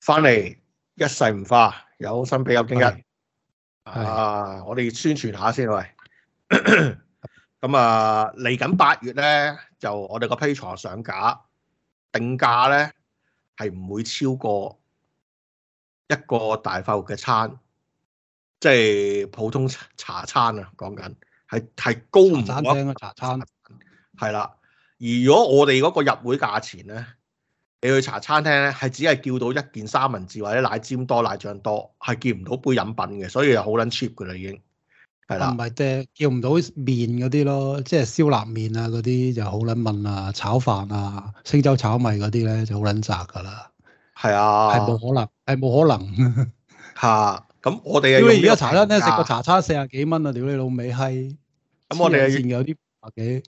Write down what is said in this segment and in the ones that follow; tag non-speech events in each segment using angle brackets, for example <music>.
翻嚟一世唔化，有心比較精一。啊，我哋宣傳下先喂。咁 <coughs> 啊，嚟緊八月咧，就我哋個 Patreon 上架，定價咧係唔會超過一個大快活嘅餐，即、就、係、是、普通茶餐啊。講緊係係高唔嘅茶餐係啦、啊，而如果我哋嗰個入會價錢咧。你去茶餐廳咧，係只係叫到一件三文治或者奶尖多奶醬多，係叫唔到杯飲品嘅，所以又好捻 cheap 噶啦已經。係啦，唔係啫，叫唔到麵嗰啲咯，即係燒臘麵啊嗰啲就好捻問啊，炒飯啊，星洲炒米嗰啲咧就好捻雜噶啦。係啊，係冇可能，係冇可能。吓、啊，咁、嗯嗯、我哋因為而家茶餐廳食個茶餐四十幾蚊啊，屌你老味閪。咁、嗯、是我哋係有啲百幾。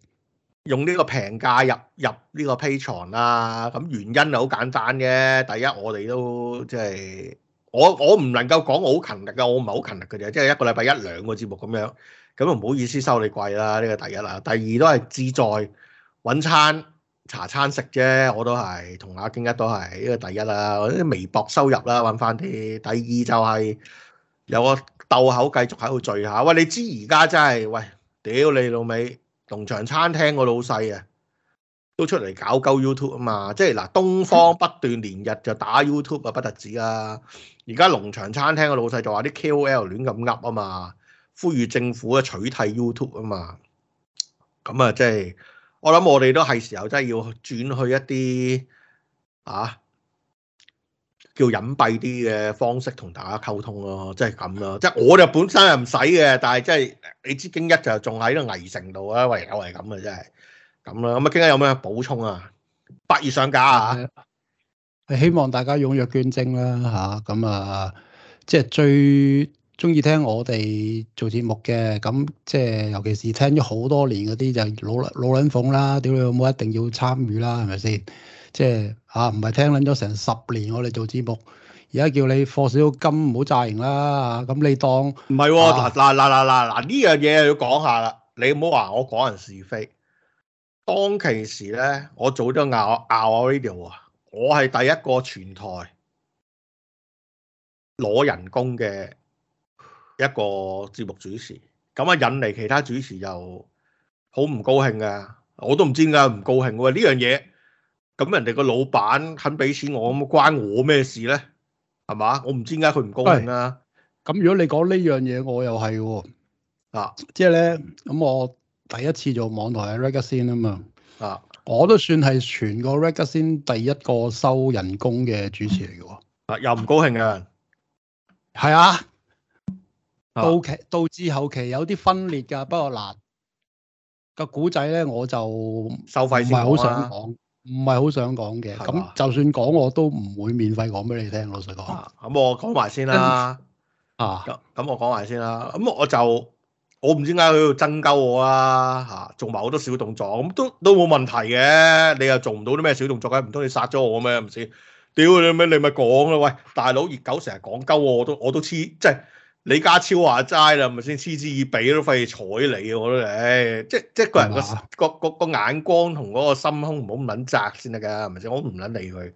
用呢個平價入入呢個 Patreon 啦，咁原因啊好簡單嘅。第一，我哋都即係我我唔能夠講我好勤力啊，我唔係好勤力嘅啫，即係一個禮拜一兩個節目咁樣，咁啊唔好意思收你貴啦，呢個第一啦。第二都係志在揾餐茶餐食啫，我都係同阿堅一都係呢個第一啦。啲微博收入啦，揾翻啲。第二就係有個鬥口繼續喺度聚下。喂，你知而家真係喂，屌你老味。農場餐廳個老細啊，都出嚟搞鳩 YouTube 啊嘛，即係嗱，東方不斷連日就打 YouTube 啊，不得止啦。而家農場餐廳個老細就話啲 KOL 亂咁噏啊嘛，呼籲政府咧取締 YouTube 啊嘛。咁啊，即係我諗我哋都係時候，真係要轉去一啲啊。叫隱蔽啲嘅方式同大家溝通咯，啊，即係咁啦。即、就、係、是、我就本身係唔使嘅，但係即係你知經一就仲喺度危城度啊。唯有係咁啊。真係咁啦。咁啊，經一有咩補充啊？八月上架啊！希望大家踴躍捐精啦吓，咁啊，啊，即係最中意聽我哋做節目嘅。咁即係尤其是聽咗好多年嗰啲就老老撚鳳啦，屌你有冇一定要參與啦？係咪先？即係啊，唔係聽捻咗成十年我哋做節目，而家叫你放少金責任，唔好詐型啦。咁你當唔係嗱嗱嗱嗱嗱嗱呢樣嘢要講下啦。你唔好話我講人是非。當其時咧，我做咗拗拗阿呢條啊，我係第一個全台攞人工嘅一個節目主持。咁啊引嚟其他主持又好唔高興嘅，我都唔知點解唔高興。呢樣嘢。咁人哋個老闆肯俾錢我，咁關我咩事咧？係嘛？我唔知點解佢唔高興啦、啊。咁如果你講呢樣嘢，我又係喎。啊，即係咧，咁、嗯、我第一次做網台嘅 reggae 先啊嘛。啊，啊，我都算係全個 reggae 先第一個收人工嘅主持嚟嘅、啊。啊，又唔高興嘅。係啊，啊啊到期到至後期有啲分裂噶，不過難、個古仔咧，我就收費唔係好想講、啊。唔係好想講嘅，咁吧就算講我都唔會免費講俾你聽，老實講。咁、啊、我講埋先啦、嗯，啊，咁、啊、我講埋先啦。咁我就我唔知點解佢要爭鳩我啦、啊，吓、啊、做埋好多小動作，咁、啊、都都冇問題嘅。你又做唔到啲咩小動作嘅、啊，唔通你殺咗我咩？唔知，屌你咩？你咪講啦，喂，大佬熱狗成日講鳩我，我都我都黐，即係。李家超話齋啦，咪先嗤之以鼻都費事睬你，我都唉，即係即係個人嗎個個個眼光同嗰個心胸唔好咁捻窄先得噶，係咪先？我唔捻理佢，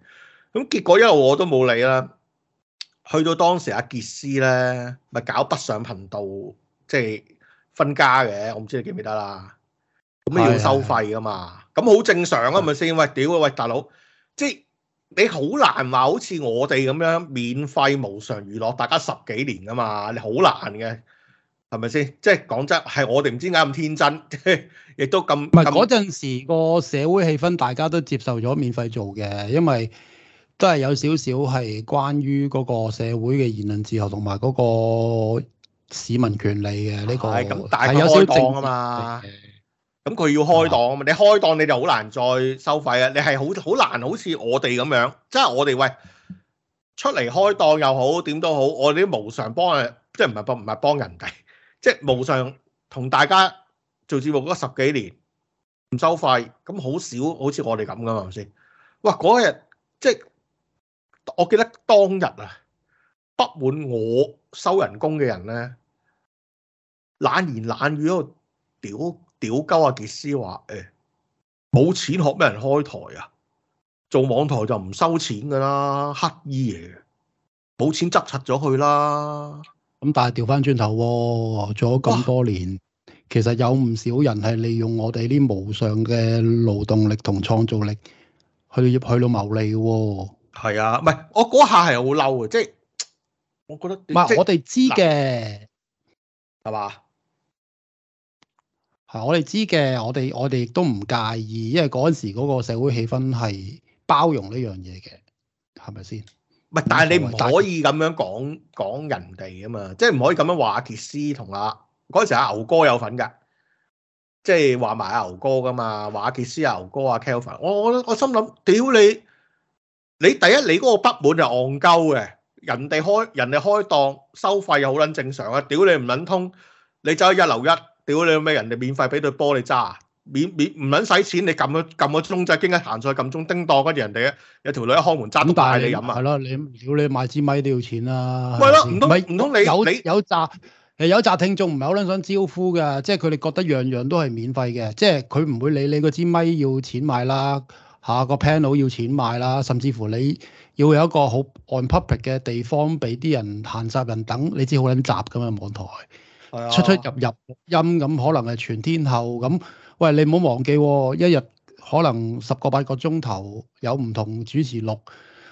咁結果因為我都冇理啦，去到當時阿杰斯咧咪搞不上頻道，即係分家嘅，我唔知你記唔記得啦，咁要收費噶嘛，咁好的正常啊，咪先？喂，屌啊喂，大佬，即係。你好難話好似我哋咁樣免費無償娛樂大家十幾年噶嘛，你好難嘅，係咪先？即係講真，係我哋唔知點解咁天真，亦都咁。唔係嗰陣時個社會氣氛大家都接受咗免費做嘅，因為都係有少少係關於嗰個社會嘅言論自由同埋嗰個市民權利嘅，呢個係咁，大家開放啊嘛。咁佢要開檔啊嘛！你開檔你就好難再收費啊！你係好好難，好似我哋咁樣，即係我哋喂出嚟開檔又好點都好，我哋都無償幫啊，即係唔係幫唔係幫人哋，即係無償同大家做節目嗰十幾年唔收費，咁好少好似我哋咁噶嘛先。哇！嗰日即係我記得當日啊，不滿我收人工嘅人咧，冷言冷語喺度屌。屌鳩阿杰斯話誒，冇、哎、錢學咩人開台啊？做網台就唔收錢噶啦，乞衣嘢，冇錢執柒咗佢啦。咁、嗯、但係調翻轉頭喎，做咗咁多年，哇其實有唔少人係利用我哋啲無上嘅勞動力同創造力去去到牟利嘅。係啊，唔係我嗰下係好嬲嘅，即係我覺得唔係是即我哋知嘅，係嘛那？係我哋知嘅，我哋我哋亦都唔介意，因為嗰陣時嗰個社會氣氛係包容呢樣嘢嘅，係咪先？係，但係你唔可以咁樣講講人哋啊嘛，即係唔可以咁樣話傑斯同阿嗰陣時阿、啊、牛哥有份噶，即係話埋阿牛哥噶嘛，話傑斯、阿、啊、牛哥阿、啊、Kelvin，我我我心諗，屌你！你第一你嗰個不滿就戇鳩嘅，人哋開人哋開檔收費又好捻正常啊，屌你唔捻通，你走去一樓一。屌你咩，人哋免費俾對波你揸，免免唔撚使錢，你撳個撳個鐘仔，驚喺行出去撳鐘叮當，跟住人哋咧，有條女開門揸大你飲啊！係咯，你屌你買支咪都要錢啦、啊。唔通唔係，唔通你有你有扎係有扎聽眾唔係好撚想招呼㗎，即係佢哋覺得樣樣都係免費嘅，即係佢唔會理你嗰支咪要錢買啦，下個 panel 要錢買啦，甚至乎你要有一個好 on topic 嘅地方俾啲人閒雜人等，你知好撚雜㗎嘛網台。出出入入錄音咁，可能係全天候咁。喂，你唔好忘記、哦，一日可能十個八個鐘頭有唔同主持錄。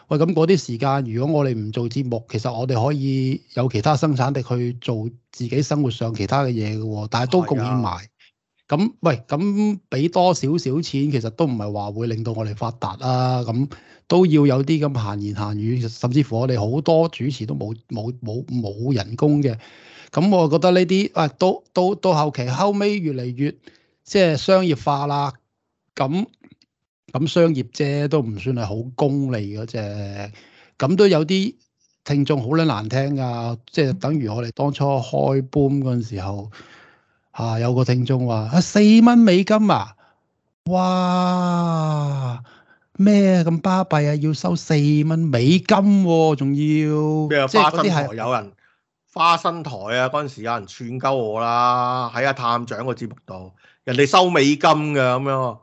喂，咁嗰啲時間，如果我哋唔做節目，其實我哋可以有其他生產力去做自己生活上其他嘅嘢嘅。但係都貢獻埋。咁是、啊、喂，咁俾多少少錢，其實都唔係話會令到我哋發達啊。咁都要有啲咁閒言閒語，甚至乎我哋好多主持都冇冇冇冇人工嘅。咁、嗯、我覺得呢啲啊，到到到後期後尾越嚟越即係商業化啦。咁咁商業啫，都唔算係好功利嗰隻。咁都有啲聽眾好撚難聽㗎，即係等於我哋當初開盤嗰陣時候，嚇、啊、有個聽眾話啊，四蚊美金啊，哇咩咁巴閉啊，要收四蚊美金喎、啊，仲要即係嗰啲係有人。花生台啊，嗰陣時有人串鳩我啦，喺阿探長個節目度，人哋收美金嘅咁樣，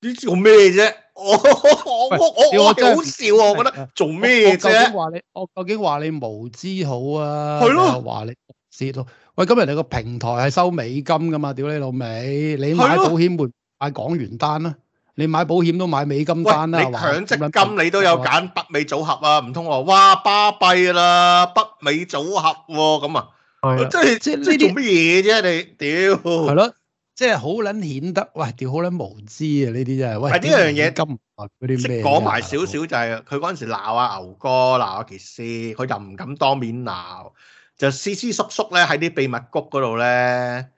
你做咩啫？我喂我我我係好笑啊！喂我覺得做咩啫？我究竟話你，我究竟話你無知好啊？係咯，啊，話你無知好。喂，今日你個平台係收美金噶嘛？屌你老味，你買保險會買港元單啊？你買保險都買美金單啦、啊，你強積金你都有揀北美組合啊，唔通我話哇巴閉啦北美組合喎，咁啊？係、啊、的是即係即係做乜嘢啫？你屌。係咯，即係好撚顯得，喂，屌好撚無知啊！呢啲真係。係呢樣嘢咁。講埋少少就係佢嗰陣時鬧阿牛哥，鬧阿傑斯，佢就唔敢當面鬧，就私私縮縮咧喺啲秘密谷嗰度咧。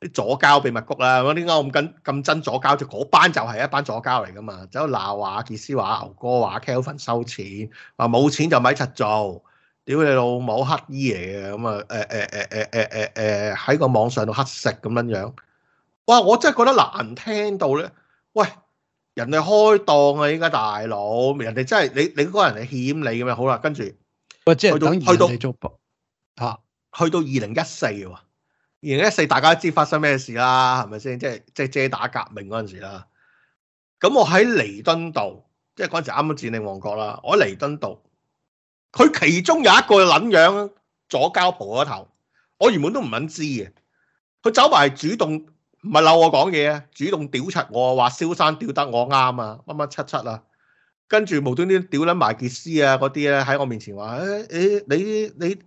啲左膠秘密谷啦、啊，點解咁咁咁憎左膠？就嗰班就係一班左膠嚟噶嘛，走去鬧啊，傑斯話牛哥話 Kelvin 收錢，啊冇錢就咪一齊做，屌你老母乞衣嚟嘅，咁啊誒誒誒誒誒誒誒喺個網上度乞食咁樣樣，哇！我真係覺得難聽到咧。喂，人哋開檔啊，依家大佬，人哋真係你你嗰人嚟欠你咁樣，好啦，跟住喂，即係等去到啊，去到二零一四喎。二零一四，大家知發生咩事啦，係咪先？即係即係遮打革命嗰陣時啦。咁我喺彌敦道，即係嗰陣時啱啱佔領旺角啦。我喺彌敦道，佢其中有一個撚樣左膠蒲頭，我原本都唔撚知嘅。佢走埋主動，唔係鬧我講嘢啊，主動屌柒我話蕭山屌得我啱啊，乜乜七七啊，跟住無端端屌撚埋傑斯啊嗰啲咧，喺我面前話誒你你你。你你你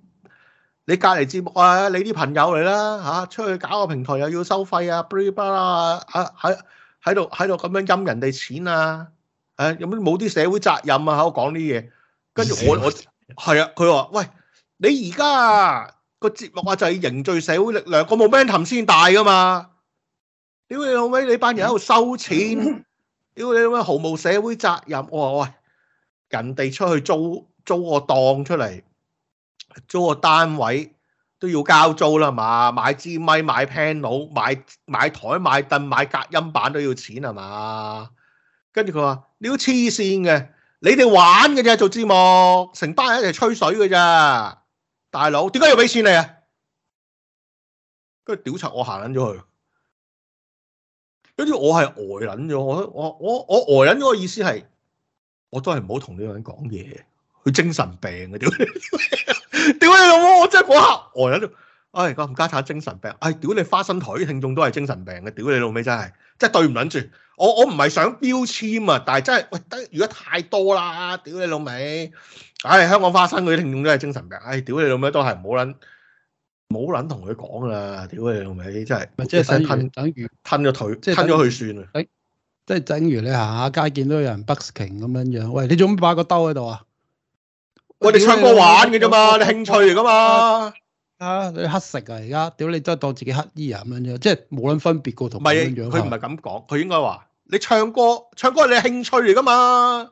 你隔離節目啊，你啲朋友嚟啦嚇，出去搞個平台又要收費咯咯咯啦啊，blah blah 喺喺度喺度咁樣陰人哋錢啊，誒、啊、有冇啲社會責任啊？喺度講啲嘢，跟住我我係啊，佢話喂，你而家個節目啊就係凝聚社會力量，個 momentum 先大噶嘛？屌你老味，你班人喺度收錢，屌你老味，毫無社會責任。我話喂，人哋出去租租個檔出嚟。租個單位都要交租啦嘛，買支咪，ai, 買 panel、買買台、買凳、買隔音板都要錢，係嘛？跟住佢話：你好黐線嘅，你哋玩嘅啫，做節目成班人一齊吹水嘅啫，大佬點解要俾錢你啊？跟住屌柒，我行緊咗去，跟住我係呆撚咗，我我我我呆撚嗰個意思係，我都係唔好同呢個人講嘢。精神病嘅屌你！屌你老母，我真係嗰刻呆喺度哎，阿吳家產精神病，哎，屌你花生台啲聽眾都係精神病嘅，屌你老味真係，真係對唔捻住。我我唔係想標籤啊，但係真係，喂、哎，得如果太多啦，屌你老味，唉、哎，香港花生嗰啲聽眾都係精神病，哎，屌你老味都係唔好捻，唔捻同佢講啦，屌你老味真係，即係等於等如吞咗佢，即係吞咗佢算啦。即係等於你行下街見到有人 busking 咁樣樣，喂，你做咩擺個兜喺度啊？我哋唱歌玩嘅啫嘛，啊、你興趣嚟噶嘛。啊，你乞食啊，而家屌你都係當自己乞衣啊咁樣啫，即係冇諗分別個同點樣。佢唔係咁講，佢應該話你唱歌，唱歌係你興趣嚟噶嘛，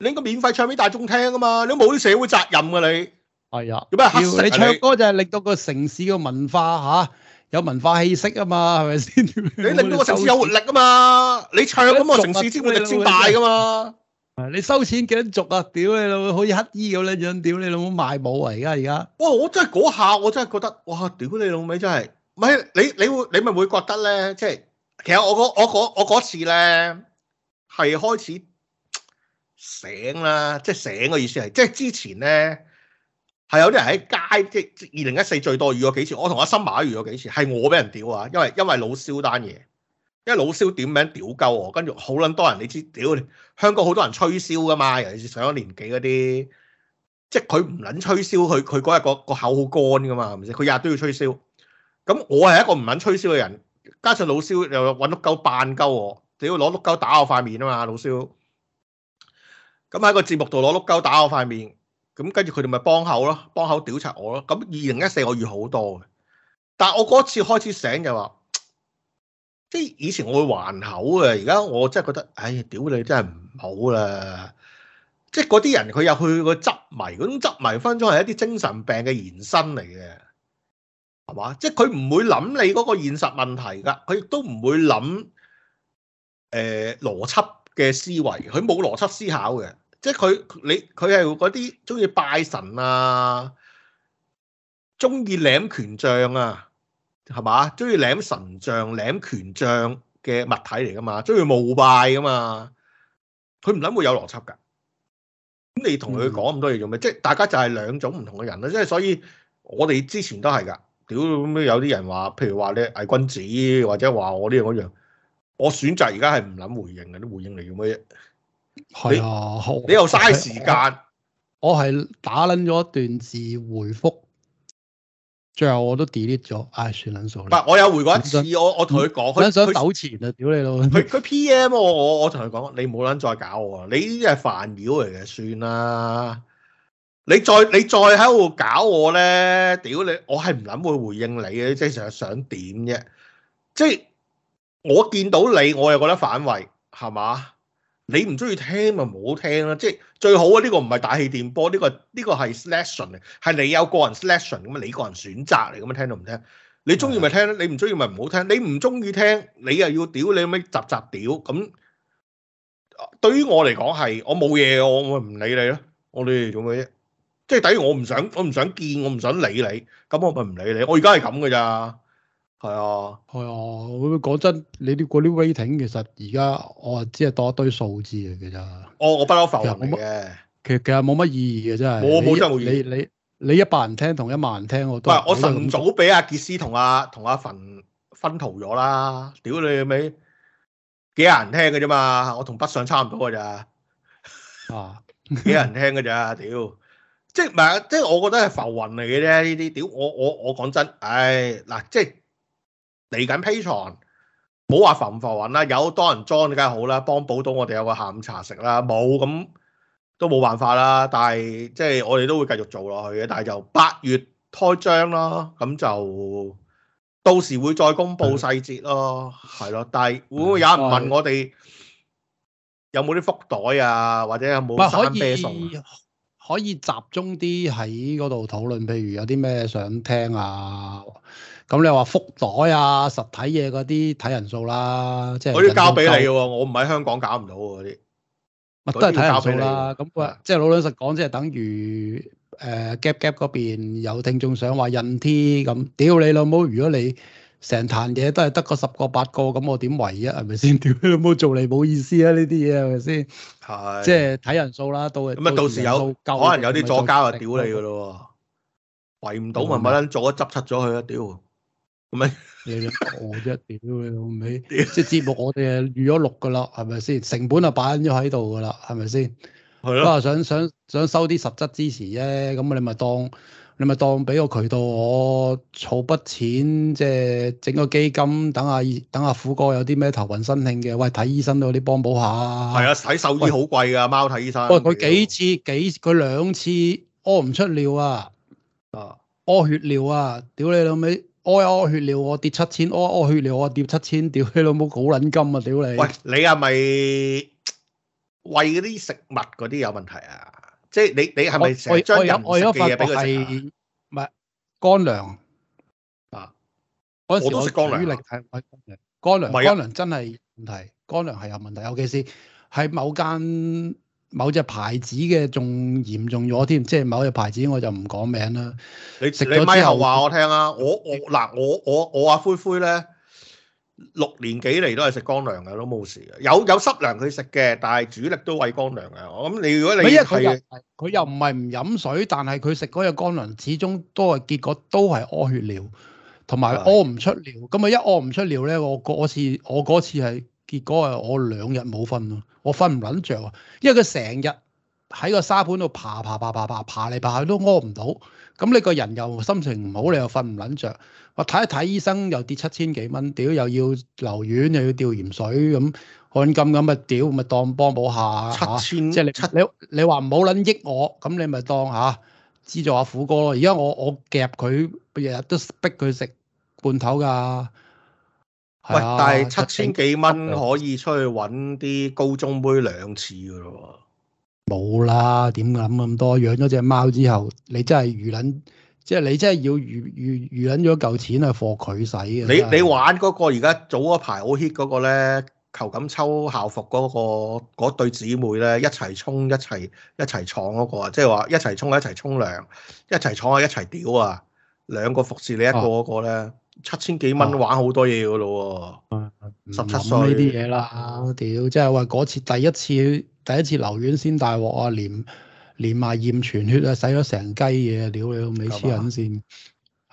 你應該免費唱俾大眾聽噶嘛，你冇啲社會責任噶你。係啊的，做咩你，你唱歌就係令到個城市嘅文化吓、啊、有文化氣息啊嘛，係咪先？ <laughs> 你令到個城市有活力啊嘛，你唱咁啊，個城市先活力先大噶嘛。你收錢幾多足啊？屌你老母，好似乞衣咁樣樣，屌你老母賣帽啊！而家而家，哇！我真係嗰下，我真係覺得，哇！屌你老味，真係，咪你你會你咪會覺得咧，即係其實我我我嗰次咧係開始醒啦，即係醒嘅意思係，即係之前咧係有啲人喺街，即係二零一四最多遇咗幾次，我同阿森馬遇咗幾次，係我俾人屌啊，因為因為老蕭單嘢。因為老蕭點名屌鳩我，跟住好撚多人你知屌，你，香港好多人吹簫噶嘛，尤其是上咗年紀嗰啲，即係佢唔撚吹簫，佢佢嗰日個個口好乾噶嘛，係咪先？佢日日都要吹簫，咁我係一個唔撚吹簫嘅人，加上老蕭又揾碌鳩扮鳩我，屌攞碌鳩打我塊面啊嘛，老蕭，咁喺個節目度攞碌鳩打我塊面，咁跟住佢哋咪幫口咯，幫口屌柒我咯，咁二零一四個月好多嘅，但係我嗰次開始醒就話。即係以前我會還口嘅，而家我真係覺得，唉，屌你真係唔好啦！即係嗰啲人佢又去個執迷，嗰種執迷分鐘係一啲精神病嘅延伸嚟嘅，係嘛？即係佢唔會諗你嗰個現實問題㗎，佢亦都唔會諗誒、呃、邏輯嘅思維，佢冇邏輯思考嘅。即係佢你佢係嗰啲中意拜神啊，中意領權杖啊。係嘛？鍾意攬神像、攬權杖嘅物體嚟噶嘛？鍾意膜拜噶嘛？佢唔諗會有邏輯噶。咁你同佢講咁多嘢做咩？嗯、即係大家就係兩種唔同嘅人啦。即係所以，我哋之前都係噶。屌咁有啲人話，譬如話你偽君子，或者話我呢樣嗰樣。我選擇而家係唔諗回應嘅，啲回應嚟做咩？嘢？係啊，好。你又嘥時間。我係打撚咗一段字回覆。最後我都 delete 咗，唉、哎，算捻數你。唔，我有回過一次。我想我同佢講，佢佢抖錢啊，屌你佬！佢佢 PM 我，我我同佢講， <laughs> 你冇捻再搞我，你呢啲係煩擾嚟嘅，算啦。你再你再喺度搞我咧，屌你！我係唔撚會回應你嘅，即係成日想點啫？即係我見到你，我又覺得反胃，係嘛？你唔中意聽咪唔好聽咯，即係最好啊！呢個唔係大氣電波，呢個呢個係 selection 啊，係你有個人 selection 咁你個人選擇嚟咁啊，樣聽到唔聽？你中意咪聽，你唔中意咪唔好聽。你唔中意聽，你又要屌你咩雜雜屌咁？對於我嚟講係，我冇嘢，我我唔理你咯。我哋做咩啫？即係等於我唔想，我唔想見，我唔想理你，咁我咪唔理你。我而家係咁嘅咋？係啊，係啊、哦，咁講、哦、真你，你啲嗰啲 rating 其實而家我啊只係當一堆數字嚟嘅咋。我我不嬲浮雲嘅，其其實冇乜意義嘅真係。我冇真冇意義。你你你一百人聽同一萬人聽我都係。唔係，我晨早俾阿杰斯同、啊、阿同阿馮分圖咗啦，屌你咪幾啊人聽嘅啫嘛，我同北上差唔多嘅咋。啊，幾人聽嘅咋，屌，即係唔係啊？即係我覺得係浮雲嚟嘅啫。呢啲屌我我我講真，唉、哎、嗱，即係。嚟緊 Patreon，冇話浮唔浮雲啦。有多人裝梗係好啦，幫補到我哋有個下午茶食啦。冇咁都冇辦法啦。但係即係我哋都會繼續做落去嘅。但係就八月開張咯，咁就到時會再公布細節咯，係咯的。但係會有人問我哋有冇啲福袋啊，嗯、或者有冇生啤送？可以集中啲喺嗰度討論，譬如有啲咩想聽啊？咁你又話福袋啊，實體嘢嗰啲睇人數啦，即係嗰啲交俾你嘅喎，我唔喺香港搞唔到喎嗰啲，乜都係睇人數啦。咁啊，即係老老實講，即係等於誒 gap gap 嗰邊有聽眾想話印 T 咁，屌你老母！如果你成壇嘢都係得個十個八個，咁我點圍啊？係咪先？屌你老母做嚟冇意思啊！呢啲嘢係咪先？係即係睇人數啦，到咁啊，到時有可能有啲左膠啊，屌你嘅咯喎，圍唔到咪乜撚左一執七咗佢啊屌！咪 <music> 你又傻咗，屌你老味，即係節目我哋係預咗錄噶啦，係咪先？成本就擺咗喺度噶啦，係咪先？係咯的，我話想想想收啲實質支持啫。咁你咪當你咪當俾個渠道我，我儲筆錢，即係整個基金，等下等下虎哥有啲咩頭暈身㷫嘅，喂睇醫生嗰啲幫補下。係啊，睇獸醫好貴噶貓睇醫生。喂，佢喂幾次幾佢兩次屙唔出尿啊？啊，屙血尿啊！屌你老味。屙屙、啊啊啊、血尿我跌七千，屙屙血尿我跌七千，屌你老母好撚金啊，屌你！喂，你係咪喂嗰啲食物嗰啲有問題啊？即係你你係咪成日將人、啊、我，我有一發係乾糧啊？時我我食乾糧，主力係乾糧，乾糧乾糧真係問題，乾糧係有問題，尤其是喺某間。某隻牌子嘅仲嚴重咗添，即係某隻牌子我就唔講名啦。你食咗咪後話我聽啊，我我嗱我我我阿灰灰咧六年幾嚟都係食乾糧嘅，都冇事嘅。有有濕糧佢食嘅，但係主力都餵乾糧嘅。我咁你如果你佢又唔係唔飲水，但係佢食嗰隻乾糧始終都係結果都係屙血尿，同埋屙唔出尿。咁啊一屙唔出尿咧，我嗰次我嗰次係。結果係，我兩日冇瞓咯，我瞓唔撚着。啊，因為佢成日喺個沙盤度爬爬爬爬爬爬嚟爬去都屙唔到，咁你個人又心情唔好，你又瞓唔撚着。我睇一睇醫生又跌七千幾蚊，屌又要留院又要吊鹽水咁，汗咁咁咪屌咪當幫補下，七千，啊、即係你七你你話唔好撚益我，咁你咪當嚇資、啊、助下、啊、虎哥咯，而家我我，我夾佢日日都逼佢食罐頭㗎。喂，但係七千幾蚊可以出去搵啲高中妹兩次噶咯？冇啦，點諗咁多？養咗隻貓之後，你真係預諗，即係你真係要預預諗咗嚿錢去貨佢使嘅。你你玩嗰、嗰個而家早一排好 hit 嗰個咧，求咁抽校服嗰、嗰個嗰對姊妹咧，一齊沖一齊一齊闖嗰、嗰個啊！即係話一齊沖一齊沖涼，一齊闖啊，一齊屌啊！兩個服侍你一個嗰個咧、嗰個。哦。七千幾蚊玩好多嘢噶咯喎，十七歲呢啲嘢啦，屌歲！啊、即係話嗰次第一次第一次留院先大鑊啊，連連埋驗全血洗嗎啊，使咗成雞嘢啊，屌你老尾黐人先。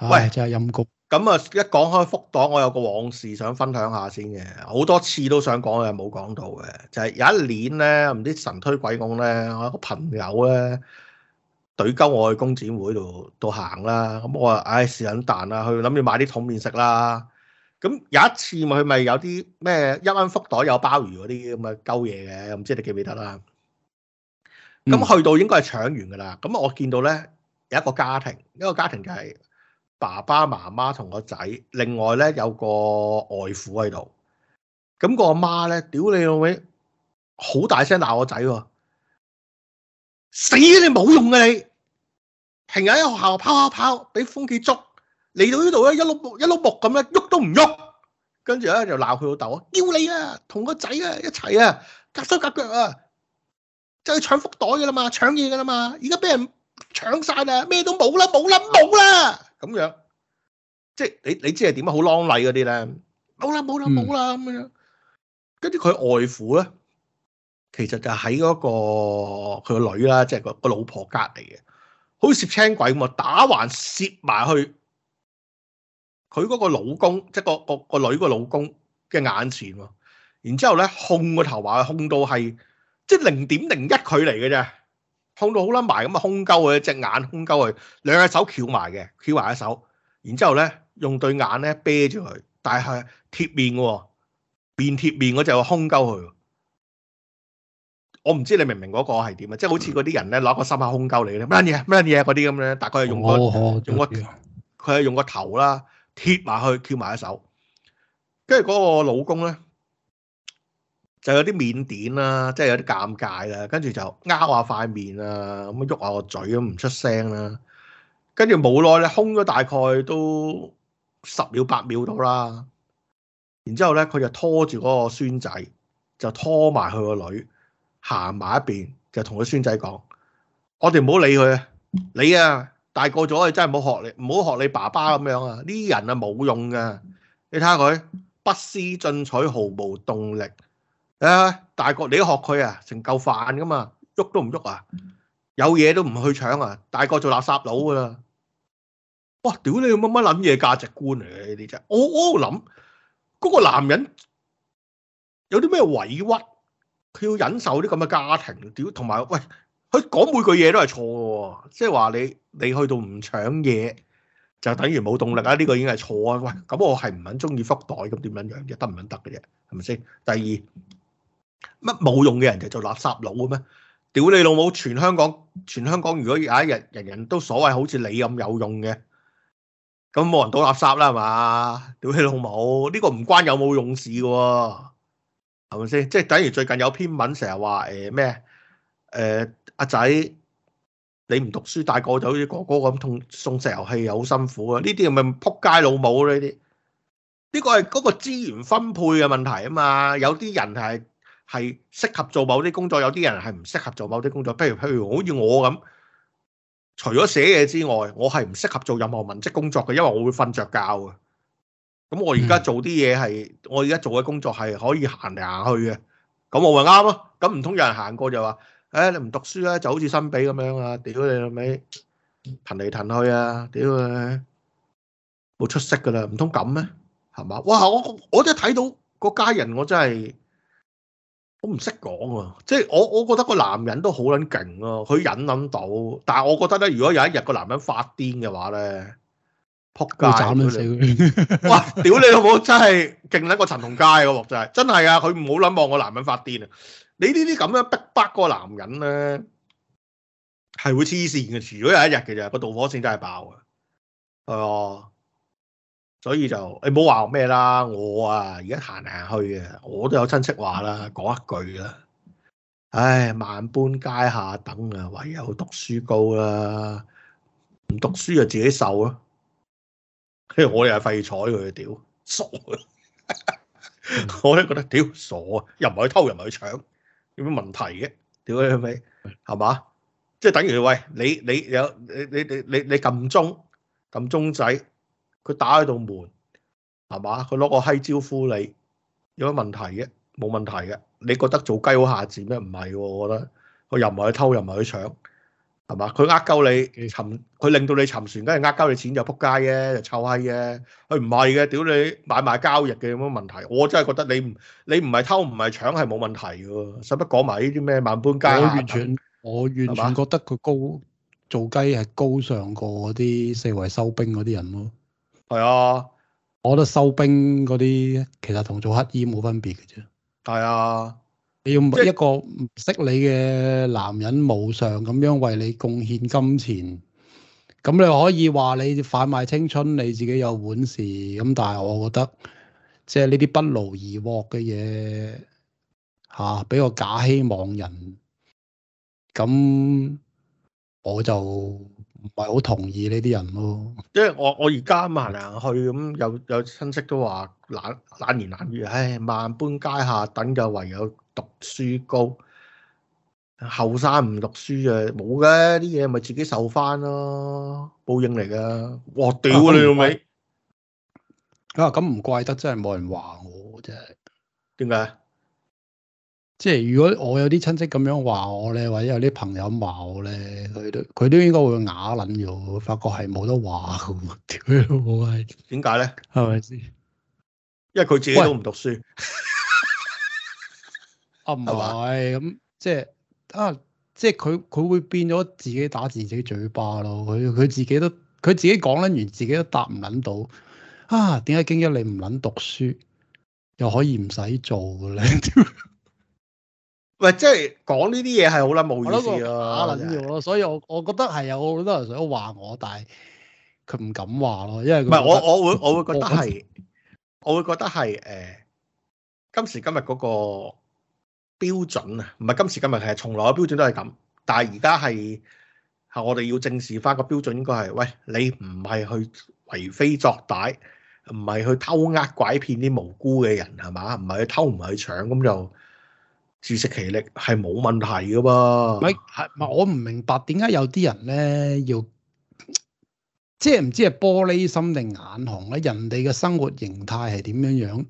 喂，真係陰功。咁啊、嗯，一講開福檔，我有個往事想分享下先嘅，好多次都想講嘅冇講到嘅，就係、是、有一年咧，唔知神推鬼拱咧，我有一個朋友咧。隊鳩我去工展會度度行啦，咁我話：唉，試緊彈啦，去諗住買啲桶麵食啦。咁有一次有，咪佢咪有啲咩一蚊福袋有鮑魚嗰啲咁嘅鳩嘢嘅，唔知你記唔記得啦？咁去到應該係搶完噶啦。咁我見到咧有一個家庭，一個家庭就係爸爸媽媽同個仔，另外咧有個外父喺度。咁、那個阿媽咧，屌你老味，好大聲鬧我仔喎、哦！死你冇用嘅你！停喺一學校跑下跑，跑，跑，俾風機捉嚟到呢度咧，一碌木，木一碌木咁咧，喐都唔喐，跟住咧就鬧佢老豆啊！屌你啊，同個仔啊一齊啊，夾手夾腳啊，就去搶福袋嘅啦嘛，搶嘢嘅啦嘛，而家俾人搶晒啦，咩都冇啦，冇啦，冇啦咁樣，即係你你知係點啊？好啷禮嗰啲咧，冇啦冇啦冇啦咁樣，跟住佢外父咧，其實就喺嗰、嗰個佢個女啦，即係個個老婆隔離嘅。好似攝青鬼咁啊！打橫攝埋去佢嗰個老公，即係個個個女個老公嘅眼前喎。然之後咧，控個頭話控到係即係零點零一距離嘅啫，控到好撚埋咁啊！空鳩佢隻眼，空鳩佢兩隻手翹埋嘅，翹埋一手。然之後咧，用對眼咧啤住佢，但係貼面嘅，面貼面我就話空鳩佢。我唔知你明唔明嗰個係點啊？即係好似嗰啲人咧攞個心口空交嚟咧，乜嘢乜嘢嗰啲咁咧？大概佢係用個、哦哦、用個佢係用個頭啦，貼埋去，翹埋一手，跟住嗰個老公咧就有啲腼腆啦，即係有啲尷尬啦，跟住就勾下塊面啊，咁啊喐下個嘴咁唔出聲啦，跟住冇耐咧，空咗大概都十秒八秒到啦，然之後咧佢就拖住嗰個孫仔，就拖埋佢個女。行埋一邊就同佢孫仔講：我哋唔好理佢啊！你啊，大個咗，你真係唔好學你唔好學你爸爸咁樣啊！呢啲人啊，冇用噶，你睇下佢不思進取，毫無動力。啊，大個你都學佢啊，成嚿飯噶嘛，喐都唔喐啊，有嘢都唔去搶啊，大個做垃圾佬噶啦！哇，屌你乜乜諗嘢價值觀嚟嘅呢啲啫！我我諗嗰個男人有啲咩委屈？佢要忍受啲咁嘅家庭，屌同埋喂，佢講每句嘢都係錯嘅，即係話你你去到唔搶嘢，就等於冇動力啊！呢個已經係錯啊！喂，咁我係唔肯鍾意福袋咁點樣樣嘅得唔得嘅啫？係咪先？第二乜冇用嘅人就做垃圾佬嘅咩？屌你老母！全香港全香港如果有一日人人都所謂好似你咁有用嘅，咁冇人倒垃圾啦係嘛？屌你老母！呢個唔關有冇用事嘅。係咪先？即係等於最近有篇文成日話，誒咩誒，阿仔，你唔讀書大個就好似哥哥咁，送送石油氣又好辛苦啊！呢啲係咪撲街老母咧？呢啲呢個係嗰個資源分配嘅問題啊嘛！有啲人係係適合做某啲工作，有啲人係唔適合做某啲工作。譬如譬如，如好似我咁，除咗寫嘢之外，我係唔適合做任何文職工作嘅，因為我會瞓着覺啊。咁，嗯，我而家做啲嘢係，我而家做嘅工作係可以行嚟行去嘅，咁我咪啱咯。咁唔通有人行過就話，誒，哎，你唔讀書咧，就好似新比咁樣啊，屌你老尾，騰嚟騰去啊，屌你！冇出息噶啦，唔通咁咩？係嘛？哇！我我真係睇到個家人我，我真係，我唔識講啊。即係，我我覺得個男人都好捻勁咯，佢忍撚到。但係我覺得咧，如果有一日個男人發癲嘅話咧。仆街，斬到死。 <laughs> 哇！屌你老母，真係勁甩過陳同佳個喎，真係真係啊！佢唔好諗望我男人發癲啊！你呢啲咁樣逼迫個男人咧，係會黐線嘅。如果有一日嘅咋，個導火線真係爆啊！係啊，所以就你唔好話咩啦，我啊而家行嚟行去啊，我都有親戚話啦，講一句啦。唉，萬般皆下等啊，唯有讀書高啦。唔讀書就自己受咯、啊。我哋係廢材佢屌傻， <laughs> 我都覺得屌傻啊！又唔係去偷，又唔係去搶，有咩問題嘅，屌你係咪係嘛？即係等於餵你，你有你你你你你撳鐘撳鐘仔，佢打開道門係嘛？佢攞個閪招呼你，有乜問題嘅？冇問題嘅。你覺得做雞好下賤咩？唔係喎，我覺得佢又唔係去偷，又唔係去搶。係嘛？佢呃鳩你沉，佢令到你沉船，梗係呃鳩你錢就扑街嘅，就臭閪嘅。佢唔係嘅，屌你買賣交易嘅有乜問題？我真係覺得你唔你唔係偷唔係搶係冇問題㗎，使乜講埋呢啲咩萬般皆閒？我完全，我完全覺得佢高做雞係高尚過啲四圍收兵嗰啲人咯。係啊，我覺得收兵嗰啲其實同做乞衣冇分別嘅啫。係啊。要一個唔識你嘅男人無償咁樣為你貢獻金錢，咁你可以話你販賣青春，你自己有本事咁。但係我覺得，即係呢啲不勞而獲嘅嘢吓，俾我假希望人。咁我就唔係好同意呢啲人咯。因為我我而家行嚟行去咁，有有親戚都話冷冷言冷語，唉、哎，萬般皆下等嘅，唯有讀書高，後生唔讀書啊，冇嘅啲嘢，咪自己受翻咯，報應嚟噶，哇屌、啊啊、你老味！」啊！咁唔怪得真係冇人話我，真係點解？即係如果我有啲親戚咁樣話我咧，或者有啲朋友話我咧，佢都佢都應該會啞捻咗，發覺係冇得話嘅，屌你老味！點解咧？係咪先？因為佢自己都唔讀書。啊，唔係咁，即係啊，即係佢佢會變咗自己打自己嘴巴咯。佢佢自己都佢自己講撚完，自己都答唔撚到。啊，點解經一你唔撚讀書又可以唔使做嘅咧？ <laughs> 喂，即係講呢啲嘢係好撚冇意思咯，打撚要咯。所以我我覺得係啊，有好多人想話我，但係佢唔敢話咯，因為唔係我我會我會覺得係，我會覺得係誒、呃、今時今日嗰、那個。標準啊，唔係今時今日係，從來嘅標準都係咁。但係而家係，係我哋要正視翻個標準，應該係，喂，你唔係去為非作歹，唔係去偷呃拐騙啲無辜嘅人，係嘛？唔係去偷，唔係去搶，咁就自食其力係冇問題噶噃。咪係我唔明白點解有啲人咧要，即係唔知係玻璃心定眼紅咧？人哋嘅生活形態係點樣樣？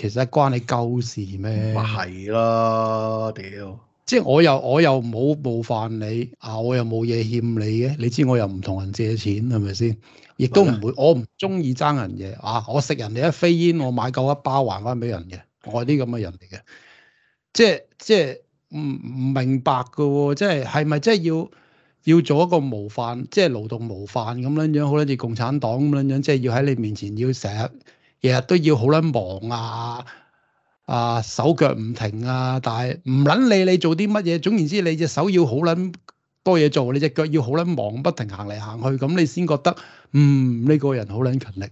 其實關你鳩事咩？咪係咯，屌！即係我又我又冇冒犯你啊！我又冇嘢欠你嘅，你知我又唔同人借錢係咪先？亦都唔會，我唔中意爭人嘢啊！我食人哋一飛煙，我買夠一包還翻俾人嘅，我啲咁嘅人嚟嘅。即係即係唔唔明白噶喎！即係係咪即係要要做一個模範，即係勞動模範咁樣樣，好似共產黨咁樣樣，即係要喺你面前要成日。日日都要好捻忙啊，啊手腳唔停啊，但係唔捻理你做啲乜嘢，總言之你隻手要好捻多嘢做，你隻腳要好捻忙，不停行嚟行去，咁你先覺得嗯呢個人好捻勤力，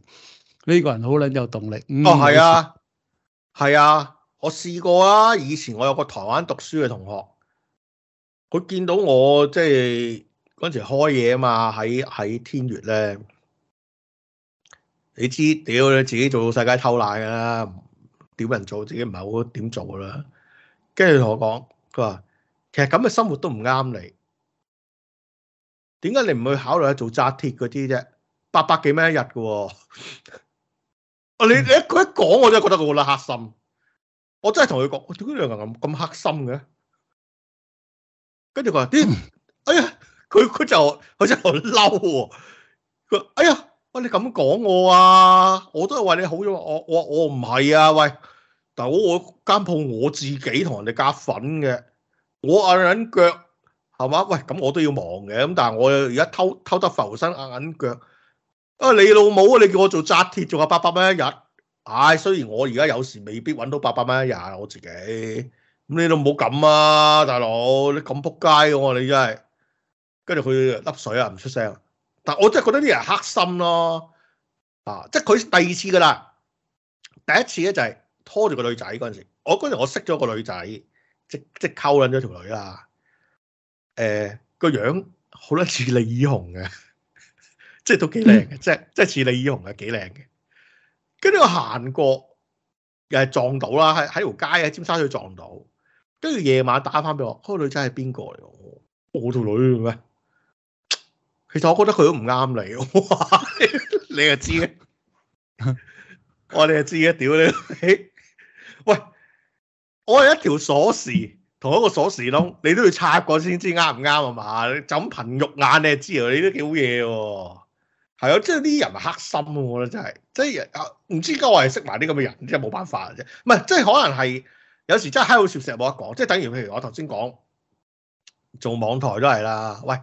呢個人好捻有動力。嗯、哦，係啊，係啊，我試過啊，以前我有個台灣讀書嘅同學，佢見到我即係嗰陣時開嘢啊嘛，喺喺天悅咧。你知屌你自己做到世界偷懶嘅啦，屌人做自己唔係好點做啦。跟住同我講，佢話其實咁嘅生活都唔啱你。點解你唔去考慮去做紮鐵嗰啲啫？八百幾蚊一日嘅喎。你 <laughs> 你一佢一講，我真係覺得好撚黑心。我真係同佢講，我點解兩個咁咁黑心嘅？跟住佢話：啲哎呀，佢佢就好似好嬲喎。佢話：哎呀！喂、啊，你咁講我啊？我都係為你好咗。我我我唔係啊！喂，大佬。我我間鋪我自己同人哋夾份嘅，我揞揞腳係嘛？喂，咁我都要忙嘅咁，但係我而家偷偷得浮生，揞揞腳。啊，你老母啊！你叫我做紮鐵，仲有八百蚊一日。唉、哎，雖然我而家有時未必揾到八百蚊一日，我自己咁你都唔好咁啊，大佬！你咁仆街嘅我，你真係跟住佢甩水啊，唔出聲。但我真係覺得啲人黑心咯，啊！即係佢第二次噶啦，第一次咧就係拖住個女仔嗰陣時，我嗰陣我識咗個女仔，即即溝撚咗條女啦。誒、呃、個樣好得似李以紅嘅，即係都幾靚嘅，即係即係似李以紅嘅幾靚嘅。跟住我行過又係撞到啦，喺喺條街啊，尖沙咀撞到。跟住夜晚打翻俾我，嗰、那個女仔係邊個嚟？我我條女嘅咩？其實我覺得佢都唔啱你，哇！你又知嘅，我哋又知嘅，屌你！喂，我係一條鎖匙，同一個鎖匙窿，你都要插過先知啱唔啱係嘛？枕憑 <laughs> 肉眼你又知啊？你都幾好嘢喎，係咯？即係啲人係黑心我覺得真係，即係唔知點解我係識埋啲咁嘅人，即係冇辦法啊，即係，唔係即係可能係有時真係喺好笑，成日冇得講，即係等於譬如我頭先講做網台都係啦，喂。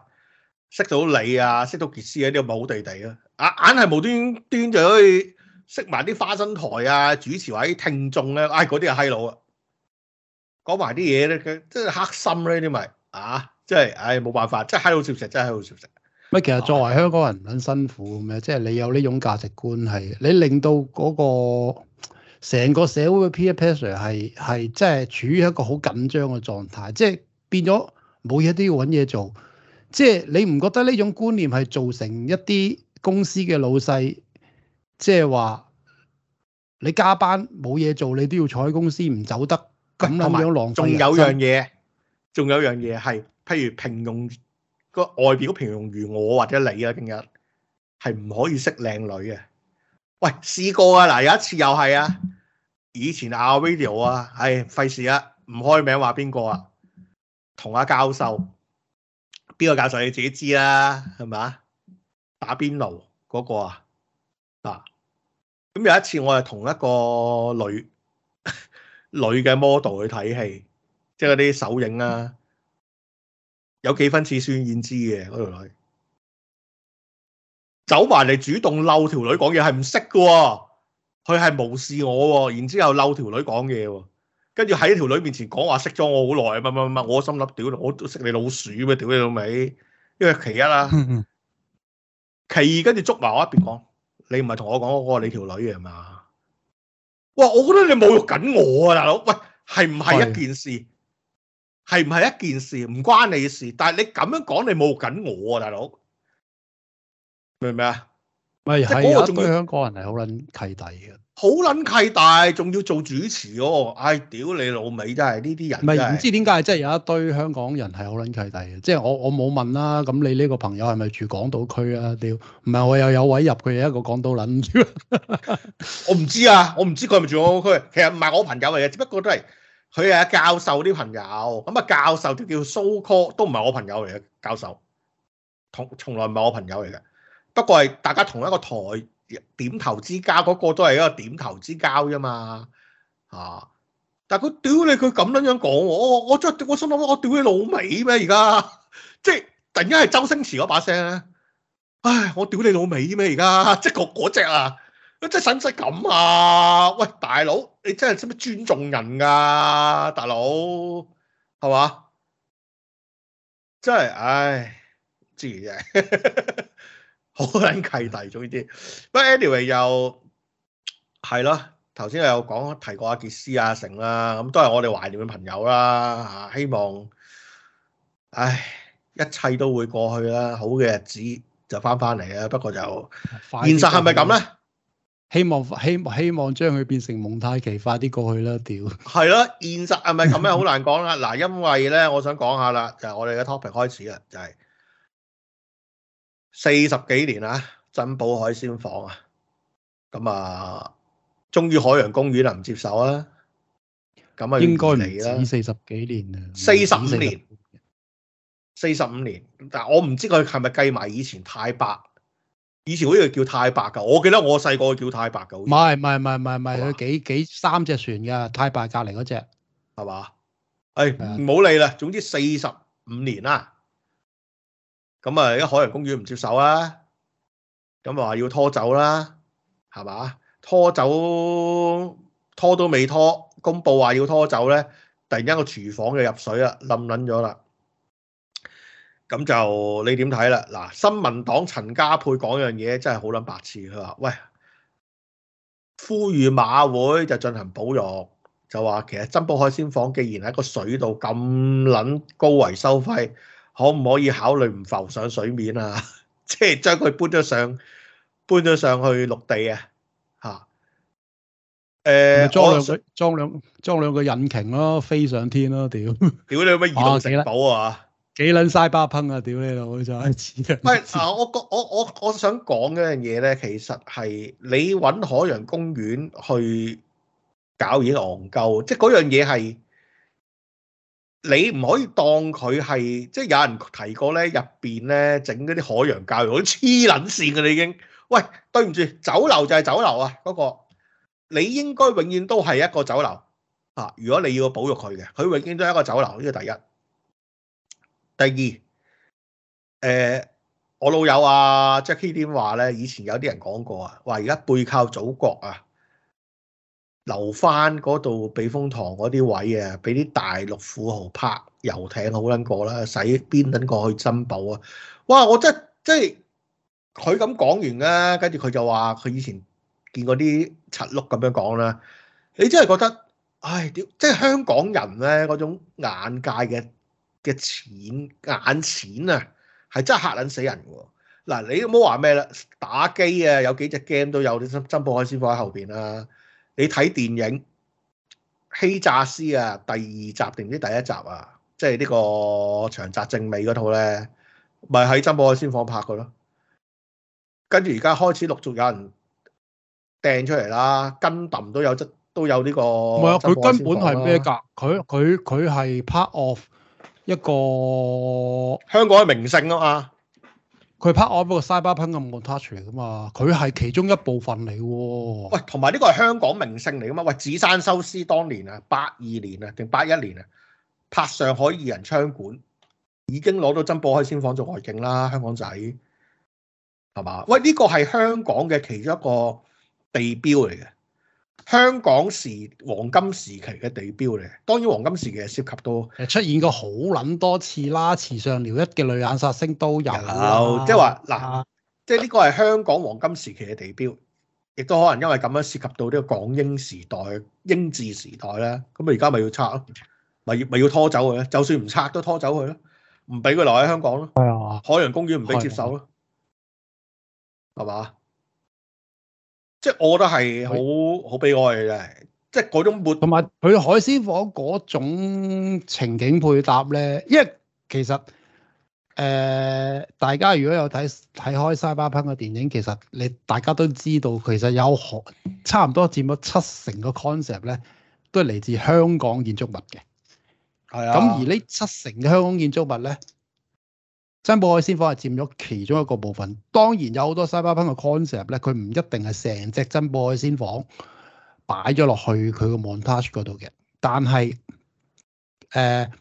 識到你啊，識到傑斯啊啲咁好地地咯，啊，啊硬係無，無端端就可以識埋啲花生台啊、主持位、聽眾咧，啊，哎嗰啲係閪佬啊，講埋啲嘢咧，佢真係黑心咧啲咪，啊真係，唉、哎、冇辦法，真係閪佬少食，真係閪佬少食。乜其實作為香港人很辛苦咁樣，即係的你有呢種價值觀係，你令到嗰個成個社會嘅 peer pressure 係係即係處於一個好緊張嘅狀態，即、就、係、是、變咗冇嘢都要揾嘢做。即係你唔覺得呢種觀念係造成一啲公司嘅老細，即係話你加班冇嘢做，你都要坐喺公司唔走得，咁樣浪費仲有樣嘢，仲有樣嘢係，譬如平庸個外表平庸如我或者你啊，今日係唔可以識靚女嘅。喂，試過啊！嗱，有一次又係啊，以前阿 Radio 啊，唉、哎，費事啊，唔開名話邊個啊，同阿教授。邊個教授你自己知啦、啊，係咪啊？打邊爐嗰個啊，嗱、啊，咁有一次我係同一個女呵呵女嘅 model 去睇戲，即係嗰啲手影啊，有幾分似孫燕姿嘅嗰條女，走埋嚟主動嬲條女講嘢，係唔識㗎喎，佢係、啊、無視我喎、啊，然之後嬲條女講嘢喎。跟住喺條女面前講話識咗我好耐，乜乜乜，我心諗屌，我都識你老鼠咩？屌你老味！因為其一啦， <laughs> 其二跟住捉埋我一邊講，你唔係同我講個你條女嘅嘛？哇！我覺得你侮辱緊我啊，但大佬！喂，係唔係一件事？係唔係一件事？唔關你事，但係你咁樣講，你侮辱緊我啊，大佬！明唔明啊？咪係啊！中是個香港人係好撚契弟嘅，好撚契弟，仲要做主持哦！哎，屌你老味真係呢啲人，唔知點解，真係有一堆香港人係好撚契弟嘅。即係我我冇問啦，咁你呢個朋友係咪住港島區啊？屌，唔係我又有位入，佢一個港島住。 <laughs> 我唔知啊，我唔知佢係咪住港島區。其實唔係我朋友嚟嘅，只不過都係佢係教授啲朋友。咁啊，教授都叫蘇科都唔係我朋友嚟嘅，教授同從來唔係我朋友嚟嘅。不過係大家同一個台點頭之交，嗰個都係一個點頭之交啫嘛。嚇、啊！但係佢屌你佢咁樣樣講我，我真係我想諗我屌你老味咩而家？即係突然間係周星馳嗰把聲咧。唉，我屌你老味咩而家？即係嗰嗰隻啊！即係使唔使咁啊？喂，大佬，你真係使唔使尊重人噶、啊？大佬係嘛？真係唉，自然。 <laughs> 好契弟咗呢啲，不過 anyway 又係咯，頭先我有講提過阿杰斯、啊、阿成啦，咁都係我哋懷念嘅朋友啦、啊。希望，唉，一切都會過去啦，好嘅日子就翻翻嚟啦。不過就快啲現實係咪咁咧？希望希希望將佢變成蒙太奇，快啲過去啦。屌，係咯，現實係咪咁咧？好難講啦。嗱，因為咧，我想講下啦，就係、是、我哋嘅 topic 開始啦，就係、是。四十幾年啊，珍寶海鮮舫啊，咁啊，終於海洋公園能接受啊。咁啊，應該唔止四十幾年啊，四十五年，四十五年，但係我唔知佢係咪計埋以前太白，以前好似叫太白噶，我記得我細個叫太白噶，唔係唔係唔係唔係，佢吧幾幾三隻船噶，太白隔籬嗰隻係嘛？誒，唔好理啦，總之四十五年啦。咁啊！而家海洋公園唔接受啊，咁話要拖走啦、啊，係嘛？拖走拖都未拖，公佈話要拖走咧，突然間個廚房又入水啦，冧撚咗啦。咁就你點睇啦？嗱、啊，新民黨陳家珮講樣嘢真係好撚白痴，佢話：喂，呼籲馬會就進行保育。」就話其實珍寶海鮮舫既然喺一個水度咁撚高維收費。可唔可以考慮唔浮上水面啊？即係將佢搬咗上，搬咗上去陸地啊！嚇，誒裝兩 <laughs> 裝兩裝兩個引擎咯，飛上天咯！屌，屌你有乜意圖？死啦！幾撚嘥巴烹啊！屌你老母，就係黐線。唔，我講我我我想講嗰樣嘢咧，其實係你揾海洋公園去搞嘢昂鳩，即係嗰樣嘢係。你唔可以當佢係，即係有人提過咧，入邊咧整嗰啲海洋教育，好黐撚線㗎你已經。喂，對唔住，酒樓就係酒樓啊，嗰個，你應該永遠都係一個酒樓啊。如果你要保育佢嘅，佢永遠都係一個酒樓，呢個第一。第二，誒、呃，我老友啊，Jackie 點話咧，以前有啲人講過啊，話而家背靠祖國啊。留翻嗰度避風塘嗰啲位啊，俾啲大陸富豪泊遊艇好撚過啦，使邊撚過去珍寶啊？哇！我真真係即係佢咁講完啦，跟住佢就話佢以前見過啲七碌咁樣講啦。你真係覺得唉屌！即係香港人咧嗰種眼界嘅嘅錢眼淺啊，係真係嚇撚死人喎！嗱，你都冇話咩啦，打機啊，有幾隻 game 都有啲珍珍寶海鮮舫喺後邊啦、啊。你睇電影《欺詐師》啊，第二集定唔知第一集啊，即係呢個長澤正美嗰套咧，咪喺珍寶海鮮舫拍佢咯。跟住而家開始陸續有人掟出嚟啦，跟揼都有質，都有呢個。唔係啊，佢根本係咩㗎？佢佢佢係 part of 一個香港嘅明星啊嘛。佢拍我不過沙巴咁，嘅 touch 嚟噶嘛，佢係其中一部分嚟喎。喂，同埋呢個係香港名勝嚟噶嘛？喂，紫山修斯當年啊，八二年啊定八一年啊，拍上海二人槍管已經攞到珍寶海鮮舫做外景啦，香港仔係嘛？喂，呢、呢個係香港嘅其中一個地標嚟嘅。香港時黃金時期嘅地標嚟，當然黃金時期係涉及到出現過好撚多次啦，慈祥聊一嘅淚眼殺星都有，有了即係話嗱，啊、即係呢個係香港黃金時期嘅地標，亦都可能因為咁樣涉及到呢個港英時代、英治時代咧，咁啊而家咪要拆咯，咪要咪要拖走佢咧，就算唔拆都拖走佢咯，唔俾佢留喺香港咯，海洋公園唔俾接手咯，係嘛洋？即係我覺得係好好悲哀嘅，即係嗰種活同埋佢海鮮舫嗰種情景配搭咧，因為其實誒、呃、大家如果有睇睇開西巴噴嘅電影，其實你大家都知道，其實有差唔多佔咗七成嘅 concept 咧，都係嚟自香港建築物嘅。係是啊，咁而呢七成嘅香港建築物咧。珍寶海鮮舫係佔咗其中一個部分，當然有好多西巴賓嘅 concept 咧，佢唔一定係成隻珍寶海鮮舫擺咗落去佢個 montage 嗰度嘅，但係誒、呃、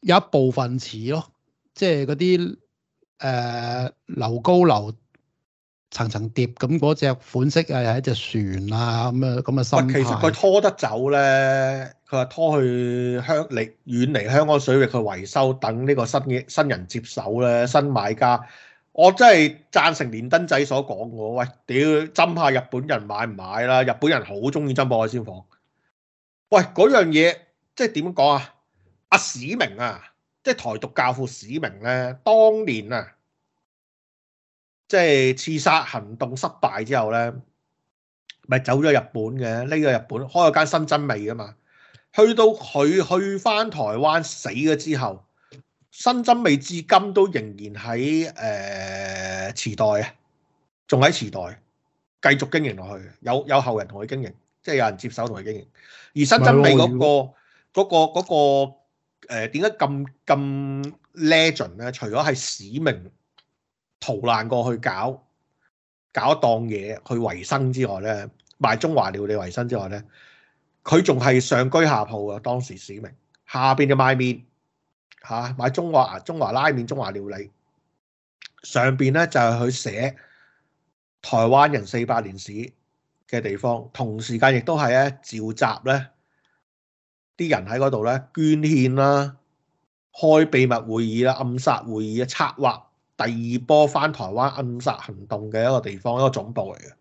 有一部分似咯，即係嗰啲誒樓高樓。層層疊咁嗰隻款式啊，又係一隻船啊，咁啊咁啊心態。其實佢拖得走咧，佢話拖去香離遠離香港水域去維修，等呢個新嘅新人接手咧，新買家。我真係贊成連登仔所講，我喂，屌，針下日本人買唔買啦？日本人好中意珍寶海鮮舫。喂，嗰樣嘢即係點講啊？阿、啊、史明啊，即係台獨教父史明咧、啊，當年啊。即係刺殺行動失敗之後咧，咪走咗日本嘅呢個日本開咗間新珍味嘅嘛。去到佢去翻台灣死咗之後，新珍味至今都仍然喺誒池袋啊，仲喺池袋繼續經營落去，有有後人同佢經營，即係有人接手同佢經營。而新珍味嗰個嗰個嗰個誒點解咁咁 legend 咧？除咗係使命。淘爛過去搞搞檔嘢去維生之外咧，賣中華料理維生之外咧，佢仲係上居下鋪啊！當時市民下邊就賣麵吓，賣、啊、中華中華拉麵、中華料理。上邊呢，就係佢寫台灣人四百年史嘅地方，同時間亦都係咧召集呢啲人喺嗰度咧捐獻啦、啊、開秘密會議啦、啊、暗殺會議啊、策劃。第二波翻台灣暗殺行動嘅一個地方，一個總部嚟嘅，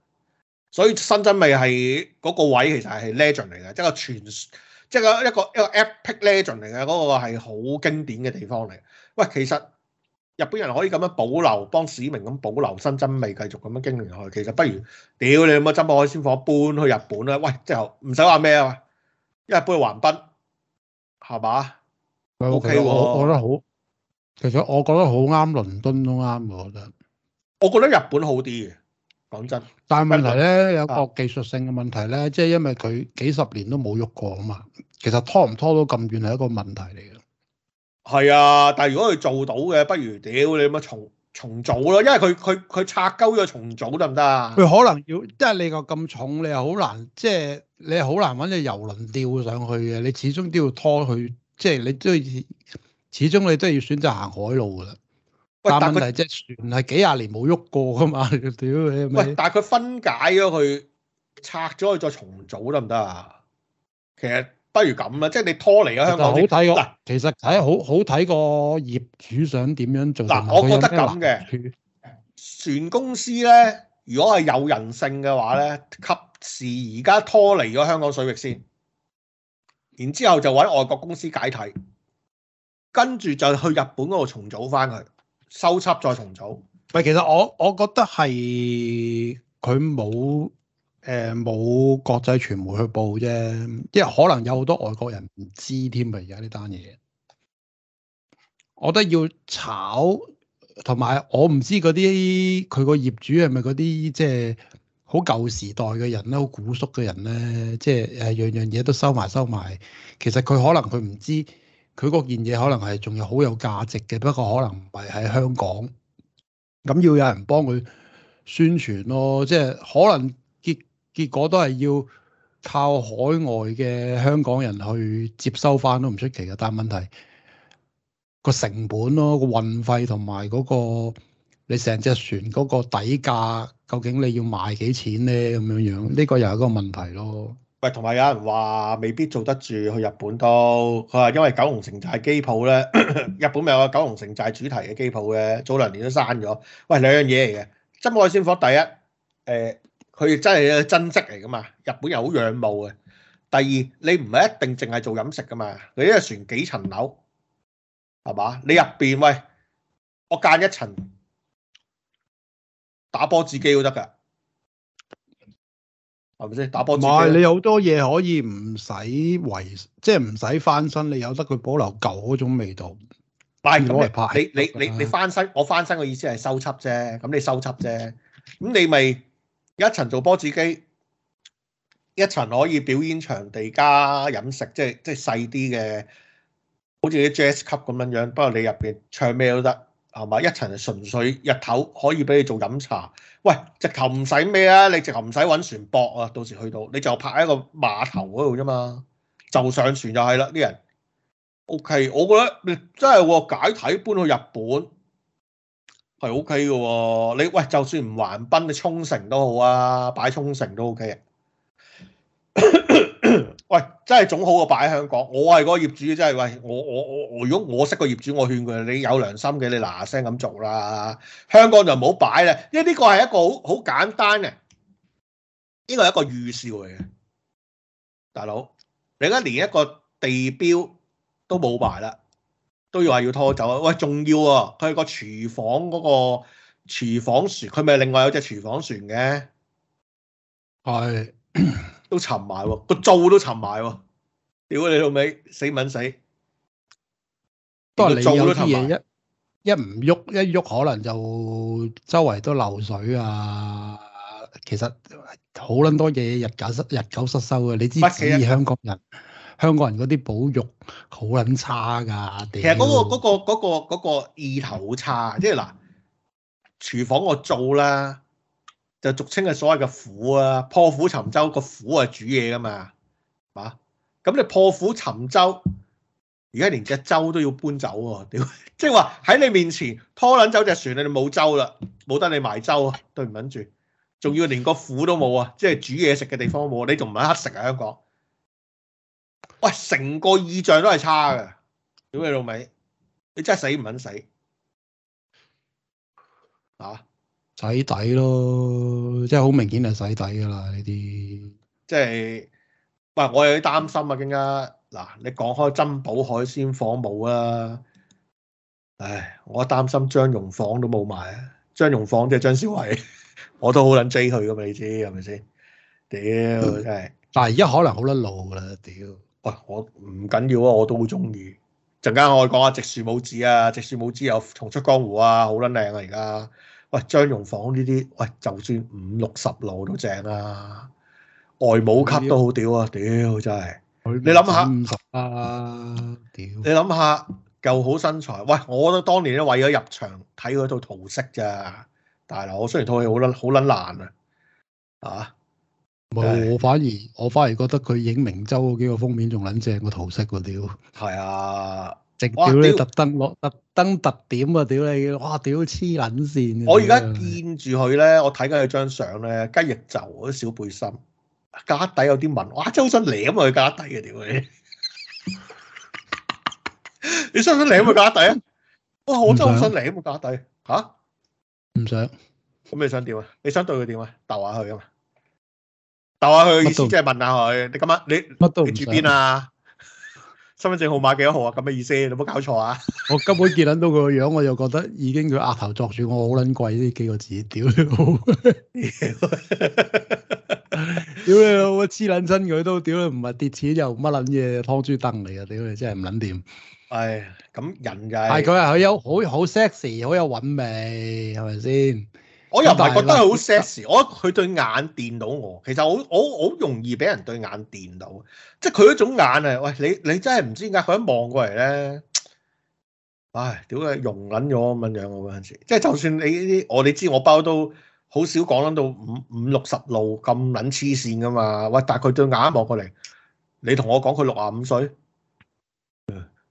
所以新珍味係嗰、那個位其實係 legend 嚟嘅，即係個全，即係一個一個 epic legend 嚟嘅，嗰、那個係好經典嘅地方嚟。喂，其實日本人可以咁樣保留，幫市民咁保留新珍味，繼續咁樣經營落去。其實不如屌你咁樣，珍寶海鮮舫搬去日本啦！喂，之後唔使話咩啊嘛，一係搬去橫濱係嘛？OK，我覺得好。其實我覺得好啱，倫敦都啱。我覺得，我覺得日本好啲。講真，但係問題咧，有個技術性嘅問題咧，即係因為佢幾十年都冇喐過啊嘛。其實拖唔拖到咁遠係一個問題嚟嘅。係啊，但係如果佢做到嘅，不如屌你咪重重組咯。因為佢佢佢拆鳩咗重組得唔得啊？佢可能要，因為你個咁重，你又好難，即係你好難揾隻郵輪吊上去嘅。你始終都要拖去，即係你都要。始終你都係要選擇行海路噶啦，但問題即係船係幾廿年冇喐過噶嘛，屌你喂，但係佢分解咗佢拆咗佢再重組得唔得啊？其實不如咁啦，即係你拖離咗香港好來好，好睇其實睇下好好睇個業主想點樣做。嗱來，有有我覺得咁嘅船公司咧，如果係有人性嘅話咧，及時而家拖離咗香港水域先，然之後就揾外國公司解體。跟住就去日本嗰度重組翻去，收葺，再重組。唔其實我我覺得係佢冇誒冇國際傳媒去報啫，即係可能有好多外國人唔知添啊！而家呢單嘢，我覺得要炒，同埋我唔知嗰啲佢個業主係咪嗰啲即係好舊時代嘅人咧，好古縮嘅人咧，即係誒樣樣嘢都收埋收埋。其實佢可能佢唔知。佢嗰件嘢，可能係仲有好有價值嘅，不過可能唔係喺香港，咁要有人幫佢宣傳咯，即係可能結結果都係要靠海外嘅香港人去接收翻都唔出奇嘅，但係問題個成本咯，個運費同埋嗰個你成隻船嗰個底價，究竟你要賣幾錢咧？咁樣樣呢個又係一個問題咯。喂，同埋有人話未必做得住去日本都，佢話因為九龍城寨機鋪咧，日本咪有個九龍城寨主題嘅機鋪嘅，早兩年都閂咗。喂，兩樣嘢嚟嘅，真愛先火。第一，誒，佢真係真跡嚟噶嘛，日本人好仰慕嘅。第二，你唔係一定淨係做飲食噶嘛，你啲船幾層樓，係嘛？你入邊喂，我隔一層打波子機都得㗎。係咪先打波子機唔係，你好多嘢可以唔使維，即係唔使翻新，你有得佢保留舊嗰種味道。擺唔到嚟拍你，你你你翻新，我翻新嘅意思係修葺啫。咁你修葺啫，咁你咪一層做波子機，一層可以表演場地加飲食，即係即係細啲嘅，好似啲爵士級咁樣樣。不過你入邊唱咩都得。係咪一層係純粹日頭可以俾你做飲茶？喂，直頭唔使咩啊？你直頭唔使揾船泊啊！到時去到你就泊喺個碼頭嗰度啫嘛，就上船就係啦。啲人，OK，我覺得你真係，哦，解體搬去日本係 O K 嘅。你喂，就算唔橫濱，你沖繩都好啊，擺沖繩都 O K 啊。喂，真係總好過擺喺香港。我係嗰個業主，真係喂，我我我如果我識個業主，我勸佢，你有良心嘅，你嗱聲咁做啦。香港就唔好擺啦，因為呢個係一個好好簡單嘅，呢個係一個預兆嚟嘅，大佬。你而家連一個地標都冇埋啦，都要話要拖走啊！喂，仲要啊，佢係個廚房嗰個廚房船，佢咪另外有隻廚房船嘅，係。 <coughs> 都沉埋喎，個灶都沉埋喎，屌你老味，死撚死！當你有嘢一一唔喐，一喐可能就周圍都流水啊！其實好撚多嘢日久失日久失修嘅，你知唔知、那個？香港人香港人嗰啲保育好撚差㗎，其實嗰個嗰個嗰個嗰個意頭好差，即係嗱，廚房個灶啦。就俗稱係所謂嘅釜啊，破釜沉舟，個釜係煮嘢噶嘛，啊！咁你破釜沉舟，而家連隻舟都要搬走喎、啊，屌、啊！即係話喺你面前拖撚走隻船，你冇舟啦，冇得你埋舟啊，對唔撚住，仲要連個釜都冇、就是、啊，即係煮嘢食嘅地方都冇，你仲唔肯食啊？香港，喂，成個意象都係差嘅，屌你老味，你真係死唔肯死啊！洗底咯，即係好明顯係洗底㗎啦！呢啲即係，喂，我有啲擔心啊！更加，嗱，你講開珍寶海鮮舫冇啊？唉、哎，我擔心張融房都冇賣啊！張融房即係張小偉，我都好撚追佢㗎嘛！你知係咪先？屌、嗯、真係是，但係而家可能好得路啦！屌，喂，我唔緊要啊，我都好中意。陣間我講下夕樹舞子啊，夕樹舞子又重出江湖啊，好撚靚啊！而家。喂，張勇房呢啲喂，就算五六十樓都正啊，哎、呀外母級都好屌啊，屌真係！你諗下，啊屌、哎呀！你諗下，夠好身材。喂，我都當年都為咗入場睇佢套桃色咋？大佬，我雖然套戲好捻好捻爛啊，啊，冇、哎，我反而我反而覺得佢影明州嗰幾個封面仲捻正個桃色個屌。係啊。哎哇！屌，特登我特登特點啊！屌你，哇！屌，黐捻線！我而家見住佢咧，我睇緊佢張相咧，雞翼袖，嗰啲小背心，架底有啲紋，哇！真係好想舐啊佢架底啊！屌你，你想唔想舐佢架底啊？哇！我真係好想舐佢架底，吓？唔想，咁你想點啊？你想對佢點啊？逗下佢啊嘛，逗下佢意思即係問下佢，你今晚你乜東？你住邊啊？身份證號碼幾多號啊？咁嘅意思，你冇搞錯啊？我根本見捻到佢個樣，我就覺得已經佢額頭作住，我好捻貴呢幾個字，屌 <laughs> 屌你老，我黐捻親佢都屌你，唔係跌錢又乜捻嘢？湯豬燈嚟噶，屌你真係唔捻掂。係、哎，咁人就係佢係佢有好好 sexy，好有韻味，係咪先？我又唔係覺得好 sexy， <laughs> 我佢對眼電到我，其實我我好容易俾人對眼電到，即係佢嗰種眼啊！喂，你你真係唔知點解佢一望過嚟咧，唉，屌佢，容忍咗咁樣樣我嗰陣時，即係就算你呢啲我你知我包都好少講撚到五五六十路咁撚黐線噶嘛，喂！但係佢對眼一望過嚟，你同我講佢六十五歲，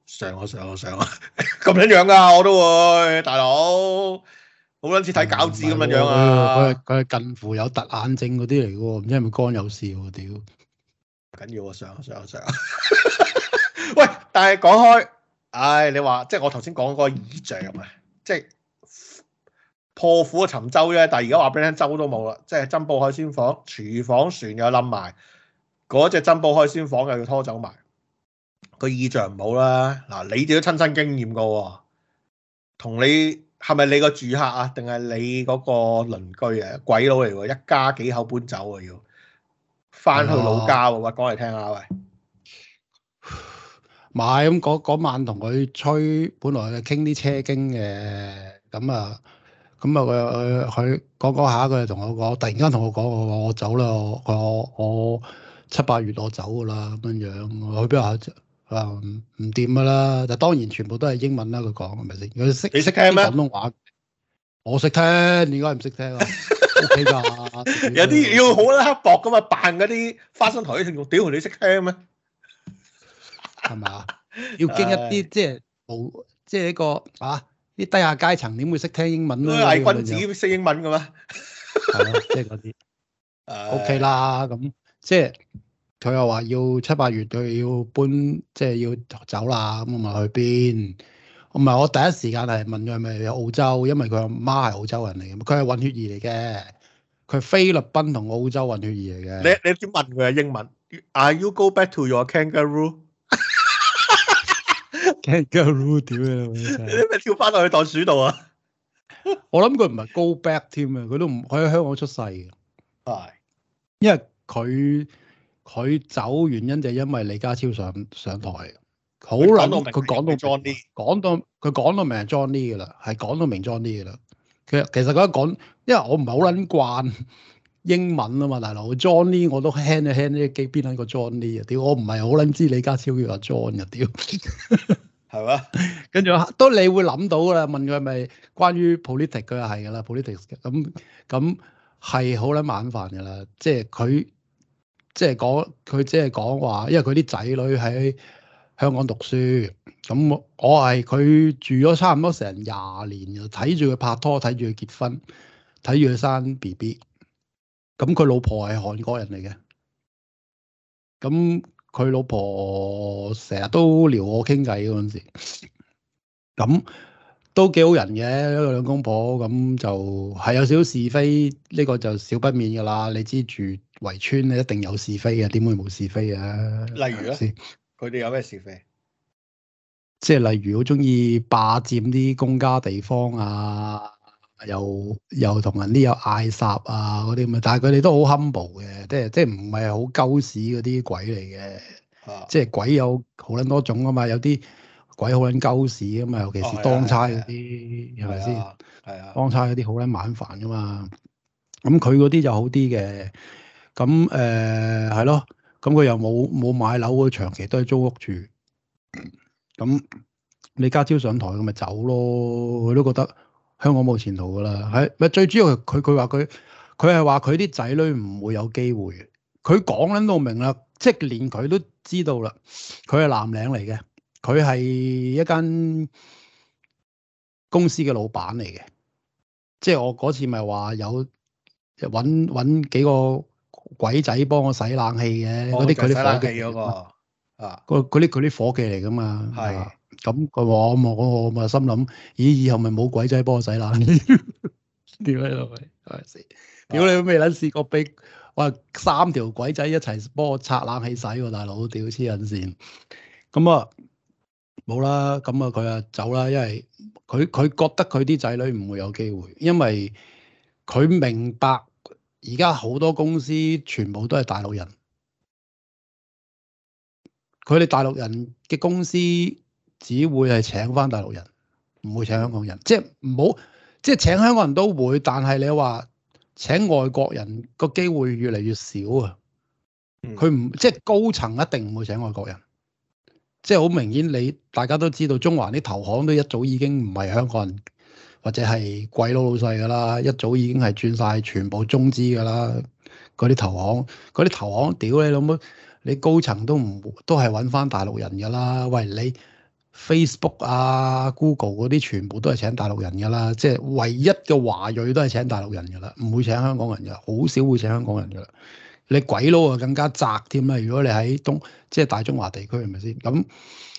上我上我上我上我 <laughs> 啊！咁樣樣噶我都會，大佬。好似睇餃子咁樣啊！佢佢近乎有突眼症嗰啲嚟嘅喎，唔知係咪肝有事喎？屌，唔緊要啊！上上上！ <laughs> 喂，但係講開，唉、哎，你話即係我頭先講嗰個意象啊，即係破釜沉舟啫。但係而家話俾你聽，舟都冇啦。即係珍寶海鮮舫廚房船又冧埋，嗰隻珍寶海鮮舫又要拖走埋。個意象唔好啦。嗱，你哋都親身經驗過、哦，同你。係咪你個住客啊？定係你嗰個鄰居啊？鬼佬嚟㗎，一家幾口搬走啊，要翻去老家喎、啊。講嚟的聽下、啊、喂，買咁嗰晚同佢吹，本來係傾啲車經嘅，咁啊咁啊佢佢講講下，佢就同我講，突然間同我講我我走啦，我我,我七八月我走噶啦，咁樣我俾下。啊，唔掂噶啦！就當然全部都係英文啦。佢講係咪先？佢識你識聽咩？廣東話，我識聽，應該唔識聽啊？ <laughs> 有啲要好刻薄噶嘛，扮嗰啲花生台啲聽眾。屌，你識聽咩？係咪要經一啲即係冇，即係一個啊！啲低下階層點會識聽英文咧？偽君子識英文噶嘛？係 <laughs> 啊，即係嗰啲。OK 啦，咁即係。佢又話要七八月佢要搬，即係要走啦。咁我咪去邊？我唔係我第一時間係問佢係咪澳洲，因為佢阿媽係澳洲人嚟嘅。佢係混血兒嚟嘅，佢菲律賓同澳洲混血兒嚟嘅。你你點問佢啊？英文？Are you go back to your kangaroo？Kangaroo 點 <laughs> <laughs> <laughs> 啊？你咪跳翻落去袋鼠度啊？我諗佢唔係 go back 添啊！佢都唔喺香港出世嘅。係、哎，因為佢。佢走原因就係因為李家超上，上台，好諗佢講到，講到佢講到明 John Lee 噶啦，係講到明 John Lee 噶啦。其實其實佢一講，因為我唔係好捻慣英文啊嘛，大佬 John Lee 我都 hand to hand 啲機邊捻個 John Lee 啊屌，我唔係好捻知李家超叫阿 John 噶屌，係 <laughs> 嘛嗎？跟住都你會諗到噶啦，問佢係咪關於 politics 佢又係噶啦 politics 咁咁係好捻晚飯噶啦，即係佢。即係講佢，即係講話，因為佢啲仔女喺香港讀書，咁我係佢住咗差唔多成廿年，就睇住佢拍拖，睇住佢結婚，睇住佢生 B B，咁佢老婆係韓國人嚟嘅，咁佢老婆成日都撩我傾偈嗰陣時，咁都幾好人嘅兩公婆，咁就係有少少是非，呢個就少不免㗎啦，你知住。圍村咧，一定有是非啊，點會冇是非啊？例如咧，佢哋有咩是非？即係例如好中意霸佔啲公家地方啊，又又同人啲有嗌霎啊嗰啲咁啊。但係佢哋都好 humble 嘅，即係、啊、即係唔係好鳩屎嗰啲鬼嚟嘅。即係鬼有好捻多種啊嘛，有啲鬼好捻鳩屎啊嘛，尤其是當差嗰啲，係咪先？係啊，啊啊啊當差嗰啲好捻晚煩噶嘛。咁佢嗰啲就好啲嘅。咁誒係咯，咁佢、呃、又冇冇買樓，佢長期都係租屋住。咁李家超上台，咁咪走咯。佢都覺得香港冇前途噶啦。係咪最主要？佢佢話佢佢係話佢啲仔女唔會有機會。佢講緊到明啦，即係連佢都知道啦。佢係南嶺嚟嘅，佢係一間公司嘅老闆嚟嘅。即係我嗰次咪話有揾揾幾個鬼仔幫我洗冷氣嘅，嗰啲佢啲伙計嗰個啊，嗰啲佢啲伙計嚟噶嘛，係咁佢話我我我咪心諗，咦以後咪冇鬼仔幫我洗冷氣，屌你老味，係咪先？屌你都未捻試過俾，哇三條鬼仔一齊幫我拆冷氣洗喎，啊，大佬，屌黐人線。咁啊冇啦，咁啊佢啊走啦，因為佢佢覺得佢啲仔女唔會有機會，因為佢明白。而家好多公司全部都係大陸人，佢哋大陸人嘅公司只會係請翻大陸人，唔會請香港人。即係唔好，即係請香港人都會，但係你話請外國人個機會越嚟越少啊。佢唔即係高層一定唔會請外國人，即係好明顯，你大家都知道，中環啲投行都一早已經唔係香港人。或者係鬼佬老細噶啦，一早已經係轉晒全部中資噶啦。嗰啲投行，嗰啲投行屌，屌你老母，你高層都唔都係揾翻大陸人噶啦。喂，你 Facebook 啊、Google 嗰啲，全部都係請大陸人噶啦。即係唯一嘅華裔都係請大陸人噶啦，唔會請香港人噶，好少會請香港人噶。你鬼佬啊，更加窄添啊！如果你喺東，即係大中華地區，係咪先？咁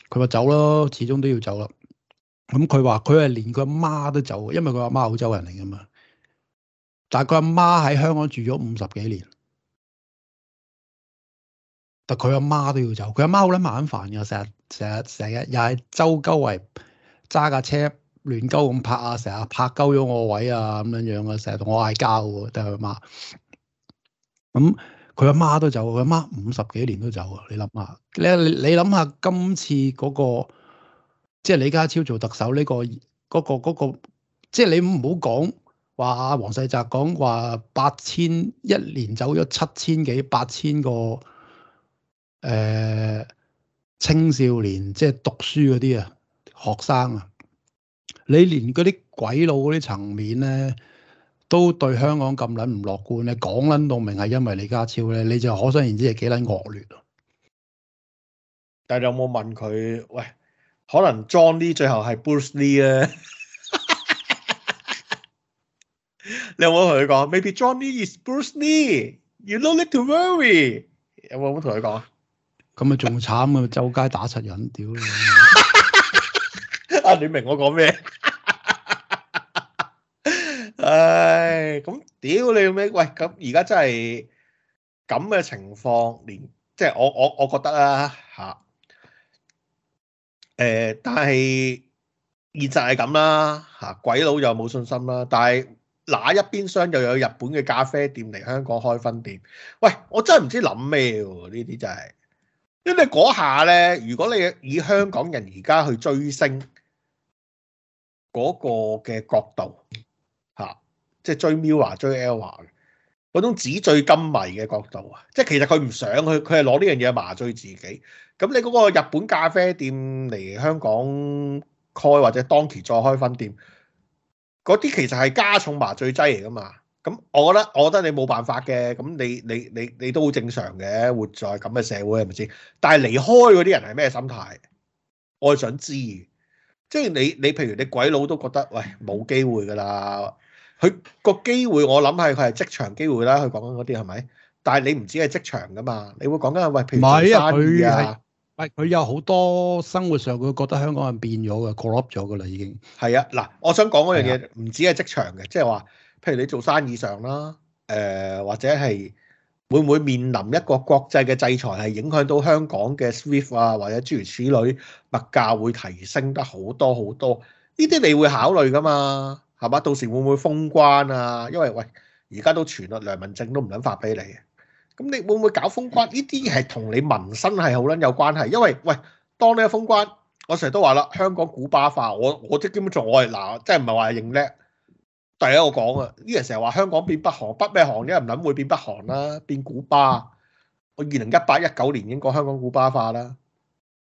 佢咪走咯，始終都要走啦。咁佢話佢係連佢阿媽都走，因為佢阿媽澳洲人嚟噶嘛。但係佢阿媽喺香港住咗五十幾年，但佢阿媽都要走。佢阿媽好捻麻煩嘅，成日成日成日又係周鳩圍揸架車亂鳩咁拍啊，成日拍鳩咗我位啊咁樣樣啊，成日同我嗌交嘅。但係佢阿媽咁佢阿媽都走，佢阿媽五十幾年都走啊。你諗下，你你諗下今次嗰個。即係李家超做特首呢、呢個、嗰個、嗰個，即係你唔好講話阿黃世澤講話八千一年走咗七千幾八千個誒、呃、青少年，即係讀書嗰啲啊學生啊，你連嗰啲鬼佬嗰啲層面咧，都對香港咁捻唔樂觀咧，講捻到明係因為李家超咧，你就可想而知係幾捻惡劣咯、啊。但係你有冇問佢喂？可能 John Lee 最後係 Bruce Lee 咧，你有冇同佢講？Maybe John Lee is Bruce Lee，you don't need to worry。有冇同佢講啊？咁啊，仲慘啊！周街打柒人，屌！啊，你明我講咩？唉，咁屌你咩？喂，咁而家真係咁嘅情況，連即係我我我覺得啊。誒、呃，但係現實係咁啦，吓、啊、鬼佬又冇信心啦。但係那一邊廂又有日本嘅咖啡店嚟香港開分店，喂，我真係唔知諗咩嘅呢啲真係。因為嗰下咧，如果你以香港人而家去追星嗰個嘅角度，吓，即係追 Mirror 啊，就是、追，追 Error 嗰種紙醉金迷嘅角度啊，即、就、係、是、其實佢唔想佢，佢係攞呢樣嘢麻醉自己。咁你嗰個日本咖啡店嚟香港開或者當期再開分店，嗰啲其實係加重麻醉劑嚟噶嘛？咁我覺得我覺得你冇辦法嘅，咁你你你你都好正常嘅，活在咁嘅社會係咪先？但係離開嗰啲人係咩心態？我想知，即係你你譬如你鬼佬都覺得喂，冇機會噶啦，佢個機會我諗係佢係職場機會啦。佢講緊嗰啲係咪？但係你唔知係職場噶嘛？你會講緊喂，譬如生意啊。喂，佢有好多生活上，佢覺得香港人變咗嘅 collapse 咗嘅啦，已經。係啊，嗱，我想講嗰樣嘢，唔、啊、止係職場嘅，即係話，譬如你做生意上啦，誒、呃，或者係會唔會面臨一個國際嘅制裁，係影響到香港嘅 Swift 啊，或者諸如此類，物價會提升得好多好多。呢啲你會考慮噶嘛？係嘛？到時會唔會封關啊？因為喂，而家都傳啦，良民證都唔想發俾你。咁你會唔會搞封關？呢啲係同你民生係好撚有關係，因為喂，當呢個封關，我成日都話啦，香港古巴化，我我即係基本上我係嗱，即係唔係話認叻。第一我講啊，呢啲人成日話香港變北韓，北咩韓？一人唔撚會變北韓啦，變古巴。我二零一八一九年已經講香港古巴化啦，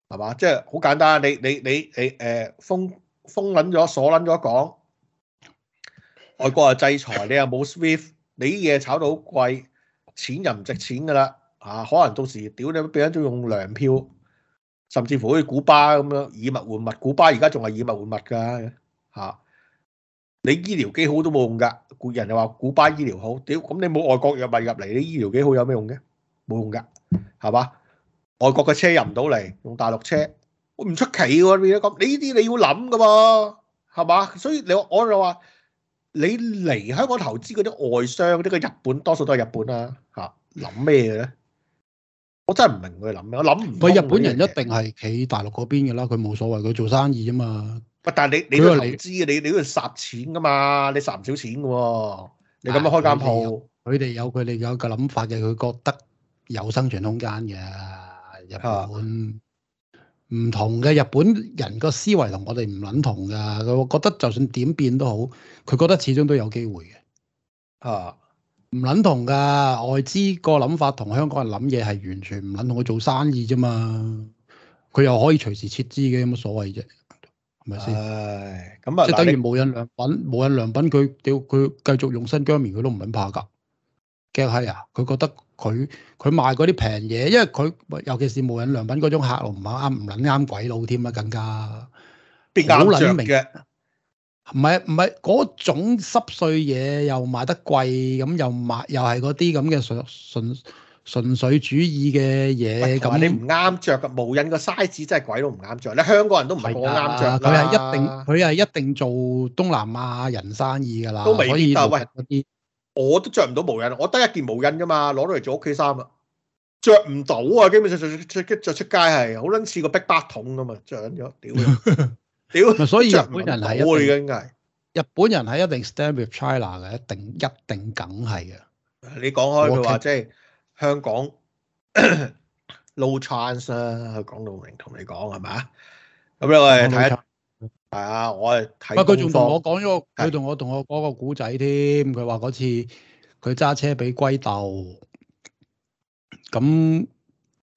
係嘛？即係好簡單，你你你你、呃、封封撚咗鎖撚咗港，外國又制裁，你又冇 SWIFT，你啲嘢炒到好貴。錢又唔值錢噶啦，嚇！可能到時屌你，俾人仲用糧票，甚至乎好似古巴咁樣以物換物。古巴而家仲係以物換物㗎，嚇！你醫療幾好都冇用㗎。古人又話古巴醫療好，屌，咁你冇外國藥物入嚟，你醫療幾好有咩用嘅？冇用㗎，係嘛？外國嘅車入唔到嚟，用大陸車，我唔出奇喎變咗咁。你呢啲你要諗㗎喎，係嘛？所以你我就話。你嚟香港投資嗰啲外商，嗰啲個日本多數都係日本啦、啊，嚇，諗咩嘅咧？我真係唔明佢諗咩，我諗唔。喂，日本人一定係企大陸嗰邊嘅啦，佢冇所謂，佢做生意吖嘛。喂，但係你你佢投資嘅，你你都要殺錢噶嘛，你殺唔少錢嘅喎。你咁樣開間鋪，佢哋有佢哋有，有，有個諗法嘅，佢覺得有生存空間嘅日本。 <laughs> 唔同嘅日本人個思維同我哋唔捻同噶佢覺得就算點變都好，佢覺得始終都有機會嘅。啊，唔捻同噶，外資個諗法同香港人諗嘢係完全唔捻同，佢做生意啫嘛。佢又可以隨時撤資嘅，有乜所謂啫？係咪先？咁啊、哎，嗯、即係等於無印良品，無印良品佢屌佢繼續用新疆棉，佢都唔捻怕噶夾係啊，佢覺得。佢佢賣嗰啲平嘢，因為佢尤其是無印良品嗰種客唔啱，唔撚啱鬼佬添啊，更加搞撚明嘅。唔係唔係嗰種濕碎嘢又賣得貴，咁又賣又係嗰啲咁嘅純純純粹主義嘅嘢咁。你唔啱着嘅無印個 size 真係鬼佬唔啱着。你香港人都唔係好啱着啦。佢係的一定佢係一定做東南亞人生意㗎啦，都未可以，所以嗰啲。喂我都著唔到毛印，我得一件毛印㗎嘛，攞到嚟做屋企衫啊，著唔到啊，基本上著著著出街係好撚似個逼包桶㗎嘛，著緊咗，屌，屌！所以日本人係一定嘅，應該日本人係一定 stand with China 嘅，一定一定梗係嘅。你講開佢話即係香港 No chance 啦，講到明同你講係咪？咁樣我哋睇。係啊，我係，唔係佢仲同我講咗，佢同的我同我講個古仔添。佢話嗰次佢揸車俾龜斗，咁誒，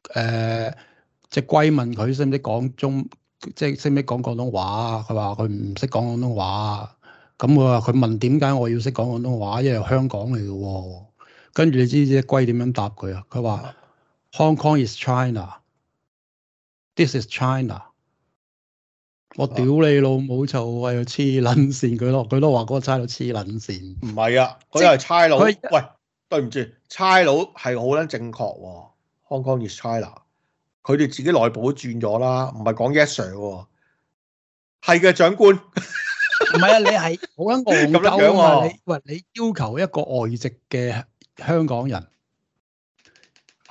隻、呃、龜問佢識唔識講中，即係識唔識講廣東話啊？佢話佢唔識講廣東話，咁佢話佢問點解我要識講廣東話，因為香港嚟嘅。跟住你知唔知隻龜點樣答佢啊？佢話 Hong Kong is China，this is China。我屌你老母就喂黐捻線，佢咯，佢都話嗰個差佬黐捻線。唔係啊，佢係差佬喂，對唔住，差佬係好捻正確喎。Hong Kong is China，佢哋自己內部都轉咗啦，唔係講 yes sir 喎。係嘅長官，唔 <laughs> 係啊，你係好捻戇鳩喂，你要求一個外籍嘅香港人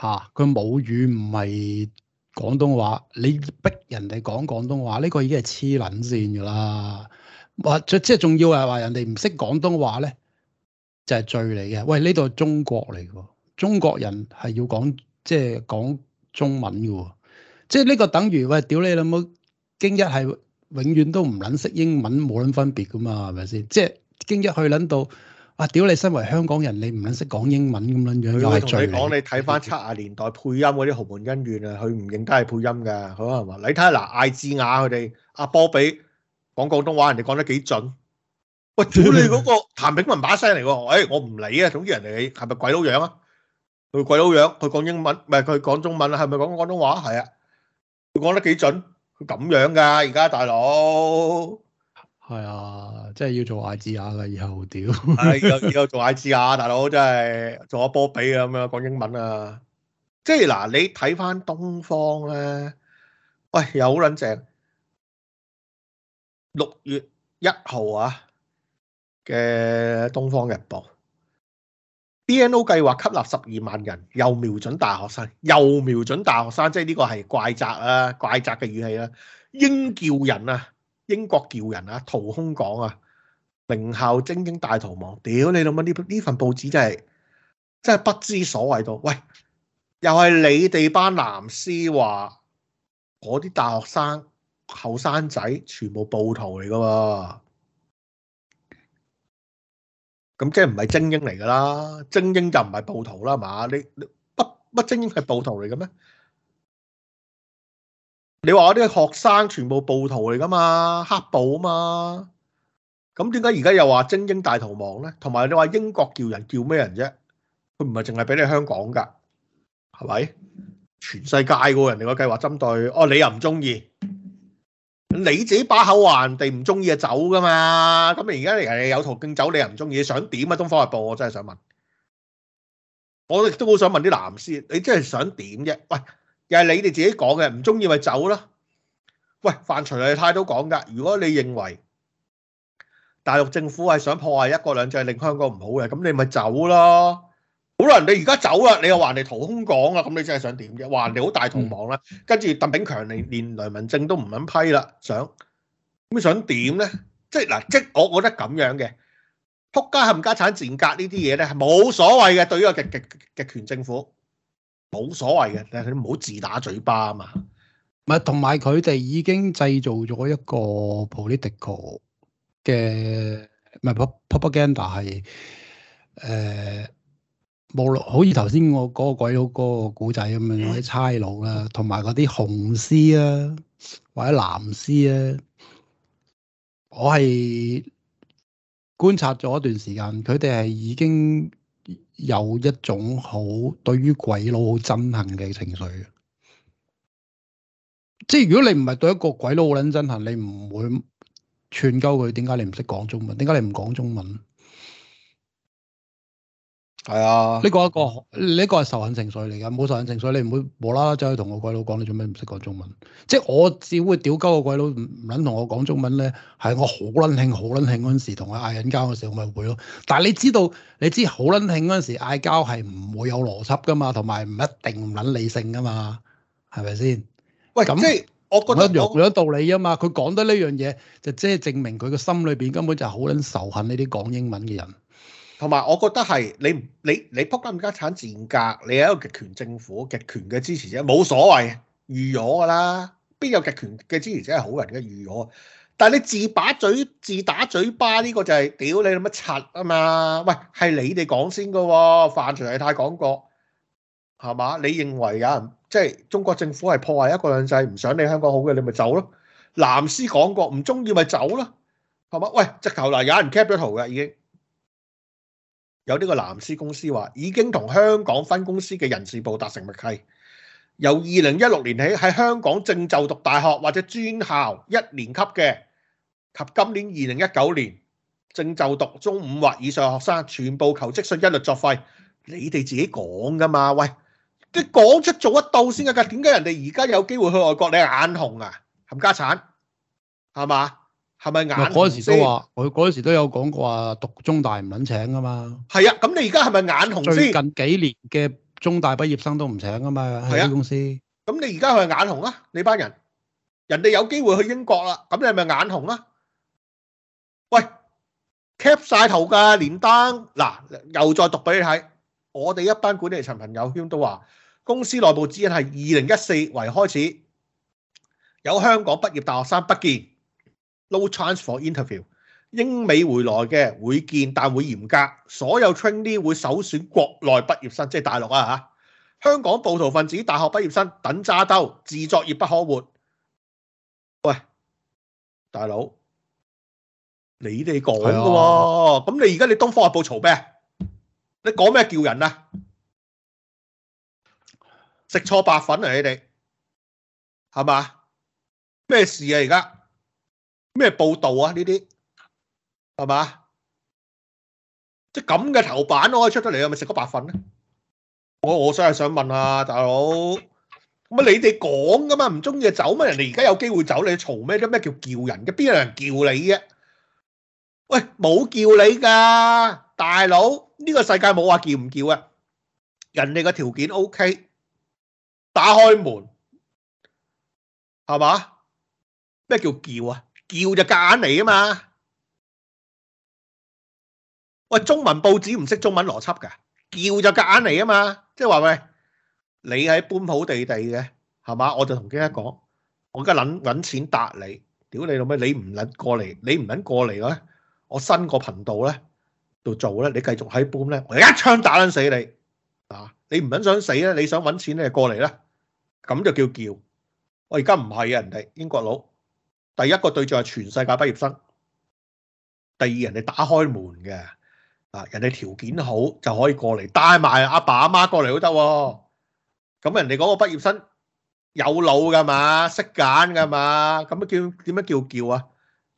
吓，佢、啊、母語唔係。廣東話，你逼人哋講廣東話，呢個已經係黐撚線噶啦。或即即係仲要係話人哋唔識廣東話咧，就係罪嚟嘅。喂，呢度係中國嚟嘅，中國人係要講即係講中文嘅喎。即係呢個等於喂，屌你老母，經一係永遠都唔撚識英文，冇撚分別噶嘛，係咪先？即係經一去撚到。啊！屌你，身為香港人，你唔肯識講英文咁撚樣，又係罪。佢同你講，你睇翻七十年代配音嗰啲《豪門恩怨》啊，佢唔認得係配音㗎，佢話：你睇下嗱，艾智雅佢哋，阿波比講廣東話，人哋講得幾準。喂，屌你嗰個譚炳文把聲嚟喎，誒，我唔理啊。總之人哋係咪鬼佬樣啊？佢鬼佬樣，佢講英文，唔係佢講中文啊？係咪講廣東話？係啊，佢講得幾準？佢咁樣㗎，而家大佬。係啊，即係、哎、要做 I.G.A. 噶以後屌，係以後以後做 I.G.A. 大佬，真係做阿波比啊。咁樣講英文啊！即係嗱，你睇翻東方咧，喂、哎，又好撚正，六月一號啊嘅《東方日報》BNO 計劃吸納十二萬人，又瞄準大學生，又瞄準大學生，即係呢個係怪責啊，怪責嘅語氣啊，應叫人啊！英國撬人啊，逃空港啊，名校精英大逃亡，屌你老乜呢？呢份報紙真係真係不知所謂到，喂，又係你哋班藍絲話嗰啲大學生後生仔全部暴徒嚟噶嘛？咁即係唔係精英嚟噶啦？精英就唔係暴徒啦嘛？你，你不不精英係暴徒嚟嘅咩？你話我啲學生全部暴徒嚟噶嘛？黑暴啊嘛？咁點解而家又話精英大逃亡咧？同埋你話英國叫人叫咩人啫？佢唔係淨係俾你香港噶，係咪？全世界個人哋個計劃針對哦，你又唔中意，你自己把口話人哋唔中意就走噶嘛？咁而家人哋有途徑走，你又唔中意，想點啊？東方日報，我真係想問，我亦都好想問啲男士，你真係想點啫，啊？喂！又係你哋自己講嘅，唔中意咪走咯。喂，范徐麗泰都講噶，如果你認為大陸政府係想破壞一國兩制，令香港唔好嘅，咁你咪走咯。好啦，人哋而家走啦，你又話人哋逃空港啊，咁你真係想點啫？話人哋好大逃亡咧，跟住鄧炳強連連梁文正都唔肯批啦，想咁想點咧？即嗱，即我覺得咁樣嘅，撲街冚家產、賤格呢啲嘢咧，係冇所謂嘅，對於個極極極權政府。冇所謂嘅，但係你唔好自打嘴巴啊嘛。唔係，同埋佢哋已經製造咗一個 political 嘅，唔係 propaganda 係誒，無論好似頭先我嗰個鬼佬嗰個古仔咁樣，嗰啲差佬啦，同埋嗰啲紅絲啊或者藍絲啊，我係觀察咗一段時間，佢哋係已經。有一種好對於鬼佬好憎恨嘅情緒，即係如果你唔係對一個鬼佬好撚憎恨，你唔會串鳩佢，點解你唔識講中文，點解你唔講中文。係啊，呢個一個，呢個係仇恨情緒嚟噶，冇仇恨情緒你唔會無啦啦走去同個鬼佬講你做咩唔識講中文，即係我只會屌鳩個鬼佬唔撚同我講中文咧，係我好撚興、好撚興嗰陣時同佢嗌緊交嘅時候咪會咯。但係你知道，你知好撚興嗰陣時嗌交係唔會有邏輯噶嘛，同埋唔一定撚理性噶嘛，係咪先？喂，咁樣即係我覺得有道理啊嘛，佢講得呢樣嘢就即係證明佢個心裏邊根本就係好撚仇恨呢啲講英文嘅人。同埋，我覺得係你唔你你，你撲金家產賤格。你係一個極權政府極權嘅支持者，冇所謂，預咗㗎啦。邊有極權嘅支持者係好人嘅預咗？但係你自把嘴自打嘴巴呢個就係屌你諗乜柒啊嘛？喂，係你哋講先㗎喎、哦，范徐太講過係嘛？你認為有人即係、就是、中國政府係破壞一國兩制，唔想你香港好嘅，你咪走咯。藍絲講過，唔中意咪走咯，係嘛？喂，直頭嗱，有人 cap 咗圖嘅已經。有呢個藍絲公司話已經同香港分公司嘅人事部達成默契，由二零一六年起喺香港正就讀大學或者專校一年級嘅及今年二零一九年正就讀中五或以上學生，全部求職信一律作廢。你哋自己講㗎嘛？喂，你講出做得到先得㗎。點解人哋而家有機會去外國？你係眼紅啊，冚家鏟係嘛？係咪眼紅嗰時都話，我嗰時都有講過話讀中大唔肯請噶嘛？係啊，咁你而家係咪眼紅先？近幾年嘅中大畢業生都唔請噶嘛？係啊，公司。咁你而家係眼紅啦、啊，你班人，人哋有機會去英國啦，咁你係咪眼紅啦、啊？喂，cap 晒頭噶連單，嗱又再讀俾你睇，我哋一班管理層朋友圈都話，公司內部指引係二零一四為開始，有香港畢業大學生不見。No chance for interview。英美回來嘅會見，但會嚴格。所有 training、er、會首選國內畢業生，即係大陸啊吓。香港暴徒分子大學畢業生等揸兜，自作孽不可活。喂，大佬，你哋講噶，咁、哦、你而家你東方日報嘈咩？你講咩叫人啊？食錯白粉啊！你哋係嘛？咩事啊？而家？咩報道啊？呢啲係嘛？即係咁嘅頭版都可以出得嚟，有咪食個白粉咧？我我真係想問啊，大佬，唔係你哋講噶嘛？唔中意就走嘛？人哋而家有機會走，你嘈咩？咁咩叫叫人嘅？邊有人叫你嘅？喂，冇叫你噶，大佬，呢個世界冇話叫唔叫啊？人哋個條件 OK，打開門係嘛？咩叫叫啊？叫就夾硬嚟啊嘛！喂，中文報紙唔識中文邏輯噶，叫就夾硬嚟啊嘛！即係話喂，你喺搬好地地嘅係嘛？我就同傑克講，我而家諗搵錢打你，屌你老味？你唔撚過嚟，你唔撚過嚟咧，我新個頻道咧度做咧，你繼續喺搬咧，我一槍打捻死你啊！你唔撚想死咧，你想搵錢咧過嚟咧，咁就叫叫。我而家唔係啊，人哋英國佬。第一個對象係全世界畢業生，第二人哋打開門嘅，啊人哋條件好就可以過嚟，帶埋阿爸阿媽過嚟都得喎。咁人哋嗰個畢業生有腦噶嘛，識揀噶嘛，咁叫點樣叫叫啊？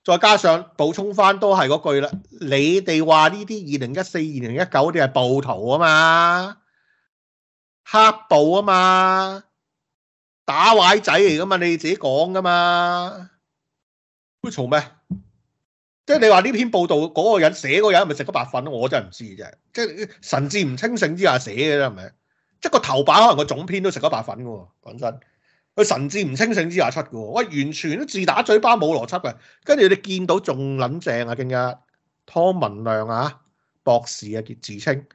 再加上補充翻都係嗰句啦，你哋話呢啲二零一四、二零一九啲係暴徒啊嘛，黑暴啊嘛，打壞仔嚟噶嘛，你自己講噶嘛。佢嘈咩？即係、就是、你話呢篇報道嗰、那個人寫嗰個人係咪食咗白粉？我真係唔知啫。即、就、係、是、神志唔清醒之下寫嘅啫，係咪？即係個頭版可能個總編都食咗白粉噶喎。講真，佢神志唔清醒之下出噶喎。喂，完全都自打嘴巴冇邏輯嘅。跟住你見到仲撚正啊，更加湯文亮啊博士啊自稱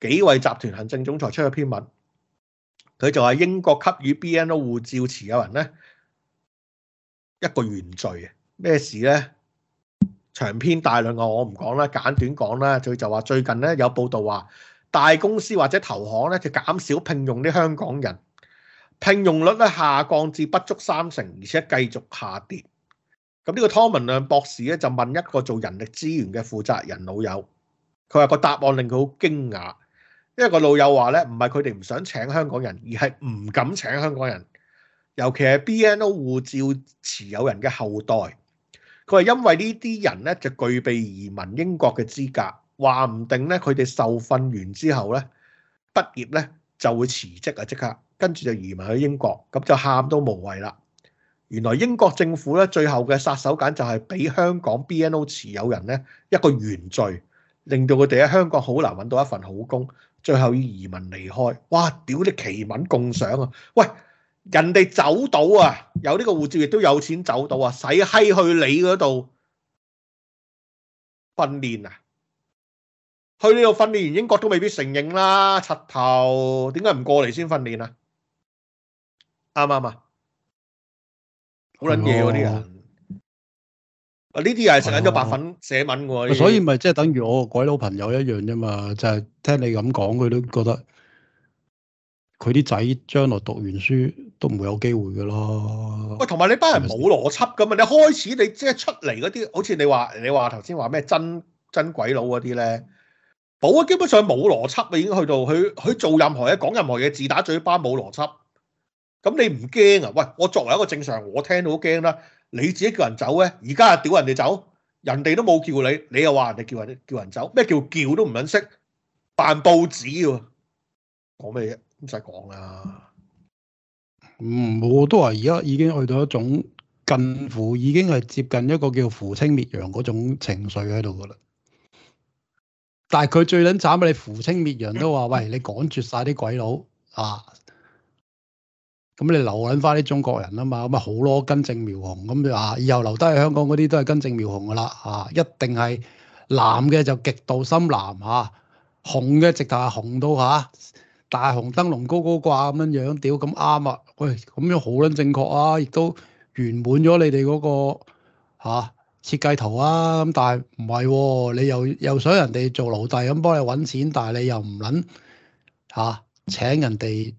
幾位集團行政總裁出咗篇文，佢就話英國給予 BNO 護照持有人咧。一個原罪，啊！咩事呢？長篇大論我我唔講啦，簡短講啦。佢就話最近咧有報道話，大公司或者投行咧就減少聘用啲香港人，聘用率咧下降至不足三成，而且繼續下跌。咁、這、呢個湯文亮博士咧就問一個做人力資源嘅負責人老友，佢話個答案令佢好驚訝，因為個老友話咧唔係佢哋唔想請香港人，而係唔敢請香港人。尤其係 BNO 護照持有人嘅後代，佢係因為呢啲人呢就具備移民英國嘅資格，話唔定呢，佢哋受訓完之後呢，畢業呢就會辭職啊，即刻跟住就移民去英國，咁就喊都無謂啦。原來英國政府呢最後嘅殺手鐧就係俾香港 BNO 持有人呢一個原罪，令到佢哋喺香港好難揾到一份好工，最後要移民離開。哇！屌你奇文共賞啊！喂！人哋走到啊，有呢個護照亦都有錢走到啊，使閪去你嗰度訓練啊，去呢度訓練完，英國都未必承認啦。柒頭，點解唔過嚟先訓練啊？啱唔啱啊？好捻嘢嗰啲人啊，呢啲又係成日食咗白粉寫文喎、啊。啊、些所以咪即係等於我鬼佬朋友一樣啫嘛，就係、是、聽你咁講，佢都覺得佢啲仔將來讀完書。都唔會有機會嘅啦。喂、哎，同埋你班人冇邏輯噶嘛？你開始你即係出嚟嗰啲，好似你話你話頭先話咩真真鬼佬嗰啲咧，冇啊！基本上冇邏輯啊，已經去到佢佢做任何嘢講任何嘢，自打嘴巴冇邏輯。咁你唔驚啊？喂，我作為一個正常，我聽到都驚啦。你自己叫人走咧、啊，而家又屌人哋走，人哋都冇叫你，你又話人哋叫人叫人走，咩叫叫都唔肯識，辦報紙喎，講咩嘢？唔使講啊！嗯，我都話而家已經去到一種近乎已經係接近一個叫扶清滅洋嗰種情緒喺度噶啦。但係佢最撚慘嘅，你扶清滅洋都話，喂，你趕絕晒啲鬼佬啊，咁你留撚翻啲中國人啊嘛，咁咪好囉，根正苗紅咁啊，以後留低喺香港嗰啲都係根正苗紅噶啦啊，一定係藍嘅就極度深藍啊，紅嘅直頭係紅到嚇。啊大紅燈籠高高掛咁樣樣，屌咁啱啊！喂，咁樣好撚正確啊！亦都圓滿咗你哋嗰、嗰個嚇、啊、設計圖啊！咁但係唔係？你又又想人哋做奴隸咁幫你揾錢，但係你又唔撚嚇請人哋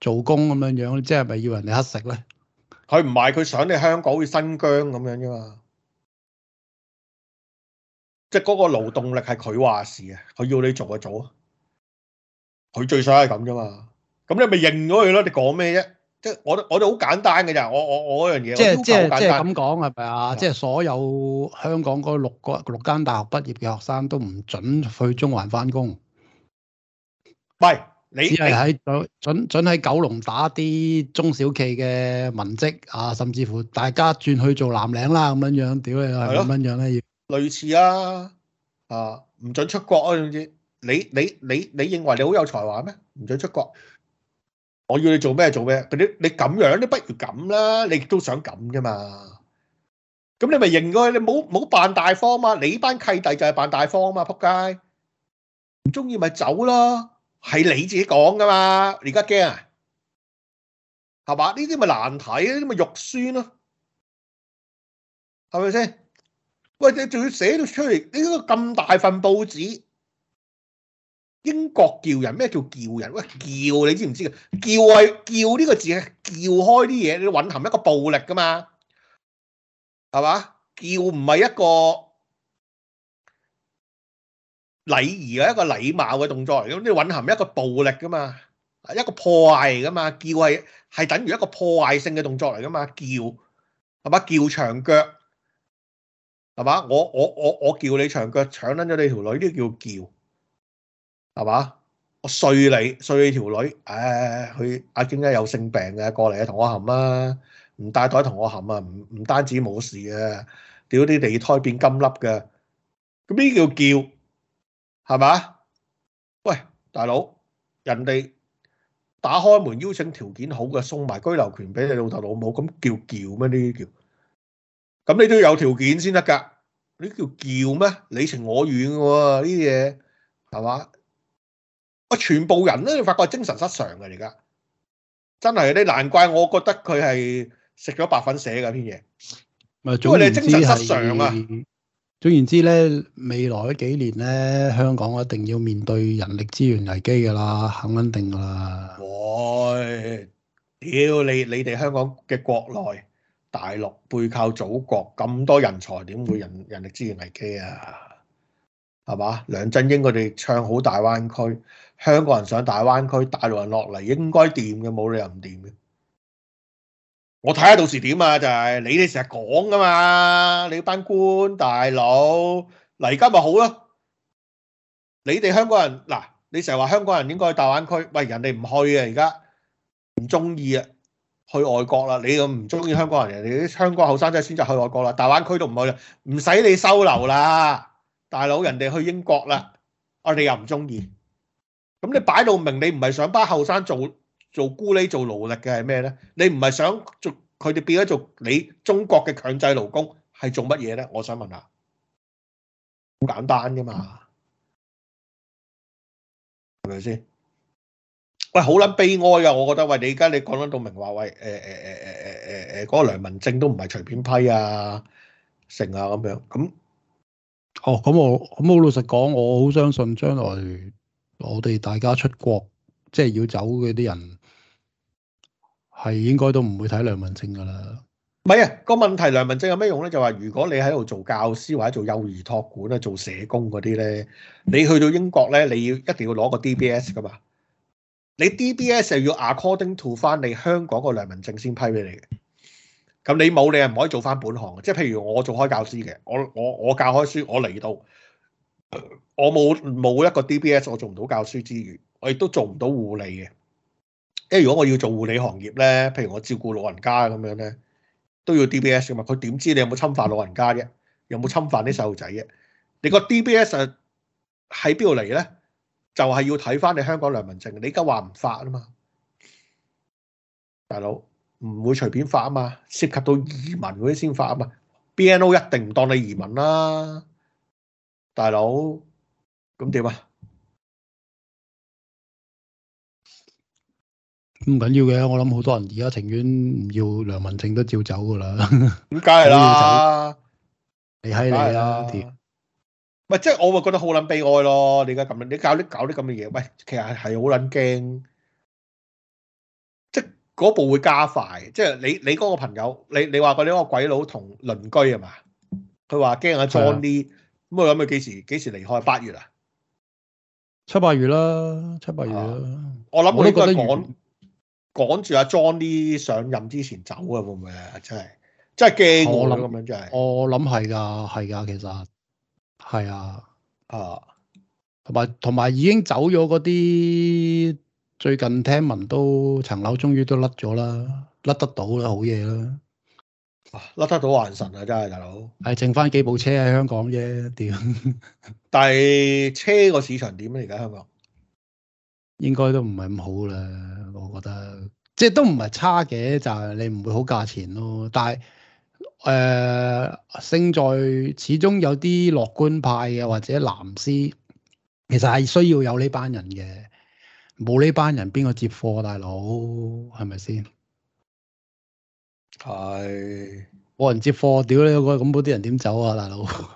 做工咁樣樣，即係咪要人哋乞食咧？佢唔係，佢想你香港去新疆咁樣啫嘛！即係嗰個勞動力係佢話事啊！佢要你做就做啊！佢最想係咁啫嘛，咁你咪認咗佢咯，你講咩啫？即係我我就好簡單嘅咋，我我我嗰樣嘢即係即係即係咁講係咪啊？即係所有香港嗰六個六間大學畢業嘅學生都唔準去中環翻工。喂，你只係喺準準喺九龍打啲中小企嘅文職啊，甚至乎大家轉去做藍領啦，咁樣樣，屌你係咁樣、啊、樣咧，要類似啊，啊唔準出國啊，總之。你你你你認為你好有才華咩？唔準出國，我要你做咩做咩？啲你咁樣都不如咁啦，你都想咁噶嘛？咁你咪認佢，你冇冇扮大方嘛？你班契弟就係扮大方啊嘛，仆街！唔中意咪走咯，係你自己講噶嘛？你而家驚啊？係嘛？呢啲咪難睇，呢啲咪肉酸咯、啊，係咪先？喂，你仲要寫到出嚟？呢個咁大份報紙。英國撬人？咩叫撬人？喂，撬你知唔知嘅，撬係撬呢個字啊，撬開啲嘢，你蘊含一個暴力噶嘛，係嘛？撬唔係一個禮儀啊，一個禮貌嘅動作嚟，咁你蘊含一個暴力噶嘛，一個破壞嚟噶嘛？撬係係等於一個破壞性嘅動作嚟噶嘛？撬係嘛？撬長腳係嘛？我我我我撬你長腳搶捻咗你條女，呢叫撬。係嘛？我衰你，衰你條女。誒，佢阿堅咧有性病嘅，過嚟啊，同我含啦！唔帶袋同我含啊，唔唔單止冇事嘅，屌啲地胎變金粒嘅。咁呢叫叫，係嘛？喂，大佬，人哋打開門邀請條件好嘅，送埋居留權俾你老豆老母，咁叫叫咩？呢啲叫？咁你都要有條件先得噶，呢叫叫咩？你情我願嘅喎，呢啲嘢係嘛？我全部人都發覺係精神失常嘅，而家真係你難怪我覺得佢係食咗白粉寫嘅篇嘢。因為你精神失常啊！總言之咧，未來幾年咧，香港一定要面對人力資源危機噶啦，肯肯定噶啦。喂？屌你！你哋香港嘅國內、大陸背靠祖國，咁多人才，點會人人力資源危機啊？係嘛？梁振英佢哋唱好大灣區，香港人上大灣區，大陸人落嚟應該掂嘅，冇理由唔掂嘅。我睇下到時點啊！就係、是、你哋成日講噶嘛，你班官大佬嗱，而家咪好咯。你哋香港人嗱，你成日話香港人應該去大灣區，喂，人哋唔去啊！而家唔中意啊，去外國啦。你咁唔中意香港人，你啲香港後生仔選擇去外國啦，大灣區都唔去啦，唔使你收留啦。大佬，人哋去英國啦，我哋又唔中意。咁你擺到明，你唔係想班後生做做咕喱、做勞力嘅係咩咧？你唔係想做佢哋變咗做你中國嘅強制勞工，係做乜嘢咧？我想問下，好簡單㗎嘛，係咪先？喂，好撚悲哀啊！我覺得，喂，你而家你講到明話，喂，誒誒誒誒誒誒誒，嗰個良民證都唔係隨便批啊，成啊咁樣咁。哦，咁我咁我老實講，我好相信將來我哋大家出國，即係要走嗰啲人，係應該都唔會睇良民證噶啦。唔係啊，個問題良民證有咩用咧？就話如果你喺度做教師或者做幼兒托管咧，做社工嗰啲咧，你去到英國咧，你要一定要攞個 D B S 噶嘛。你 D B S 又要 according to 翻你香港個良民證先批俾你嘅。咁你冇，你係唔可以做翻本行，即係譬如我做開教師嘅，我我我教開書，我嚟到，我冇冇一個 D B S，我做唔到教書之餘，我亦都做唔到護理嘅。因為如果我要做護理行業咧，譬如我照顧老人家咁樣咧，都要 D B S 啊嘛。佢點知你有冇侵犯老人家嘅，有冇侵犯啲細路仔嘅？你個 D B S 喺邊度嚟咧？就係要睇翻你香港良民證。你而家話唔發啊嘛，大佬。唔會隨便發啊嘛，涉及到移民嗰啲先發啊嘛。BNO 一定唔當你移民啦，大佬，咁點啊？唔緊要嘅，我諗好多人而家情願唔要梁文靜都照走噶啦。咁梗係啦，你閪你啦，條。唔係，即係我話覺得好捻悲哀咯。你而家咁，你搞啲搞啲咁嘅嘢，喂，其實係係好捻驚嗰步會加快，即係你你嗰個朋友，你你話過你嗰個鬼佬同鄰居係嘛？佢話驚阿 Johnny，咁我諗佢幾時幾時離開？月啊、八月啊？七八月啦，七八月啦。我諗嗰啲都趕覺得趕住阿、啊、Johnny 上任之前走啊，會唔會啊？真係真係驚咗咁樣，真係。我諗係㗎，係㗎，其實係啊，啊，同埋同埋已經走咗嗰啲。最近聽聞都層樓終於都甩咗啦，甩得到啦，好嘢啦！甩得到還神啊，真係大佬，係剩返幾部車喺香港啫，屌！但係車個市場點咧、啊？而家香港應該都唔係咁好啦，我覺得，即係都唔係差嘅，就係、是、你唔會好價錢咯、啊。但係誒，勝、呃、在始終有啲樂觀派嘅或者藍絲，其實係需要有呢班人嘅。冇呢班人，邊個接貨，大佬係咪先？係，冇人接貨，屌你個，咁嗰啲人點走啊，大佬？咁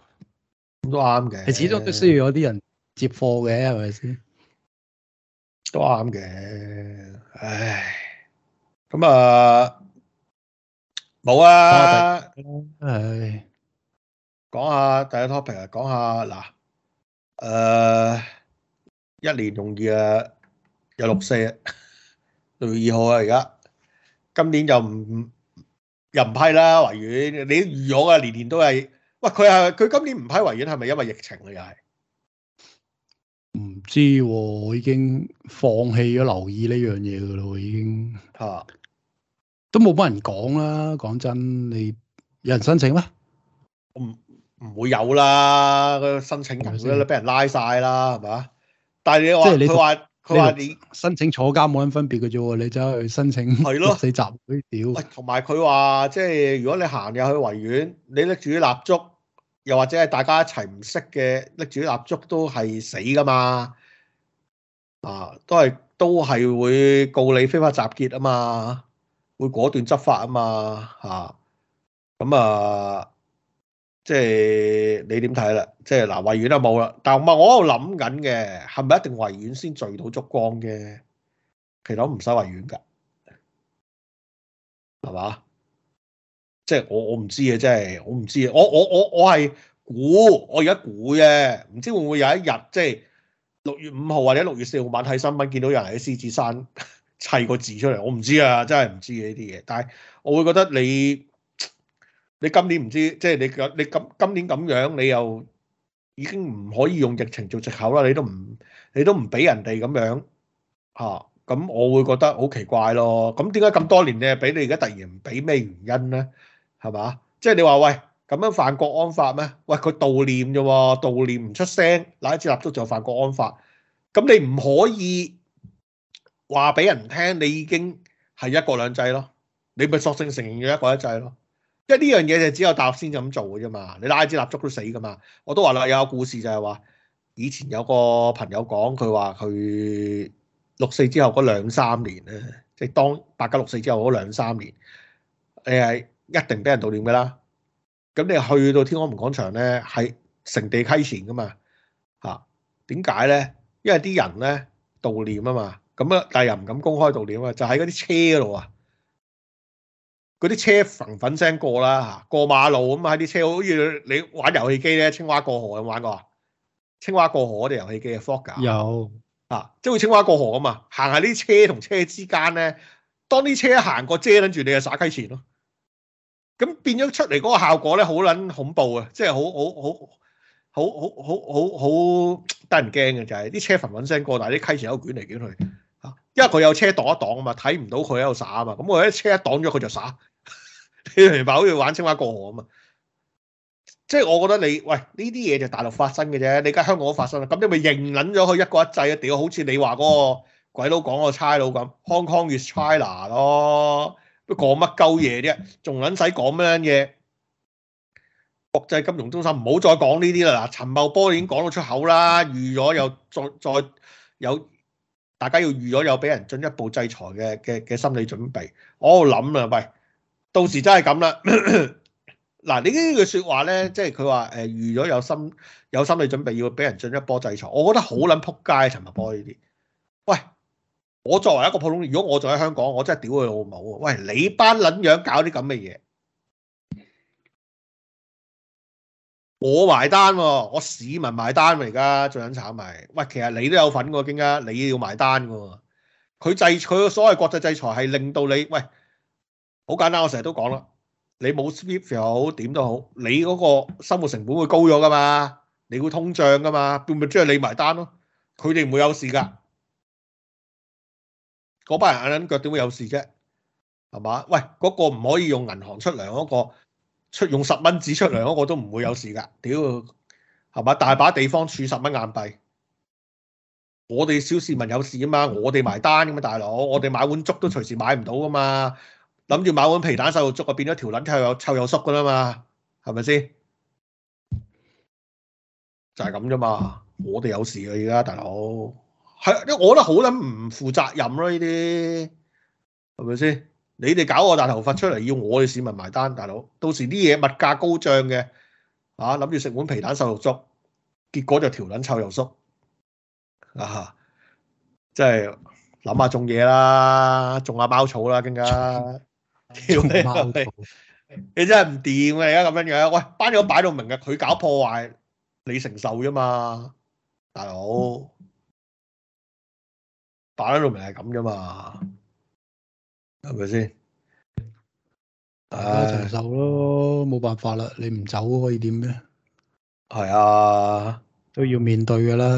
都啱嘅，係始終都需要有啲人接貨嘅，係咪先？都啱嘅，唉，咁、呃、啊，冇啊，唉，講下第一 topic，講一 topic 啊，講下嗱，誒、呃，一年容易啊！有六四啊，六月二號啊，而家今年就唔又唔批啦，維園你預咗噶，年年都係，喂佢係佢今年唔批維園係咪因為疫情啊？又係唔知，我已經放棄咗留意呢樣嘢噶咯，已經吓、啊、都冇乜人講啦。講真，你有人申請咩？唔唔會有啦，個申請人咧俾人拉晒啦，係咪？但係你話你話。他說 佢話你，你申請坐監冇咁分別嘅啫喎，你走去申請係咯死集會屌！同埋佢話即係如果你行入去維園，你拎住啲蠟燭，又或者係大家一齊唔識嘅拎住啲蠟燭都，都係死噶嘛啊！都係都係會告你非法集結啊嘛，會果斷執法啊嘛嚇咁啊！即係你點睇啦？即係嗱，維園都冇啦，但係我我喺度諗緊嘅，係咪一定維園先聚到燭光嘅？其實我唔使維園噶，係嘛？即係我我唔知啊！即係我唔知啊！我我我我係估，我而家估嘅，唔知會唔會有一日即係六月五號或者六月四號晚睇新聞，見到有人喺獅子山 <laughs> 砌個字出嚟，我唔知啊！真係唔知呢啲嘢，但係我會覺得你。你今年唔知，即係你咁，你今今年咁樣，你又已經唔可以用疫情做藉口啦。你都唔，你都唔俾人哋咁樣嚇。咁我會覺得好奇怪咯。咁點解咁多年你係俾，你而家突然唔俾咩原因呢？係嘛？即係你話喂咁樣犯國安法咩？喂佢悼念啫喎，悼念唔出聲，拿支蠟燭就犯國安法。咁你唔可以話俾人聽，你已經係一國兩制咯。你咪索性承認咗一國一制咯。即係呢樣嘢就只有大陸先咁做嘅啫嘛，你拉支蠟燭都死噶嘛。我都話啦，有個故事就係話，以前有個朋友講，佢話佢六四之後嗰兩三年咧，即係當八九六四之後嗰兩三年，你係一定俾人悼念嘅啦。咁你去到天安門廣場咧，係成地溪錢噶嘛。吓，點解咧？因為啲人咧悼念啊嘛，咁啊，但係又唔敢公開悼念啊，就喺嗰啲車度啊。嗰啲車馮粉聲過啦，吓，過馬路咁啊。啲車好似你玩遊戲機咧，青蛙過河有玩過啊？青蛙過河嗰啲遊戲機係 fuck 噶？有啊，即係會青蛙過河啊嘛，行下啲車同車之間咧，當啲車行過遮，撚住你就耍溪前咯。咁變咗出嚟嗰個效果咧，好捻恐怖嘅，即係好好好好好好好好得人驚嘅就係、是、啲車馮粉聲過，但係啲溪前有捲嚟捲去。因為佢有車擋一擋啊嘛，睇唔到佢喺度耍啊嘛，咁我喺車一擋咗佢就耍， <laughs> 你明白好似玩青蛙過河咁啊？即係我覺得你喂呢啲嘢，就大陸發生嘅啫，你而家香港都發生啦，咁你咪認捻咗佢一國一制啊？屌，好似你話嗰個鬼佬講個差佬咁，Hong Kong is China 咯，都講乜鳩嘢啫，仲捻使講咩嘢？國際金融中心唔好再講呢啲啦，嗱，陳茂波已經講到出口啦，預咗又再再，再有。大家要預咗有俾人進一步制裁嘅嘅嘅心理準備，我諗啊，喂，到時真係咁啦。嗱， <coughs> 你句呢句説話咧，即係佢話誒預咗有心有心理準備要俾人進一步制裁，我覺得好撚撲街，尋日播呢啲。喂，我作為一個普通，如果我仲喺香港，我真係屌佢老母啊！喂，你班撚樣搞啲咁嘅嘢？我埋單喎，我市民埋單喎，而家最緊慘咪，喂，其實你都有份喎，經家你要埋單嘅喎，佢制裁，佢個所謂國際制裁係令到你，喂，好簡單，我成日都講啦，你冇 SWIFT 好點都好，你嗰個生活成本會高咗噶嘛，你會通脹噶嘛，變唔變即係你埋單咯，佢哋唔會有事噶，嗰班人眼撚腳點會有事啫，係嘛？喂，嗰個唔可以用銀行出糧嗰個。用出用十蚊紙出糧我都唔會有事㗎，屌係嘛？大把地方儲十蚊硬幣，我哋小市民有事啊嘛，我哋埋單咁嘛，大佬，我哋買碗粥都隨時買唔到㗎嘛，諗住買碗皮蛋瘦肉粥啊，變咗條撚臭又臭又縮㗎啦嘛，係咪先？就係咁咋嘛，我哋有事啊，而家大佬，係，我覺得好撚唔負責任咯呢啲，係咪先？你哋搞個大頭髮出嚟，要我哋市民埋單，大佬，到時啲嘢物價高漲嘅，啊，諗住食碗皮蛋瘦肉粥，結果就條撚臭肉粥，啊即係諗下種嘢啦，種下貓草啦，更加，你真係唔掂嘅，而家咁樣樣，喂，班長擺到明嘅，佢搞破壞，你承受啫嘛，大佬，擺到明係咁啫嘛。係咪先？大家長壽咯，冇、哎呀啊就是、辦法啦。你唔走可以點咩？係啊、哎呀，都要面對噶啦。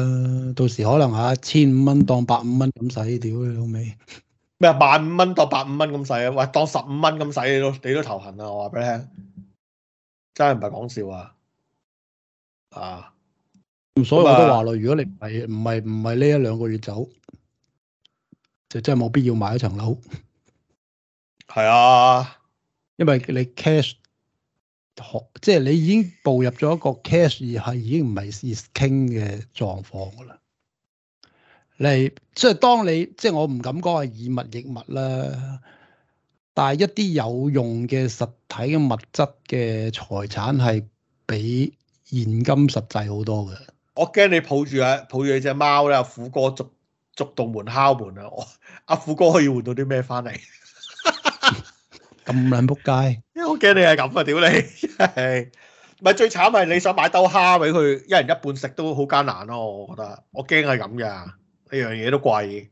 到時可能吓、啊、千五蚊當百五蚊咁使，屌你老味，咩？萬五蚊當百五蚊咁使啊！喂，當十五蚊咁使你都你都頭痕啊！我話俾你聽，真係唔係講笑啊！啊，所以我都話啦，如果你唔係唔係唔係呢一兩個月走，就真係冇必要買一層樓。係啊，因為你 cash 可，即係你已經步入咗一個 cash 係已經唔係 is king 嘅狀況噶啦。你即係當你即係我唔敢講係以物易物啦，但係一啲有用嘅實體嘅物質嘅財產係比現金實際好多嘅。我驚你抱住啊，抱住隻貓咧，啊、虎哥逐逐度門敲門啊，我阿、啊、虎哥可以換到啲咩翻嚟？咁撚仆街，因為我驚你係咁啊！屌你，係咪最慘咪你想買兜蝦俾佢，一人一半食都好艱難咯，啊！我覺得，我驚係咁嘅呢樣嘢都貴。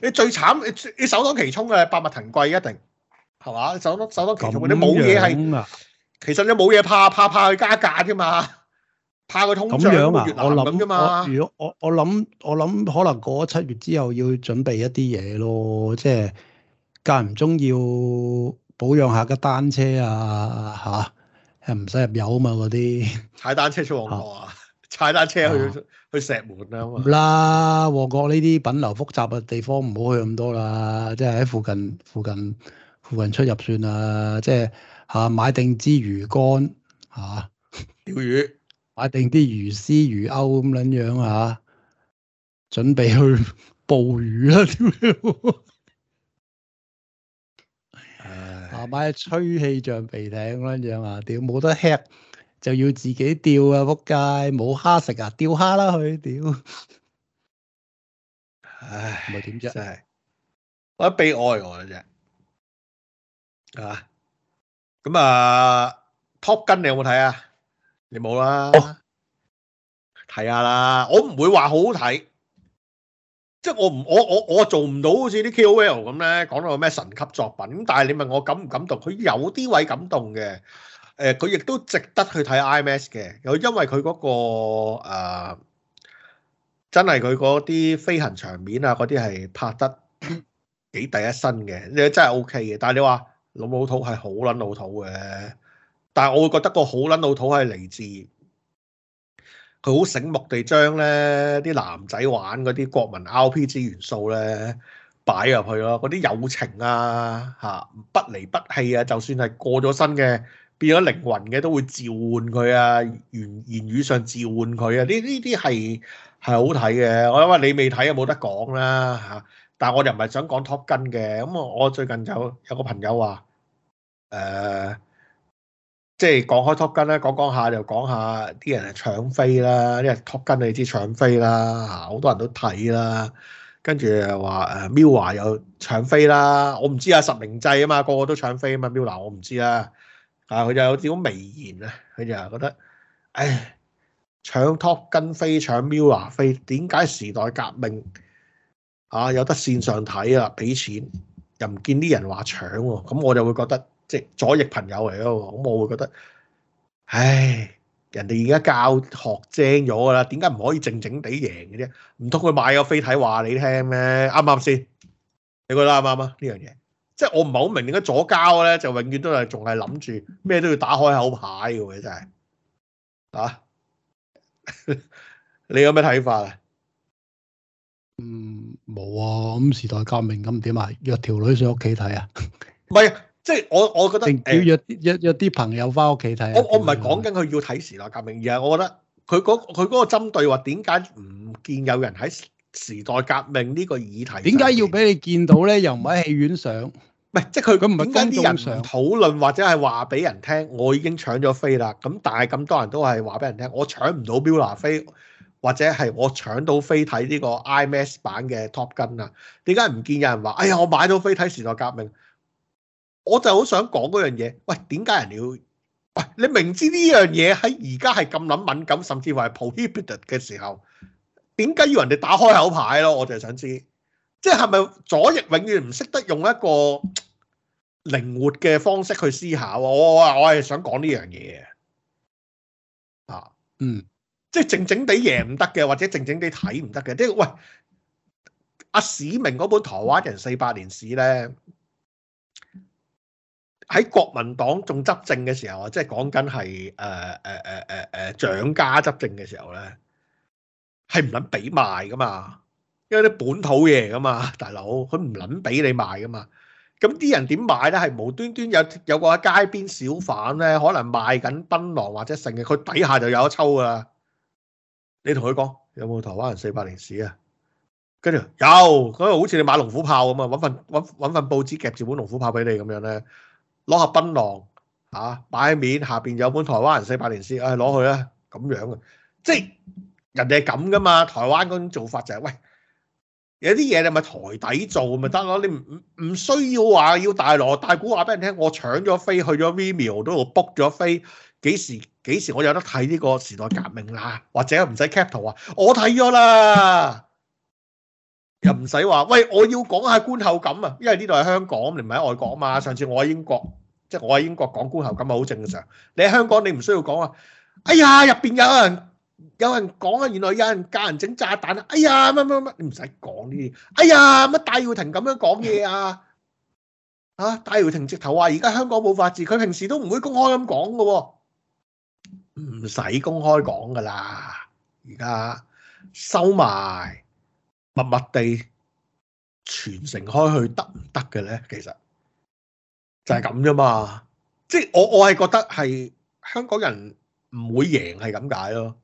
你最慘，你你首當其衝嘅百物騰貴一定係嘛？首首當，當其衝，啊、你冇嘢係，其實你冇嘢怕，怕怕佢加價啫嘛，怕佢通脹樣、啊、越南咁啫嘛。如果我我諗我諗可能過咗七月之後要準備一啲嘢咯，即係間唔中要。保養下個單車啊，吓、啊，又唔使入油啊嘛。嗰啲踩單車出旺角啊，踩、啊、單車去、啊、去石門啊。咁啦，旺角呢啲品流複雜嘅地方唔好去咁多啦，即係喺附近附近附近出入算啦。即係吓、啊、買定支魚竿吓，釣、啊、魚買定啲魚絲魚鈎咁樣樣、啊、吓，準備去捕魚啦、啊，釣。買吹氣橡皮艇啦，樣啊屌冇得吃，就要自己釣啊扑街，冇蝦食啊釣蝦啦佢屌， <laughs> 唉，唔係點啫，真係是，一悲哀我真係，係、啊、嘛，咁啊、uh,，Top Gun 你有冇睇啊？你冇啦，睇下、哦、 <laughs> 啦，我唔會話好睇。即係我唔我我我做唔到好似啲 K O L 咁咧，講到個咩神級作品咁，但係你問我感唔感動，佢有啲位感動嘅，誒、呃，佢亦都值得去睇 IMAX 嘅，又因為佢嗰、嗰個誒、呃，真係佢嗰啲飛行場面啊，嗰啲係拍得幾第一身嘅，你真係 O K 嘅。但係你話老,老土係好捻老土嘅，但係我會覺得個好捻老土係嚟自。佢好醒目地將咧啲男仔玩嗰啲國民 RPG 元素咧擺入去咯，嗰啲友情啊嚇，不離不棄啊，就算係過咗身嘅，變咗靈魂嘅都會召喚佢啊，言言語上召喚佢啊，呢呢啲係係好睇嘅。我因為你未睇，冇得講啦嚇。但係我又唔係想講托根嘅。咁我最近就有有個朋友話，誒、呃。即係講開 Top Gun 咧，講講下就講下啲人係搶飛啦，因為 Top Gun 你知搶飛啦，好多人都睇啦，跟住又話誒 MIRROR 又搶飛啦，我唔知啊實名制啊嘛，個個都搶飛啊嘛 MIRROR 我唔知啦，啊佢就有啲咁微言啊，佢就係覺得，唉，搶 Top Gun 飛搶 MIRROR 飛，點解時代革命啊有得線上睇啊，俾錢又唔見啲人話搶喎、啊，咁我就會覺得。即係左翼朋友嚟咯，我會覺得，唉，人哋而家教學精咗噶啦，點解唔可以靜靜地贏嘅啫？唔通佢買個飛睇話你聽咩？啱唔啱先？你覺得啱唔啱啊？呢樣嘢，即係我唔係好明點解左膠咧，就永遠都係仲係諗住咩都要打開口牌嘅喎，真係，啊， <laughs> 你有咩睇法、嗯、啊？嗯，冇啊，咁時代革命咁點啊？約條女上屋企睇啊？唔係。即係我，我覺得、欸、要約約約啲朋友翻屋企睇。我我唔係講緊佢要睇時代革命，而係我覺得佢嗰佢嗰個針對話點解唔見有人喺時代革命呢個議題？點解要俾你見到呢？又唔喺戲院上，即係佢佢唔係跟啲人討論，或者係話俾人聽，我已經搶咗飛啦。咁但係咁多人都係話俾人聽，我搶唔到 Bilal 飛，或者係我搶到飛睇呢個 IMAX 版嘅 Top Gun 啊？點解唔見有人話？哎呀，我買到飛睇時代革命。我就好想講嗰樣嘢，喂，點解人哋要？喂，你明知呢樣嘢喺而家係咁諗敏感，甚至話係 prohibited 嘅時候，點解要人哋打開口牌咯？我就係想知，即係咪左翼永遠唔識得用一個靈活嘅方式去思考？我我我係想講呢樣嘢啊，嗯，即係靜靜地贏唔得嘅，或者靜靜地睇唔得嘅。即係喂，阿史明嗰本《台灣人四百年史》呢咧，喺國民黨仲執政嘅時候啊，即係講緊係誒誒誒誒誒蔣家執政嘅時候咧，係唔諗俾賣噶嘛，因為啲本土嘢噶嘛，大佬佢唔諗俾你賣噶嘛，咁啲人點買咧？係無端端有有個喺街邊小販咧，可能賣緊檳榔或者剩嘅，佢底下就有一抽噶啦。你同佢講，有冇台灣人四百年史啊？跟住有，咁啊好似你買龍虎豹咁啊，搵份搵搵份報紙夾住本龍虎豹俾你咁樣咧。攞下檳榔嚇，擺、啊、喺面下邊有本台灣人四百年史，哎攞去啦，咁樣嘅，即係人哋係咁噶嘛，台灣嗰種做法就係、是、喂，有啲嘢你咪台底做咪得咯，你唔唔需要話要大鑼大鼓話俾人聽，我搶咗飛去咗 Vimeo 度 book 咗飛，幾時幾時我有得睇呢個時代革命啦，或者唔使 cap 圖啊，我睇咗啦，又唔使話喂我要講下觀後感啊，因為呢度係香港，你唔係喺外國啊嘛，上次我喺英國。即係我喺英國講官喉咁啊，好正常。你喺香港，你唔需要講啊。哎呀，入邊有人有人講啊，原來有人教人整炸彈啊。哎呀，乜乜乜，你唔使講呢啲。哎呀，乜戴耀廷咁樣講嘢啊？啊，戴耀廷直頭話而家香港冇法治，佢平時都唔會公開咁講噶喎。唔使公開講噶啦，而家收埋，密密地傳承開去得唔得嘅咧？其實。就係咁啫嘛，即係我我係覺得係香港人唔會贏係咁解咯，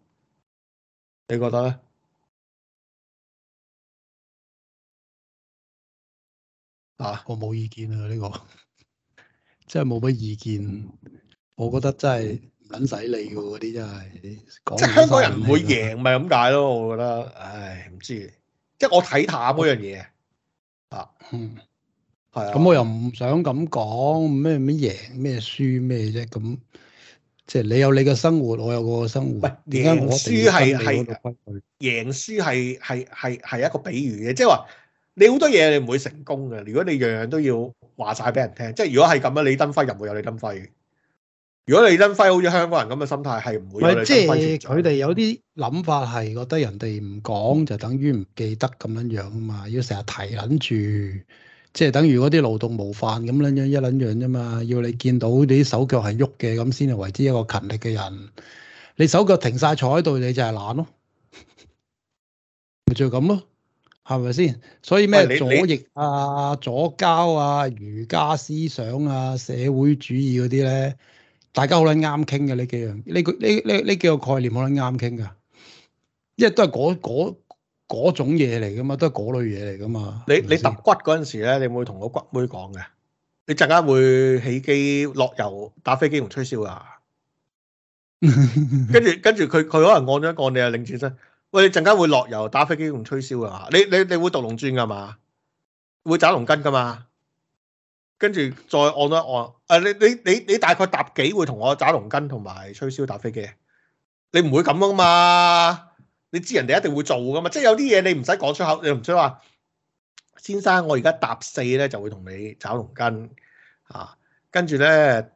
你覺得咧？啊，我冇意見啊，呢個真係冇乜意見。我覺得真係撚使你嘅嗰啲真係。即係香港人唔會贏咪咁解咯，我覺得。唉，唔知。即係我睇淡嗰樣嘢啊。嗯。咁我又唔想咁講咩咩贏咩輸咩啫，咁即係你有你嘅生活， <laughs> 我有我嘅生活。贏輸係係贏輸係係係係一個比喻嘅，即係話你好多嘢你唔會成功嘅。如果你樣樣都要話晒俾人聽，即係如果係咁樣，李登輝就唔會有李登輝。如果李登輝好似香港人咁嘅心態，係唔會即係佢哋有啲諗法係覺得人哋唔講就等於唔記得咁樣樣啊嘛，要成日提緊住。即係等於嗰啲勞動模範咁樣樣一撚樣啫嘛，要你見到你啲手腳係喐嘅咁先係為之一個勤力嘅人。你手腳停晒坐喺度，你就係懶咯， <laughs> 咪就咁咯，係咪先？所以咩左翼啊、左膠啊、儒家思想啊、社會主義嗰啲咧，大家好撚啱傾嘅呢幾樣呢個呢呢呢幾個概念好撚啱傾㗎，因為都係嗰。嗰種嘢嚟噶嘛，都係嗰類嘢嚟噶嘛。你你揼骨嗰陣時咧，你會唔會同個骨妹講嘅？你陣間會起機落油打飛機同吹簫啊 <laughs> 跟住跟住佢佢可能按咗一按，你又轉身。喂，你陣間會落油打飛機同吹簫啊。你你你會毒龍鑽噶嘛？會找龍根噶嘛？跟住再按咗按。誒，你你你你大概搭幾會同我找龍根同埋吹簫打飛機？你唔會咁啊嘛？你知人哋一定會做㗎嘛？即係有啲嘢你唔使講出口，你唔使話，先生我而家搭四咧就會同你找龍筋啊，跟住咧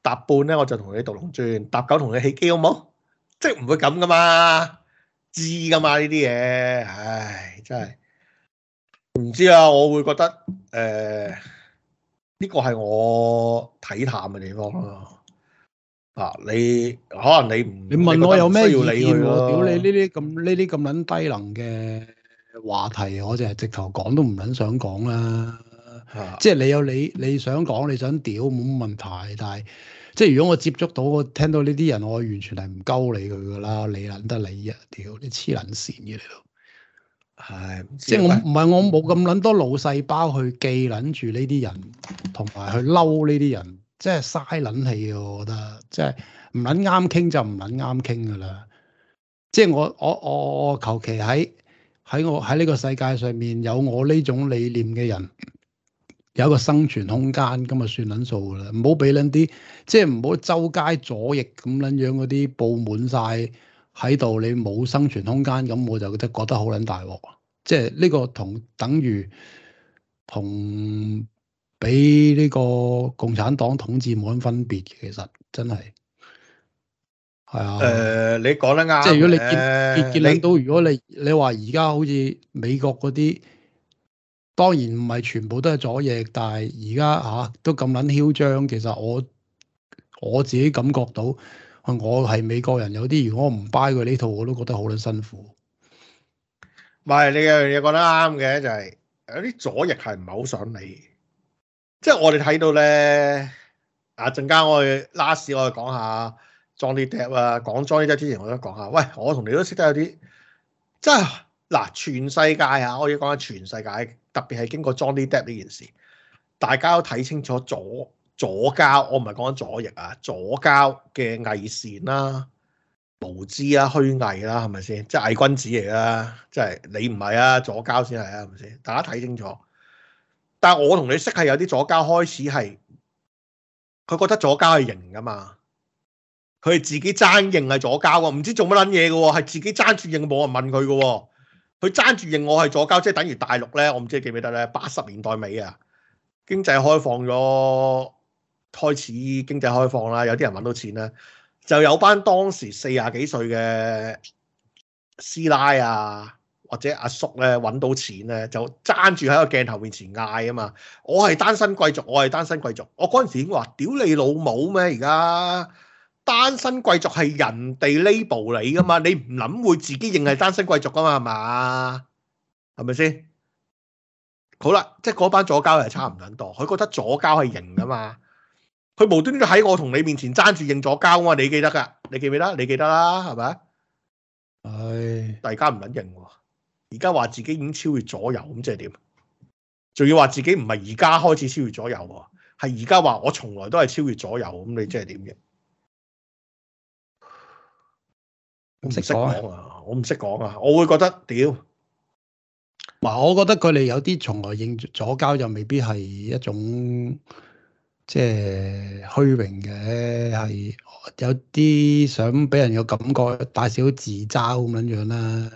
搭半咧我就同你讀龍傳，搭九同你起機好冇？即係唔會咁㗎嘛？知㗎嘛？呢啲嘢，唉，真係唔知啊！我會覺得誒，呢、呃這個係我睇淡嘅地方咯。啊！你可能你唔，你問我有咩理見屌、啊、你呢啲咁呢啲咁撚低能嘅話題，我就係直頭講都唔撚想講啦、啊。的即係你有你你想講你想屌冇乜問題，但係即係如果我接觸到我聽到呢啲人，我完全係唔鳩你佢噶啦，你捻得你啊？屌你黐捻線嘅你都係，的即係我唔係的我冇咁撚多腦細胞去記捻住呢啲人，同埋去嬲呢啲人。即係嘥撚氣，我覺得即係唔撚啱傾就唔撚啱傾噶啦。即係我我我我求其喺喺我喺呢個世界上面，有我呢種理念嘅人有個生存空間，咁啊算撚數噶啦。唔好俾撚啲即係唔好周街左翼咁撚樣嗰啲布滿晒喺度，你冇生存空間，咁我就覺得覺得好撚大鑊。即係呢個同等於同。俾呢個共產黨統治冇乜分別，其實真係係啊。誒、呃，你講得啱即係如果你結結結領導，如果你你話而家好似美國嗰啲，當然唔係全部都係左翼。但係而家嚇都咁撚囂張。其實我我自己感覺到，我係美國人，有啲如果我唔 buy 佢呢套，我都覺得好撚辛苦。唔係，你又又講得啱嘅，就係、是、有啲左翼係唔係好想理。即係我哋睇到咧，啊陣間我去拉 a 我去講下莊啲 dead 啊，講莊啲 d e a 之前我都講下，喂我同你都識得有啲，即係嗱全世界啊，我要講下全世界，特別係經過莊啲 d e a 呢件事，大家都睇清楚左左交，我唔係講緊左翼啊，左交嘅偽善啦、啊、無知啊，虛偽啦、啊，係咪先？即係偽君子嚟啦，即係你唔係啊，左交先係啊，係咪先？大家睇清楚。但係我同你識係有啲左膠，開始係佢覺得左膠係型噶嘛，佢自己爭認係左膠喎，唔知做乜撚嘢嘅喎，係自己爭住認，冇人問佢嘅喎，佢爭住認我係左膠，即係等於大陸咧，我唔知你記唔記得咧，八十年代尾啊，經濟開放咗，開始經濟開放啦，有啲人揾到錢咧，就有班當時四十幾歲嘅師奶啊。或者阿叔咧揾到錢咧就爭住喺個鏡頭面前嗌啊嘛！我係單身貴族，我係單身貴族。我嗰陣時已經話：屌你老母咩？而家單身貴族係人哋 label 你噶嘛？你唔諗會自己認係單身貴族噶嘛？係嘛？係咪先？好啦，即係嗰班左膠又係差唔撚多。佢覺得左膠係型噶嘛？佢無端端喺我同你面前爭住認左膠啊嘛！你記得噶？你記唔記得？你記得啦？係咪？唉，大家唔撚認喎。而家話自己已經超越左右，咁即係點？仲要話自己唔係而家開始超越左右喎，係而家話我從來都係超越左右，咁你即係點嘅？唔識講啊！我唔識講啊！我會覺得屌，嗱，我覺得佢哋有啲從來認咗交又未必係一種即係虛榮嘅，係有啲想俾人有感覺帶少少自嘲咁樣樣啦。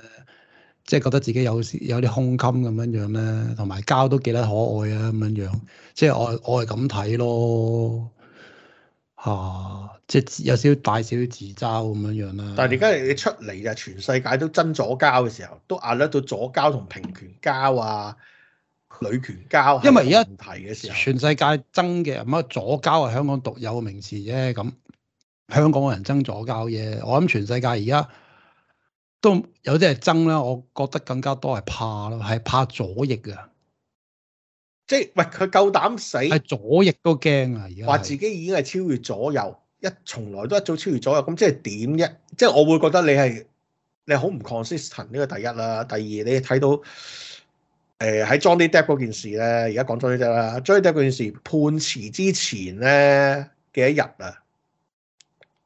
即係覺得自己有時有啲胸襟咁樣樣咧，同埋膠都幾得可愛啊咁樣樣，即係我我係咁睇咯嚇、啊，即係有少少大少少自嘲咁樣樣、啊、啦。但係而家你出嚟就全世界都憎左膠嘅時候，都壓質到左膠同平權膠啊，女權膠。因為而家提嘅時候，全世界憎嘅乜左膠係香港獨有嘅名詞啫，咁香港嘅人憎左膠嘅，我諗全世界而家。都有啲係憎啦，我覺得更加多係怕咯，係怕左翼，左翼怕啊，即係喂，佢夠膽死，係左翼都驚啊，話自己已經係超越左右，一從來都一早超越左右，咁即係點嘅？即係我會覺得你係你好唔 consistent 呢個第一啦，第二你睇到誒喺、呃、Johnny Depp 嗰件事咧，而家講 Johnny Depp 啦，Johnny Depp 嗰件事，件事判詞之前咧幾多日啊？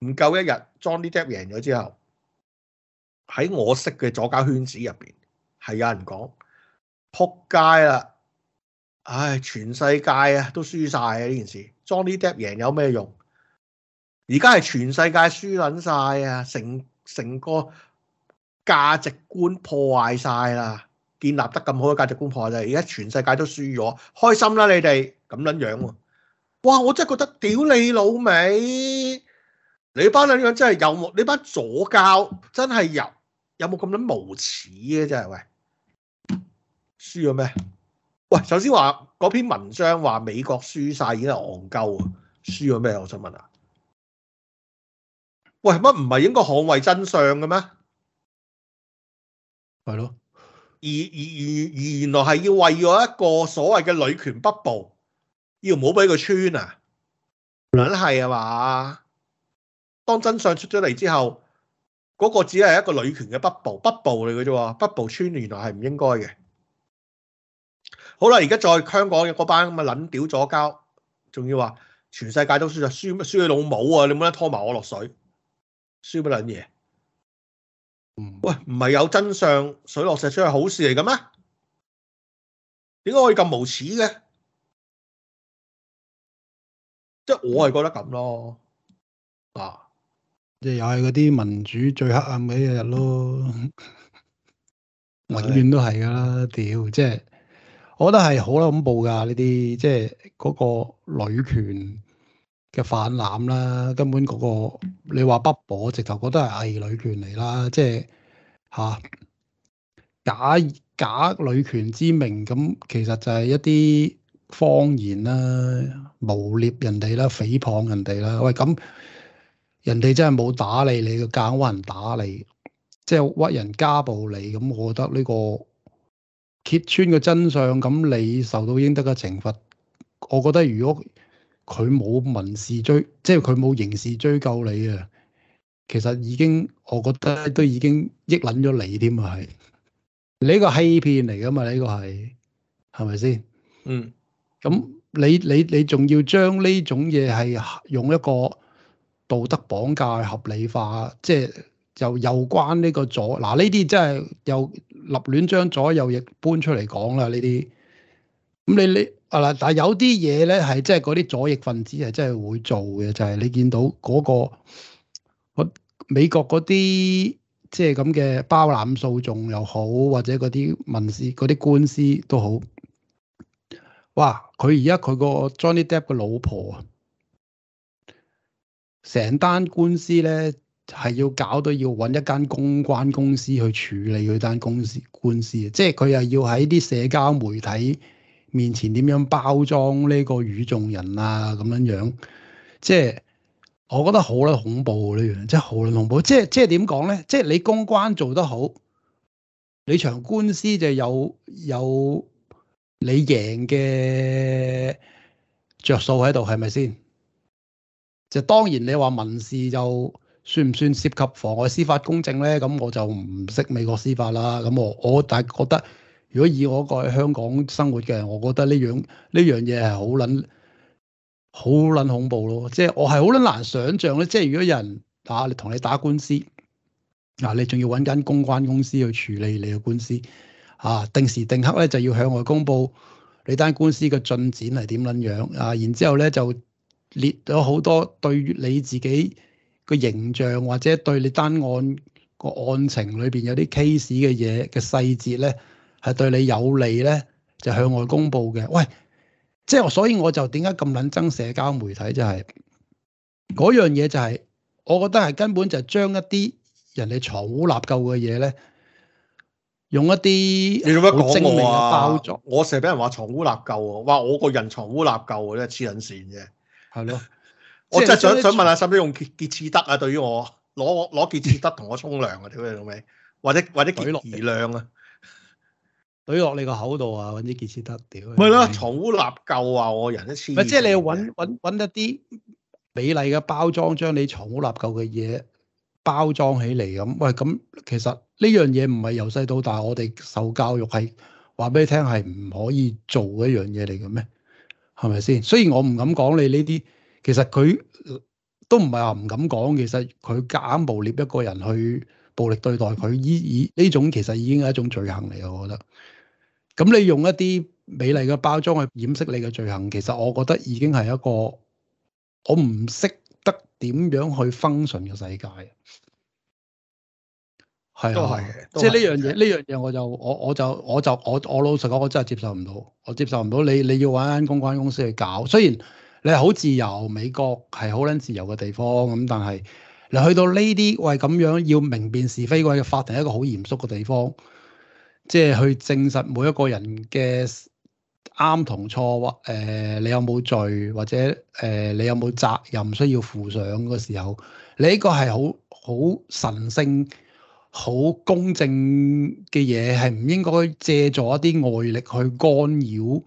唔夠一日，Johnny Depp 贏咗之後，喺我識嘅左家圈子入邊，係有人講撲街啦。唉，全世界啊都輸晒啊呢件事。Johnny Depp 贏有咩用？而家係全世界輸捻晒啊，成成個價值觀破壞晒啦。建立得咁好嘅價值觀破壞晒，而家全世界都輸咗，開心啦你哋咁捻樣喎、啊？哇！我真係覺得屌你老味。你班咁樣真係有冇？你班左膠真係有有冇咁樣無恥嘅真係喂？輸咗咩？喂，首先話嗰篇文章話美國輸晒已經係戇鳩啊，輸咗咩？我想問啊。喂，乜唔係應該捍衛真相嘅咩？係咯。而而而而原來係要為咗一個所謂嘅女權不保，要唔好俾佢穿啊？諗係啊嘛。當真相出咗嚟之後，嗰個只係一個女權嘅北部，北部嚟嘅啫喎，北部村原來係唔應該嘅。好啦，而家再香港嘅嗰班咁嘅撚屌左膠，仲要話全世界都輸曬，輸輸你老母啊！你冇得拖埋我落水，輸乜撚嘢？喂，唔係有真相水落石出係好事嚟嘅咩？點解可以咁無恥嘅？即係我係覺得咁咯，啊！即係又係嗰啲民主最黑暗嘅一日咯， <laughs> 永遠都係噶啦。屌的，即係、 <laughs> 就是，我覺得係好恐怖噶呢啲，即係嗰個女權嘅泛濫啦。根本嗰、嗰個你話不保我直頭覺得係偽女權嚟啦。即係嚇假假女權之名，咁其實就係一啲謊言啦、誣蔑人哋啦、誹謗人哋啦。喂咁。人哋真係冇打你，你嘅揀屈人打你，即係屈人家暴你。咁，我覺得呢個揭穿嘅真相，咁你受到應得嘅懲罰。我覺得如果佢冇民事追，即係佢冇刑事追究你啊，其實已經我覺得都已經益撚咗你添啊！係你呢個欺騙嚟噶嘛？呢個係係咪先？是是嗯，咁你你你仲要將呢種嘢係用一個？道德綁架嘅合理化，即係就有關呢個左嗱，呢啲真係又立亂將左右翼搬出嚟講啦，呢啲咁你你啊啦，但係有啲嘢咧係真係嗰啲左翼分子係真係會做嘅，就係、是、你見到嗰、個美國嗰啲即係咁嘅包攬訴訟又好，或者嗰啲民事嗰啲官司都好，哇！佢而家佢個 Johnny Depp 個老婆啊～成單官司咧，係要搞到要揾一間公關公司去處理佢單公司官司，即係佢又要喺啲社交媒體面前點樣包裝呢個與眾人啊咁樣樣，即係我覺得好啦，恐怖呢樣，即係好恐怖，即係即係點講咧？即係你公關做得好，你場官司就有有你贏嘅着數喺度，係咪先？就當然你話民事就算唔算涉及妨礙司法公正咧？咁我就唔識美國司法啦。咁我我但係覺得，如果以我個喺香港生活嘅，我覺得呢樣呢樣嘢係好撚好撚恐怖咯。即係我係好撚難想像咧。即係如果有人啊，你同你打官司啊，你仲要揾間公關公司去處理你嘅官司啊，定時定刻咧就要向外公佈你單官司嘅進展係點撚樣啊，然之後咧就。列咗好多對你自己個形象，或者對你單案個案情裏邊有啲 case 嘅嘢嘅細節咧，係對你有利咧，就向外公佈嘅。喂，即係所以我就點解咁撚憎社交媒體？就係、是、嗰樣嘢就係、是、我覺得係根本就將一啲人哋藏污納垢嘅嘢咧，用一啲，你用一個精明嘅包裝。你做乜講我啊？我成日俾人話藏污納垢喎，話我個人藏污納垢，嘅，係黐撚線啫～係咯，我真係想想問下，使唔使用潔潔廁得啊？對於我攞攞潔廁得同我沖涼啊，屌你老味，或者或者潔怡亮啊，懟落你個口度啊，揾啲潔廁得，屌！ <laughs> 咪咯，藏污納垢啊，我人一次、啊。即係你要揾揾揾一啲美麗嘅包裝，將你藏污納垢嘅嘢包裝起嚟咁。喂，咁其實呢樣嘢唔係由細到大我哋受教育係話俾你聽係唔可以做一樣嘢嚟嘅咩？係咪先？雖然我唔敢講你呢啲，其實佢都唔係話唔敢講。其實佢夾硬捕獵一個人去暴力對待佢，依以呢種其實已經係一種罪行嚟。我覺得，咁你用一啲美麗嘅包裝去掩飾你嘅罪行，其實我覺得已經係一個我唔識得點樣去 function 嘅世界。係、啊、都係是即係呢樣嘢，呢樣嘢我就我我就我就我我老實講，我真係接受唔到，我接受唔到你你要搵間公關公司去搞。雖然你係好自由，美國係好撚自由嘅地方咁，但係你去到呢啲喂，咁樣要明辨是非嘅法庭，一個好嚴肅嘅地方，即係去證實每一個人嘅啱同錯或誒你有冇罪或者誒、呃、你有冇責任需要負上嘅時候，你呢個係好好神聖。好公正嘅嘢，係唔應該借助一啲外力去干擾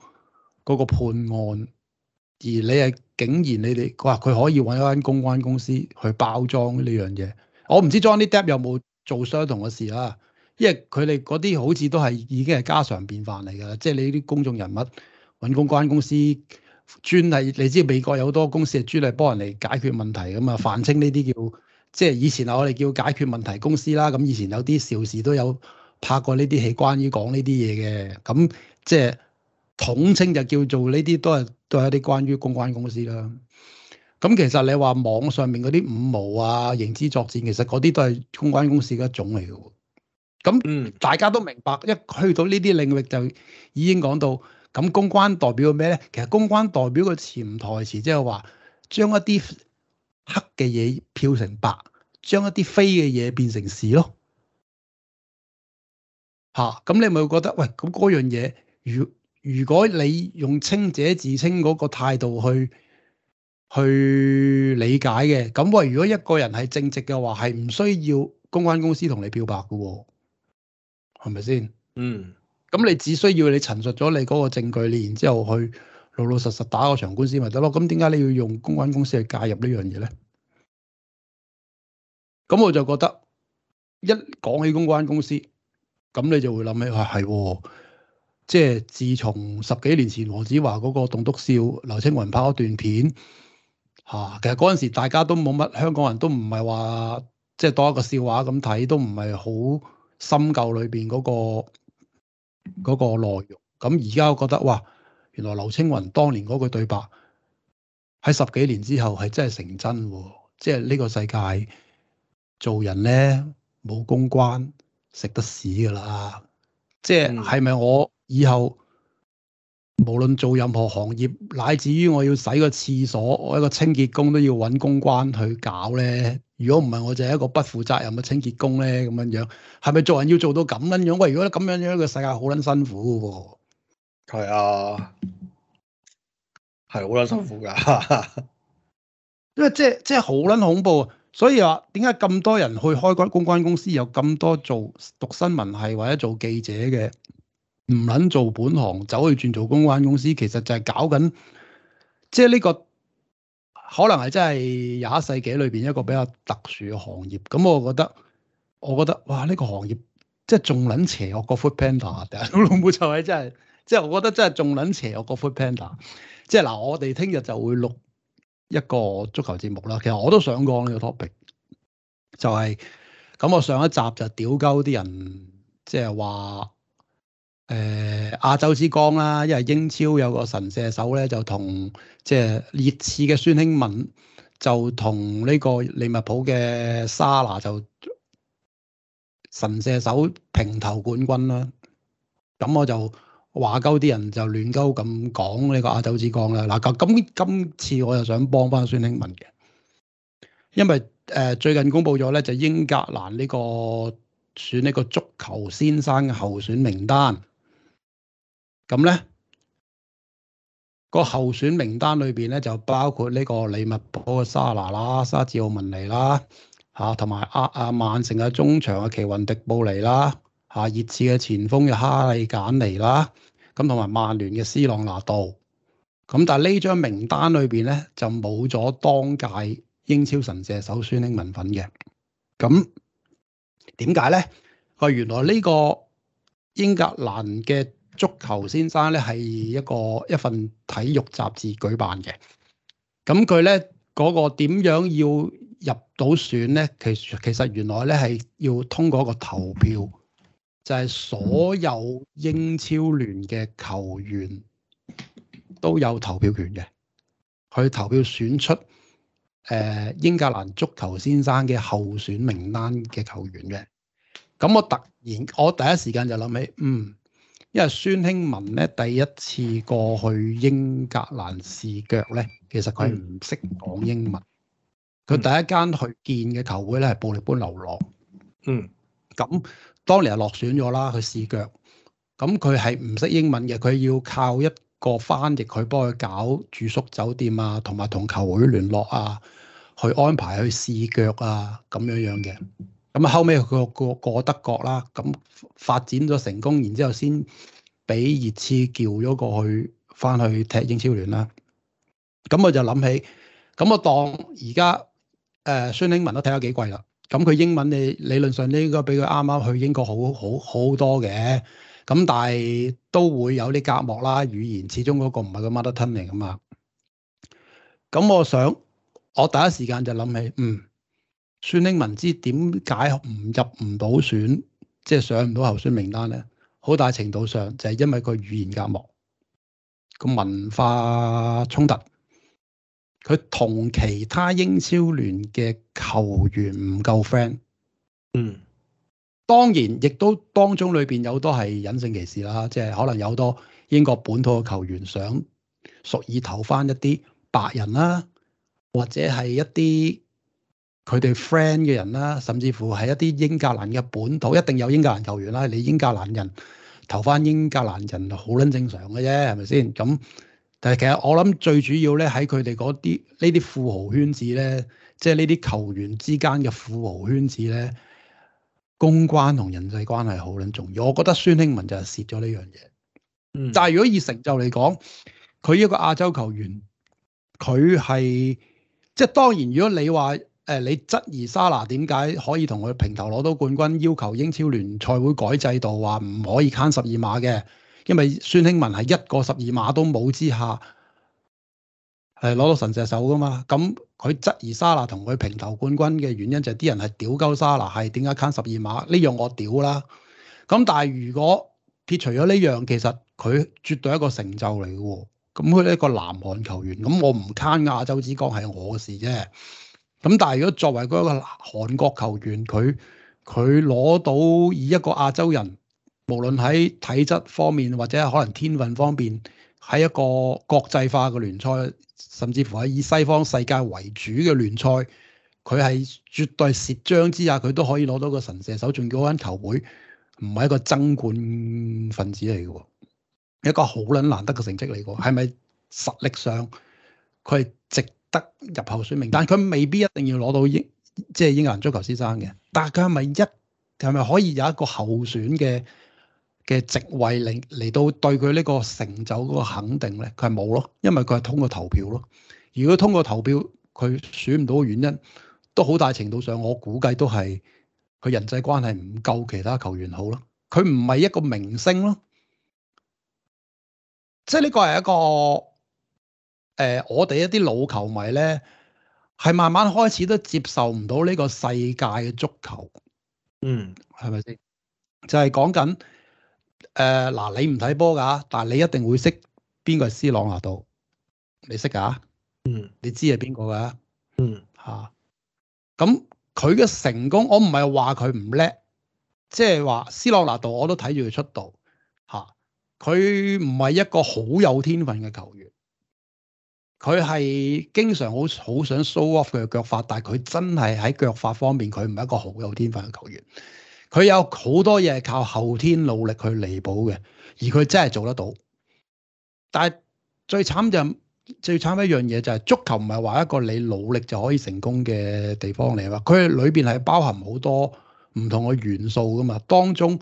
嗰個判案，而你係竟然你哋話佢可以揾一間公關公司去包裝呢樣嘢，我唔知 Johnny Depp 有冇做相同嘅事啊，因為佢哋嗰啲好似都係已經係家常便飯嚟㗎啦，即係你啲公眾人物揾公關公司專係，你知美國有好多公司係專係幫人嚟解決問題，咁啊，泛稱呢啲叫。即係以前啊，我哋叫解決問題公司啦。咁以前有啲邵氏都有拍過呢啲戲，關於講呢啲嘢嘅。咁即係統稱就叫做呢啲都係都係一啲關於公關公司啦。咁其實你話網上面嗰啲五毛啊、認知作戰，其實嗰啲都係公關公司嘅一種嚟嘅喎。咁大家都明白，一去到呢啲領域就已經講到咁公關代表咩咧？其實公關代表個潛台詞即係話將一啲。黑嘅嘢漂成白，將一啲非嘅嘢變成是咯，吓、啊、咁你咪會覺得喂，咁嗰樣嘢，如如果你用清者自清嗰個態度去去理解嘅，咁喂，如果一個人係正直嘅話，係唔需要公關公司同你漂白噶、哦，係咪先？嗯，咁你只需要你陳述咗你嗰個證據，然後之後去。老老實實打個場官司咪得咯，咁點解你要用公關公司去介入呢樣嘢咧？咁我就覺得一講起公關公司，咁你就會諗起話係、哎，即係自從十幾年前黃子華嗰個棟篤笑劉青雲拍嗰段片嚇、啊，其實嗰陣時大家都冇乜香港人都唔係話即係當一個笑話咁睇，都唔係好深究裏邊嗰個嗰、嗰個、內容。咁而家我覺得哇！原來劉青雲當年嗰句對白喺十幾年之後係真係成真喎，即係呢個世界做人咧冇公關食得屎噶啦，即係係咪我以後無論做任何行業，乃至於我要洗個廁所，我一個清潔工都要搵公關去搞咧？如果唔係我就係一個不負責任嘅清潔工咧，咁樣樣係咪做人要做到咁樣樣？喂，如果咁樣樣嘅世界好捻辛苦嘅喎、啊？係啊，係好捻辛苦噶 <laughs> 因為即係即係好捻恐怖啊！所以話點解咁多人去開關公關公司，有咁多做讀新聞係或者做記者嘅，唔捻做本行，走去轉做公關公司，其實就係搞緊，即係呢個可能係真係廿一世紀裏邊一個比較特殊嘅行業。咁、嗯、我覺得，我覺得哇，呢、這個行業即係仲捻邪惡， <laughs> 過 Foodpanda 啊，老母就係真係。即係我覺得真係仲撚邪惡 Panda，我個 Footpanda。即係嗱，我哋聽日就會錄一個足球節目啦。其實我都想講呢個 topic，就係、是、咁。我上一集就屌鳩啲人，即係話誒亞洲之光啦。因為英超有個神射手咧，就同即係熱刺嘅孫興敏就同呢個利物浦嘅莎拿就神射手平頭冠軍啦。咁我就。話鳩啲人就亂鳩咁講呢個亞洲之光啦。嗱、啊，咁今，今次我又想幫翻孫興文嘅，因為誒、呃、最近公布咗咧，就英格蘭呢個選呢個足球先生嘅候選名單。咁咧、那個候選名單裏邊咧就包括呢個利物浦嘅沙拿啦、沙治奧文尼啦，嚇同埋阿阿曼城嘅中場嘅奇雲迪布尼啦。嚇！熱刺嘅前鋒嘅哈利簡尼啦，咁同埋曼聯嘅斯朗拿度，咁但係呢張名單裏邊咧就冇咗當屆英超神射手孫興文孫興民份嘅。咁點解咧？個原來呢個英格蘭嘅足球先生咧係一個一份體育雜誌舉辦嘅。咁佢咧嗰個點樣要入到選咧？其實其實原來咧係要通過一個投票。就係所有英超聯嘅球員都有投票權嘅，去投票選出誒、呃、英格蘭足球先生嘅候選名單嘅球員嘅。咁我突然我第一時間就諗起，嗯，因為孫興文咧第一次過去英格蘭試腳咧，其實佢唔識講英文，佢、嗯、第一間去見嘅球會咧係布力般流浪，嗯，咁。當年係落選咗啦，去試腳，咁佢係唔識英文嘅，佢要靠一個翻譯佢幫佢搞住宿酒店啊，同埋同球會聯絡啊，去安排去試腳啊咁樣樣嘅。咁啊後尾，佢過過德國啦，咁發展咗成功，然之後先俾熱刺叫咗過去翻去踢英超聯啦。咁我就諗起，咁我當而家誒孫興慜都睇咗幾貴啦。咁佢英文你理論上應該比佢啱啱去英國好好好多嘅，咁但係都會有啲隔膜啦，語言始終嗰個唔係個 mother tongue 嚟噶嘛。咁我想我第一時間就諗起，嗯，孫英文知點解唔入唔到選，即係上唔到候選名單咧？好大程度上就係因為個語言隔膜，個文化衝突。佢同其他英超聯嘅球員唔夠 friend，嗯，當然亦都當中裏邊有好多係隱性歧視啦，即係可能有好多英國本土嘅球員想屬意投翻一啲白人啦，或者係一啲佢哋 friend 嘅人啦，甚至乎係一啲英格蘭嘅本土，一定有英格蘭球員啦，你英格蘭人投翻英格蘭人好捻正常嘅啫，係咪先咁？但係其實我諗最主要咧，喺佢哋嗰啲呢啲富豪圈子咧，即係呢啲球員之間嘅富豪圈子咧，公關同人際關係好撚重要。我覺得孫興文就係蝕咗呢樣嘢。但係如果以成就嚟講，佢一個亞洲球員，佢係即係當然。如果你話誒、呃、你質疑莎拿點解可以同佢平頭攞到冠軍，要求英超聯賽會改制度話唔可以慳十二碼嘅？因為孫興文係一個十二碼都冇之下，係攞到神射手噶嘛。咁佢質疑沙拿同佢平頭冠軍嘅原因就係啲人係屌鳩沙拿，係點解慳十二碼呢樣我屌啦。咁但係如果撇除咗呢樣，其實佢絕對係一個成就嚟嘅喎。咁佢係一個南韓球員，咁我唔慳亞洲之光係我嘅事啫。咁但係如果作為嗰一個韓國球員，佢佢攞到以一個亞洲人。無論喺體質方面，或者可能天分方面，喺一個國際化嘅聯賽，甚至乎係以西方世界為主嘅聯賽，佢係絕對蝕章之下，佢都可以攞到個神射手。仲嗰間球會唔係一個爭冠分子嚟嘅，一個好撚難得嘅成績嚟嘅。係咪實力上佢係值得入候選名？但佢未必一定要攞到英即係英格蘭足球先生嘅。但係佢係咪一係咪可以有一個候選嘅？嘅席位，令嚟到對佢呢個成就嗰個肯定咧，佢係冇咯，因為佢係通過投票咯。如果通過投票，佢選唔到嘅原因，都好大程度上，我估計都係佢人際關係唔夠其他球員好咯。佢唔係一個明星咯，即係呢個係一個誒、呃，我哋一啲老球迷咧，係慢慢開始都接受唔到呢個世界嘅足球。嗯，係咪先？就係、是、講緊。誒，嗱、呃，你唔睇波㗎，但係你一定會識邊個係斯朗拿度，你識㗎？嗯，你知係邊個㗎？嗯，吓、啊，咁佢嘅成功，我唔係話佢唔叻，即係話斯朗拿度，我都睇住佢出道，吓、啊，佢唔係一個好有天分嘅球員，佢係經常好好想 show off 佢嘅腳法，但係佢真係喺腳法方面，佢唔係一個好有天分嘅球員。佢有好多嘢係靠後天努力去彌補嘅，而佢真係做得到。但係最慘就最慘一樣嘢就係足球唔係話一個你努力就可以成功嘅地方嚟啊！佢裏邊係包含好多唔同嘅元素噶嘛，當中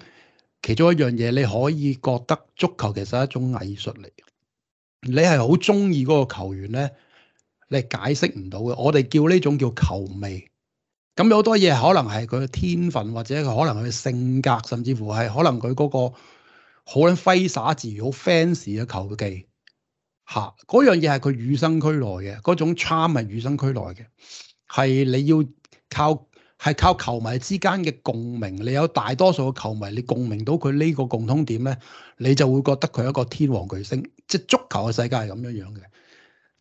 其中一樣嘢你可以覺得足球其實係一種藝術嚟嘅。你係好中意嗰個球員咧，你係解釋唔到嘅。我哋叫呢種叫球味。咁有好多嘢可能係佢嘅天分，或者佢可能佢性格，甚至乎係可能佢嗰、那個好撚揮灑自如、好 fans 嘅球技吓嗰、啊、樣嘢係佢與生俱來嘅，嗰種 charm 係與生俱來嘅，係你要靠係靠,靠球迷之間嘅共鳴。你有大多數嘅球迷，你共鳴到佢呢個共通點咧，你就會覺得佢一個天王巨星。即係足球嘅世界係咁樣樣嘅，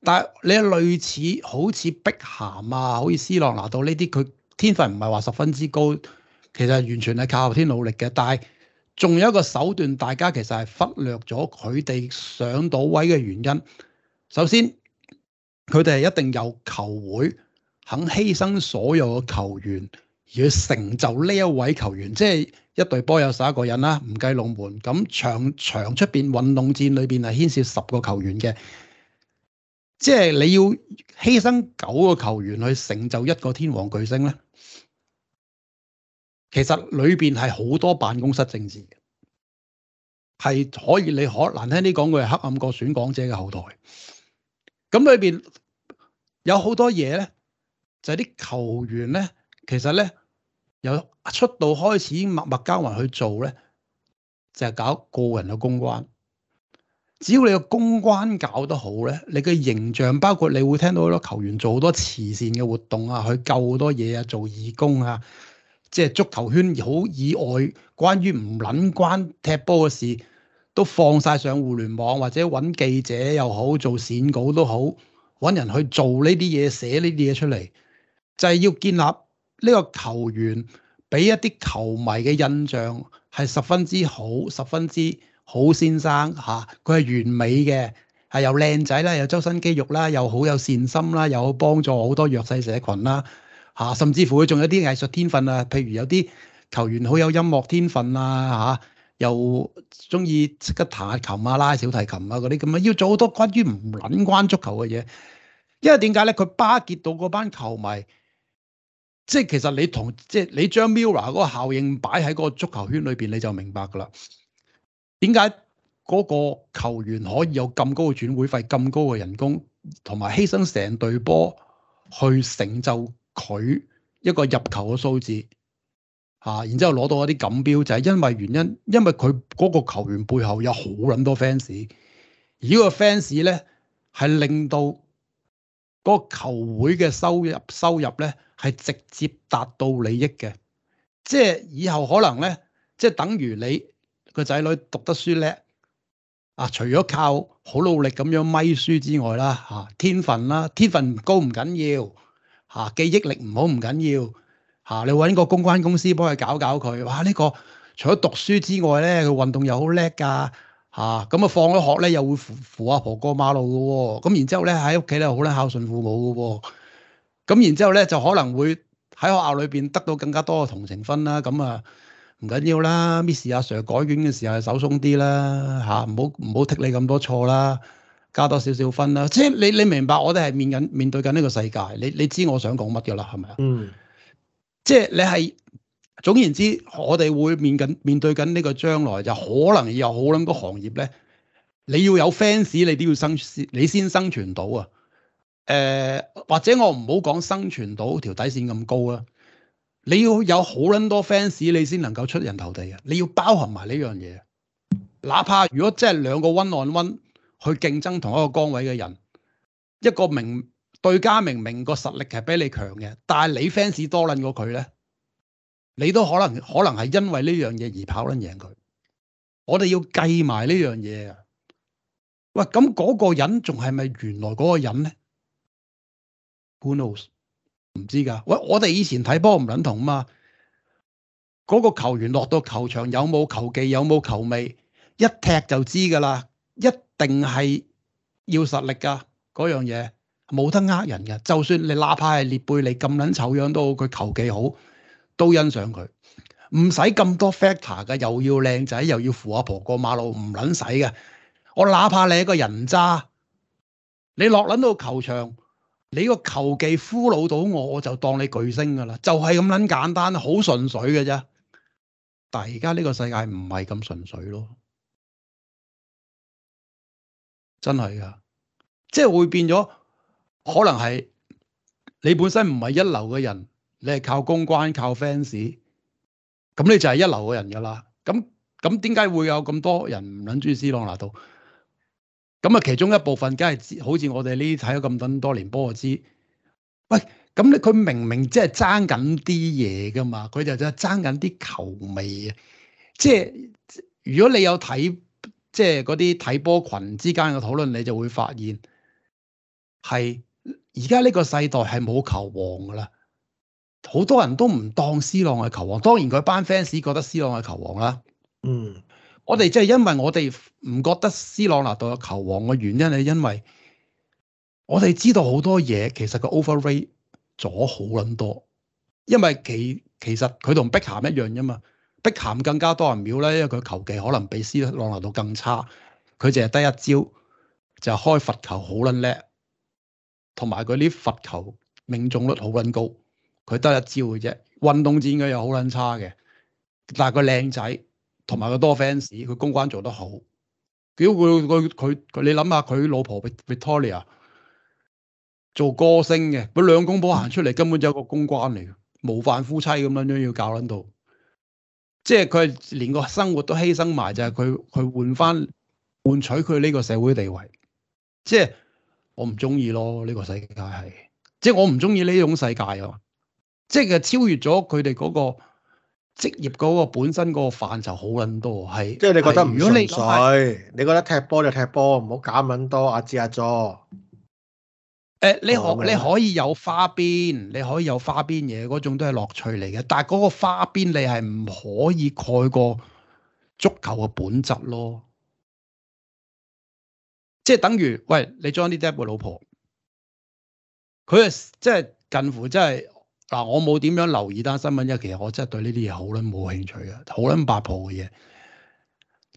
但係你類似好似碧咸啊，好似 C 朗拿度呢啲佢。天分唔係話十分之高，其實完全係靠後天努力嘅。但係仲有一個手段，大家其實係忽略咗佢哋上到位嘅原因。首先，佢哋係一定有球會肯犧牲所有嘅球員，而去成就呢一位球員。即係一隊波有十一個人啦，唔計龍門。咁場場出邊運動戰裏邊係牽涉十個球員嘅，即係你要犧牲九個球員去成就一個天王巨星咧。其實裏邊係好多辦公室政治，係可以你可難聽啲講句，黑暗過選港姐嘅後台。咁裏邊有好多嘢咧，就係啲球員咧，其實咧由出道開始默默耕耘去做咧，就係搞個人嘅公關。只要你個公關搞得好咧，你嘅形象包括你會聽到好多球員做好多慈善嘅活動啊，去救好多嘢啊，做義工啊。即係足球圈好以外，關於唔撚關踢波嘅事，都放晒上互聯網，或者揾記者又好，做鱔稿都好，揾人去做呢啲嘢，寫呢啲嘢出嚟，就係、是、要建立呢個球員俾一啲球迷嘅印象係十分之好，十分之好先生嚇，佢、啊、係完美嘅，係又靚仔啦，又周身肌肉啦，又好有善心啦，又好幫助好多弱勢社群啦。嚇、啊，甚至乎佢仲有啲藝術天分啊。譬如有啲球員好有音樂天分啊，嚇、啊，又中意識得彈下琴啊、拉小提琴啊嗰啲咁啊，要做好多關於唔撚關足球嘅嘢。因為點解咧？佢巴結到嗰班球迷，即係其實你同即係你將 MIRROR 嗰個效應擺喺嗰個足球圈裏邊，你就明白㗎啦。點解嗰個球員可以有咁高嘅轉會費、咁高嘅人工，同埋犧牲成隊波去成就？佢一個入球嘅數字嚇、啊，然之後攞到一啲錦標就係、是、因為原因，因為佢嗰個球員背後有好撚多 fans，而個呢個 fans 咧係令到嗰個球會嘅收入收入咧係直接達到利益嘅，即係以後可能咧即係等於你個仔女讀得書叻啊，除咗靠好努力咁樣咪書之外啦嚇、啊，天分啦、啊，天分高唔緊要。吓記憶力唔好唔緊要，吓、啊、你搵個公關公司幫佢搞搞佢。哇呢、這個除咗讀書之外咧，佢運動又好叻噶，吓咁啊，啊放咗學咧又會扶扶阿婆過馬路噶、啊，咁然之後咧喺屋企咧好啦孝順父母噶、啊，咁、啊、然之後咧就可能會喺學校裏邊得到更加多嘅同情分、啊啊、啦。咁啊唔緊要啦，Miss 阿 Sir 改卷嘅時候手鬆啲啦，吓唔好唔好剔你咁多錯啦。加多少少分啦，即係你你明白，我哋係面緊面對緊呢個世界，你你知我想講乜嘅啦，係咪啊？嗯，即係你係，總言之我哋會面緊面對緊呢個將來就可能有好捻多行業咧，你要有 fans 你都要生，你先生存到啊。誒、呃，或者我唔好講生存到條底線咁高啊，你要有好捻多 fans 你先能夠出人頭地啊！你要包含埋呢樣嘢，哪怕如果即係兩個 one on one 去競爭同一個崗位嘅人，一個明對家明明個實力係比你強嘅，但係你 fans 多撚過佢咧，你都可能可能係因為呢樣嘢而跑撚贏佢。我哋要計埋呢樣嘢啊！喂，咁嗰個人仲係咪原來嗰個人咧？Who knows？唔知㗎。喂，我哋以前睇波唔撚同啊嘛，嗰個球員落到球場有冇球技有冇球味，一踢就知㗎啦，一～定係要實力噶嗰樣嘢冇得呃人噶就算你哪怕係列貝利咁撚醜樣都好，佢球技好都欣賞佢。唔使咁多 factor 噶又要靚仔，又要扶阿婆過馬路，唔撚使嘅。我哪怕你係個人渣，你落撚到球場，你個球技俘虜到我，我就當你巨星噶啦。就係咁撚簡單，好純粹嘅啫。但係而家呢個世界唔係咁純粹咯。真係噶，即係會變咗，可能係你本身唔係一流嘅人，你係靠公關、靠 fans，咁你就係一流嘅人噶啦。咁咁點解會有咁多人唔諗住斯朗拿度？咁啊，其中一部分梗係好似我哋呢啲睇咗咁等多年波嘅知。喂，咁你佢明明即係爭緊啲嘢噶嘛，佢就真係爭緊啲球味啊！即係如果你有睇。即係嗰啲睇波群之間嘅討論，你就會發現係而家呢個世代係冇球王噶啦，好多人都唔當 C 朗係球王，當然佢班 fans 覺得 C 朗係球王啦。嗯，我哋即係因為我哋唔覺得 C 朗拿度係球王嘅原因係因為，我哋知道好多嘢，其實個 overrate 咗好捻多，因為其其實佢同碧咸一樣啫嘛。碧鹹更加多人藐咧，因為佢球技可能比斯朗拿度更差，佢淨係得一招，就係、是、開罰球好撚叻，同埋佢啲罰球命中率好撚高，佢得一招嘅啫。運動戰應該又好撚差嘅，但係佢靚仔，同埋佢多 fans，佢公關做得好。屌佢佢佢，你諗下佢老婆 Victoria 做歌星嘅，佢兩公婆行出嚟根本就係個公關嚟嘅，模範夫妻咁樣樣要教撚到。即係佢連個生活都犧牲埋，就係佢佢換翻換取佢呢個社會地位。即係我唔中意咯，呢個世界係，即係我唔中意呢種世界啊！即係超越咗佢哋嗰個職業嗰個本身嗰個範疇好撚多，係。即係你覺得唔順水，如果你，你覺得踢波就踢波，唔好揀撚多阿支阿佐。誒，你可你可以有花邊，你可以有花邊嘢，嗰種都係樂趣嚟嘅。但係嗰個花邊你係唔可以蓋過足球嘅本質咯。即係等於，喂，你 Johnny Depp 嘅老婆，佢即係近乎即係嗱，我冇點樣留意單新聞一，其實我真係對呢啲嘢好撚冇興趣嘅，好撚八婆嘅嘢。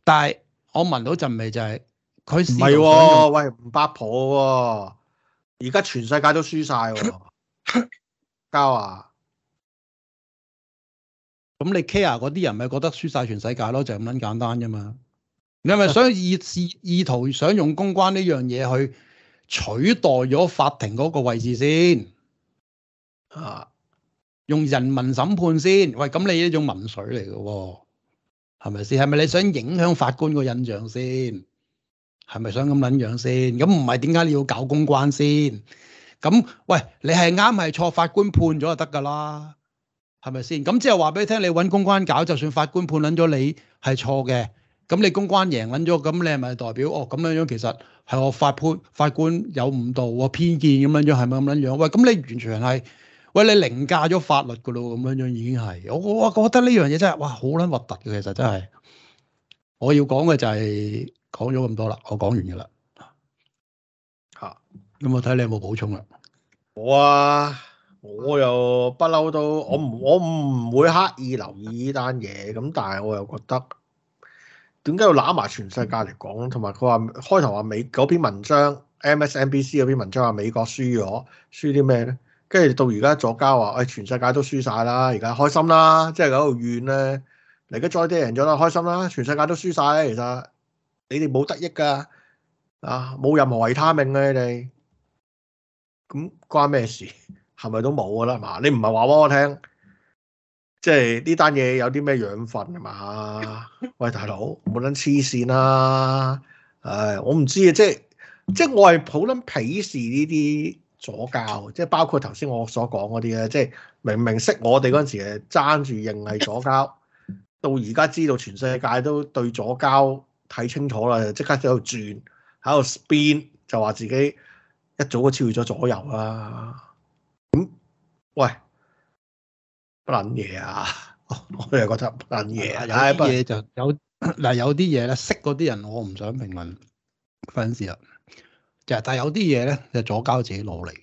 但係我聞到陣味就係佢唔係，喂唔八婆、啊。而家全世界都輸晒，交啊 <laughs> 華！咁你 care 嗰啲人咪覺得輸晒全世界咯，就係咁樣簡單啫嘛。你係咪想意是 <laughs> 意圖想用公關呢樣嘢去取代咗法庭嗰個位置先？啊，用人民審判先？喂，咁你呢種民粹嚟嘅喎，係咪先？係咪你想影響法官個印象先？係咪想咁捻樣先？咁唔係點解你要搞公關先？咁喂，你係啱係錯？法官判咗就得噶啦，係咪先？咁之後話俾你聽，你揾公關搞，就算法官判捻咗你係錯嘅，咁你公關贏捻咗，咁你係咪代表哦咁樣樣？其實係我法判，法官有誤導啊，偏見咁樣樣係咪咁捻樣？喂，咁你完全係喂，你凌駕咗法律噶咯？咁樣樣已經係我我覺得呢樣嘢真係哇，好捻核突嘅，其實真係我要講嘅就係、是。講咗咁多啦，我講完嘅啦。吓，咁我睇你有冇補充啊？我啊，我又不嬲都，我唔我唔會刻意留意呢單嘢。咁但係我又覺得，點解要攬埋全世界嚟講同埋佢話開頭話美嗰篇文章，MSNBC 嗰篇文章話美國輸咗，輸啲咩咧？跟住到而家左膠話，誒全世界都輸晒啦，而家開心啦，即係喺度怨咧。嚟緊再啲人咗啦，開心啦，全世界都輸晒咧，其實。你哋冇得益噶，啊冇任何維他命嘅你，咁關咩事？係咪都冇啦嘛？你唔係話俾我聽，即係呢單嘢有啲咩養分係嘛？喂，大佬冇撚黐線啦！誒、啊，我唔知啊，即係即係我係好撚鄙視呢啲左膠，即係包括頭先我所講嗰啲咧，即係明明識我哋嗰陣時係爭住認係左膠，到而家知道全世界都對左膠。睇清楚啦，即刻喺度轉，喺度 spin，就話自己一早都超越咗左右啦。咁、嗯、喂，不撚嘢啊，我哋覺得不撚嘢、啊，有啲嘢就有嗱， <laughs> 有啲嘢咧識嗰啲人我，我唔想評論。翻先啦，就但有啲嘢咧就左膠自己攞嚟，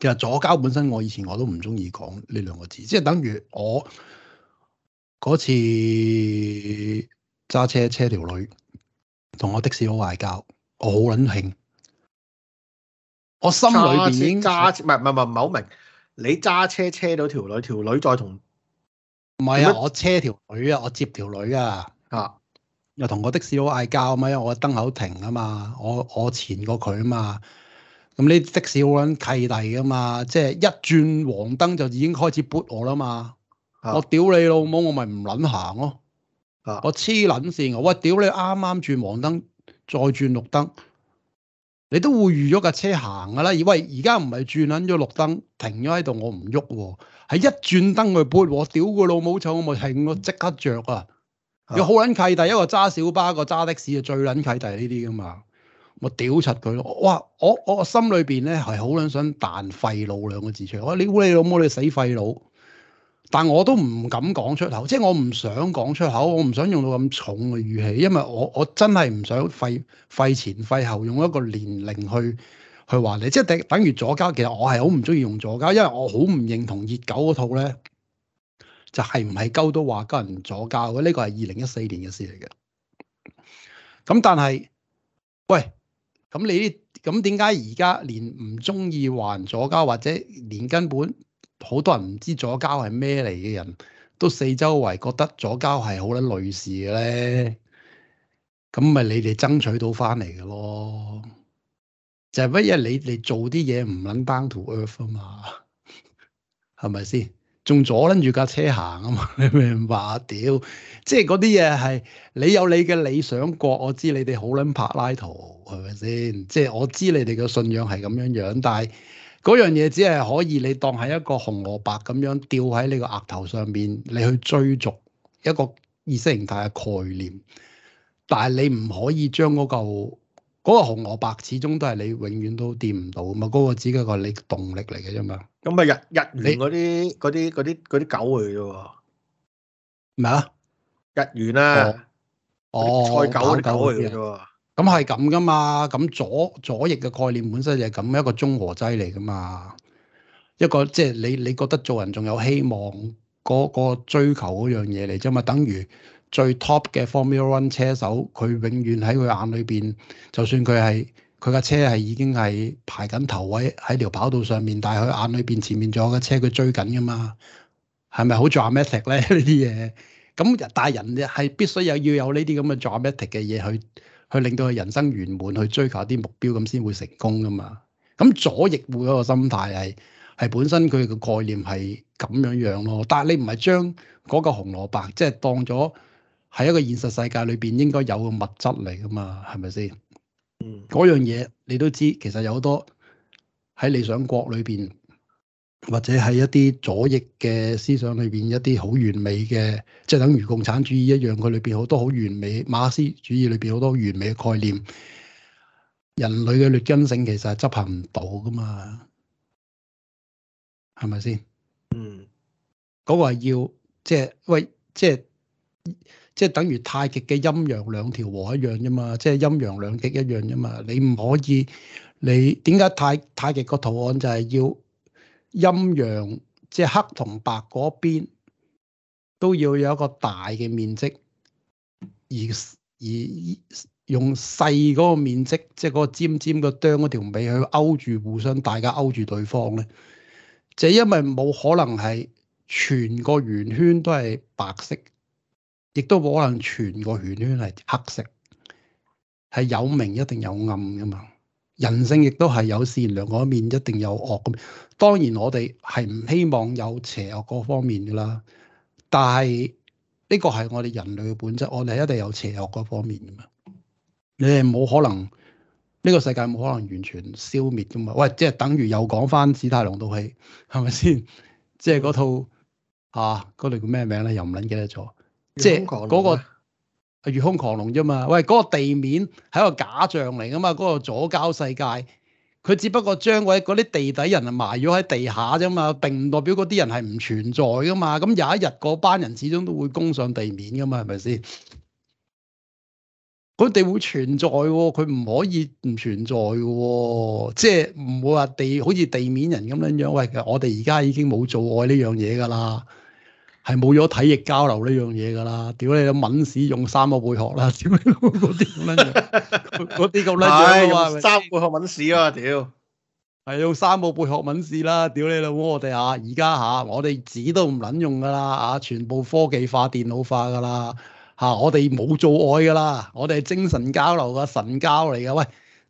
其實左膠本身我以前我都唔中意講呢兩個字，即係等於我嗰次。揸車車條女，同我的士佬嗌交，我好撚興。我心裏邊已經揸唔係唔係唔係好明。你揸車車到條女，條女再同唔係啊！我車條女啊，我接條女啊啊！又同我的士佬嗌交啊嘛，因為我燈口停啊嘛，我我前過佢啊嘛。咁呢的士佬撚契弟噶嘛，即係一轉黃燈就已經開始撥我啦嘛。啊、我屌你老母，我咪唔撚行咯。啊！我黐撚線啊！我屌你啱啱轉黃燈，再轉綠燈，你都會預咗架車行噶啦。而喂，而家唔係轉撚咗綠燈，停咗喺度，我唔喐喎。係一轉燈佢撥，我屌佢老母臭，我咪係我即刻着啊！你好撚契弟，一個揸小巴，個揸的士啊，最撚契弟呢啲噶嘛。我屌柒佢咯！哇，我我我心裏邊咧係好撚想彈廢老兩個字出嚟。我你估你老母你死廢老！但我都唔敢講出口，即係我唔想講出口，我唔想用到咁重嘅語氣，因為我我真係唔想廢廢前廢後用一個年齡去去話你，即係等等於左膠。其實我係好唔中意用左膠，因為我好唔認同熱狗嗰套咧，就係唔係鳩都話交人左膠嘅呢個係二零一四年嘅事嚟嘅。咁但係喂，咁你咁點解而家連唔中意還左膠或者連根本？好多人唔知左膠係咩嚟嘅人都四周圍覺得左膠係好捻累事嘅咧，咁咪你哋爭取到翻嚟嘅咯？就係乜嘢？你哋做啲嘢唔撚 down to earth 啊嘛？係咪先？仲阻捻住架車行啊嘛？你明白屌！ <laughs> 即係嗰啲嘢係你有你嘅理想國，我知你哋好捻柏拉圖，係咪先？即係我知你哋嘅信仰係咁樣樣，但係。嗰樣嘢只係可以你當係一個紅蘿蔔咁樣吊喺你個額頭上邊，你去追逐一個意識形態嘅概念。但係你唔可以將嗰嚿嗰個紅蘿蔔，始終都係你永遠都掂唔到啊嘛。嗰、嗰個只係一個你動力嚟嘅啫嘛。咁啊，日日元嗰啲啲啲啲狗嚟啫喎。咩啊？日元啊！我狗狗哦，賽狗啲狗嚟嘅啫喎。咁係咁噶嘛？咁左左翼嘅概念本身就係咁一個中和劑嚟噶嘛，一個即係、就是、你你覺得做人仲有希望嗰、那個追求嗰樣嘢嚟啫嘛。等於最 top 嘅 Formula One 車手，佢永遠喺佢眼裏邊，就算佢係佢架車係已經係排緊頭位喺條跑道上面，但係佢眼裏邊前面仲有架車佢追緊噶嘛。係咪好 dramatic 咧？呢啲嘢咁就但人係必須有要有呢啲咁嘅 dramatic 嘅嘢去。佢令到佢人生圓滿，去追求啲目標咁先會成功㗎嘛？咁左翼會嗰個心態係係本身佢個概念係咁樣樣咯。但係你唔係將嗰個紅蘿蔔，即係當咗喺一個現實世界裏邊應該有嘅物質嚟㗎嘛？係咪先？嗯，嗰樣嘢你都知，其實有好多喺理想國裏邊。或者係一啲左翼嘅思想裏邊，一啲好完美嘅，即係等於共產主義一樣，佢裏邊好多好完美，馬克思主義裏邊好多好完美嘅概念。人類嘅劣根性其實係執行唔到噶嘛，係咪先？嗯，嗰個係要即係喂，即係即係等於太極嘅陰陽兩條和一樣啫嘛，即係陰陽兩極一樣啫嘛。你唔可以，你點解太太極個圖案就係要？陰陽即係黑同白嗰邊都要有一個大嘅面積，而而用細嗰個面積，即係嗰個尖尖個啄嗰條尾去勾住互相，大家勾住對方咧，就因為冇可能係全個圓圈都係白色，亦都冇可能全個圓圈係黑色，係有明一定有暗噶嘛。人性亦都係有善良嗰一面，一定有惡咁。當然我哋係唔希望有邪惡嗰方面嘅啦，但係呢個係我哋人類嘅本質，我哋一定有邪惡嗰方面噶嘛。你係冇可能呢個世界冇可能完全消滅噶嘛？喂，即係等於又講翻史泰龍套戲，係咪先？即係嗰套啊，嗰套叫咩名咧？又唔撚記得咗？即係嗰個越空狂龍啫嘛，喂，嗰、那個地面係一個假象嚟噶嘛，嗰、那個左膠世界，佢只不過將嗰啲地底人埋咗喺地下啫嘛，並唔代表嗰啲人係唔存在噶嘛，咁有一日嗰班人始終都會攻上地面噶嘛，係咪先？佢、那個、地會存在喎，佢唔可以唔存在嘅喎、哦，即係唔會話地好似地面人咁樣樣，喂，我哋而家已經冇做愛呢樣嘢㗎啦。係冇咗體液交流呢樣嘢㗎啦！屌你老母屎用三個背殼啦！屌你嗰啲咁樣？嗰啲咁樣。三個背殼揾屎啊！屌，係用三個背殼揾屎啦！屌你老母我哋嚇，而家嚇我哋紙都唔撚用㗎啦嚇，全部科技化、電腦化㗎啦嚇，我哋冇做愛㗎啦，我哋係精神交流㗎，神交嚟㗎喂！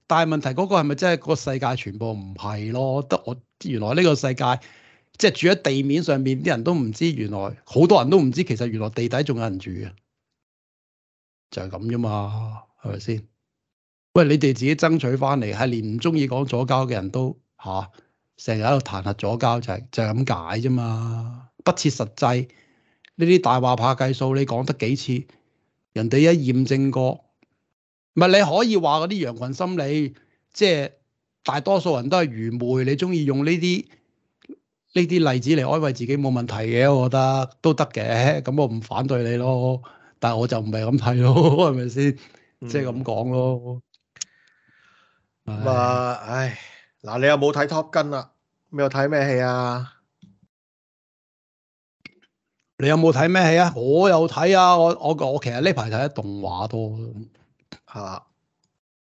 但係問題嗰個係咪真係個世界全部唔係咯？得我原來呢個世界。即係住喺地面上面啲人都唔知，原來好多人都唔知，其實原來地底仲有人住嘅，就係咁啫嘛，係咪先？喂，你哋自己爭取翻嚟，係連唔中意講左膠嘅人都吓，成日喺度彈下左膠，就係就係咁解啫嘛，不切實際。呢啲大話怕計數，你講得幾次，人哋一驗證過，唔係你可以話嗰啲羊群心理，即係大多數人都係愚昧，你中意用呢啲。呢啲例子嚟安慰自己冇問題嘅，我覺得都得嘅，咁我唔反對你咯。但係我就唔係咁睇咯，係咪先？即係咁講咯。啊、嗯，是唉，嗱，你有冇睇 Top Gun 啊？你有睇咩戲啊？你有冇睇咩戲啊？我有睇啊！我我我其實呢排睇得動畫多。嚇！誒、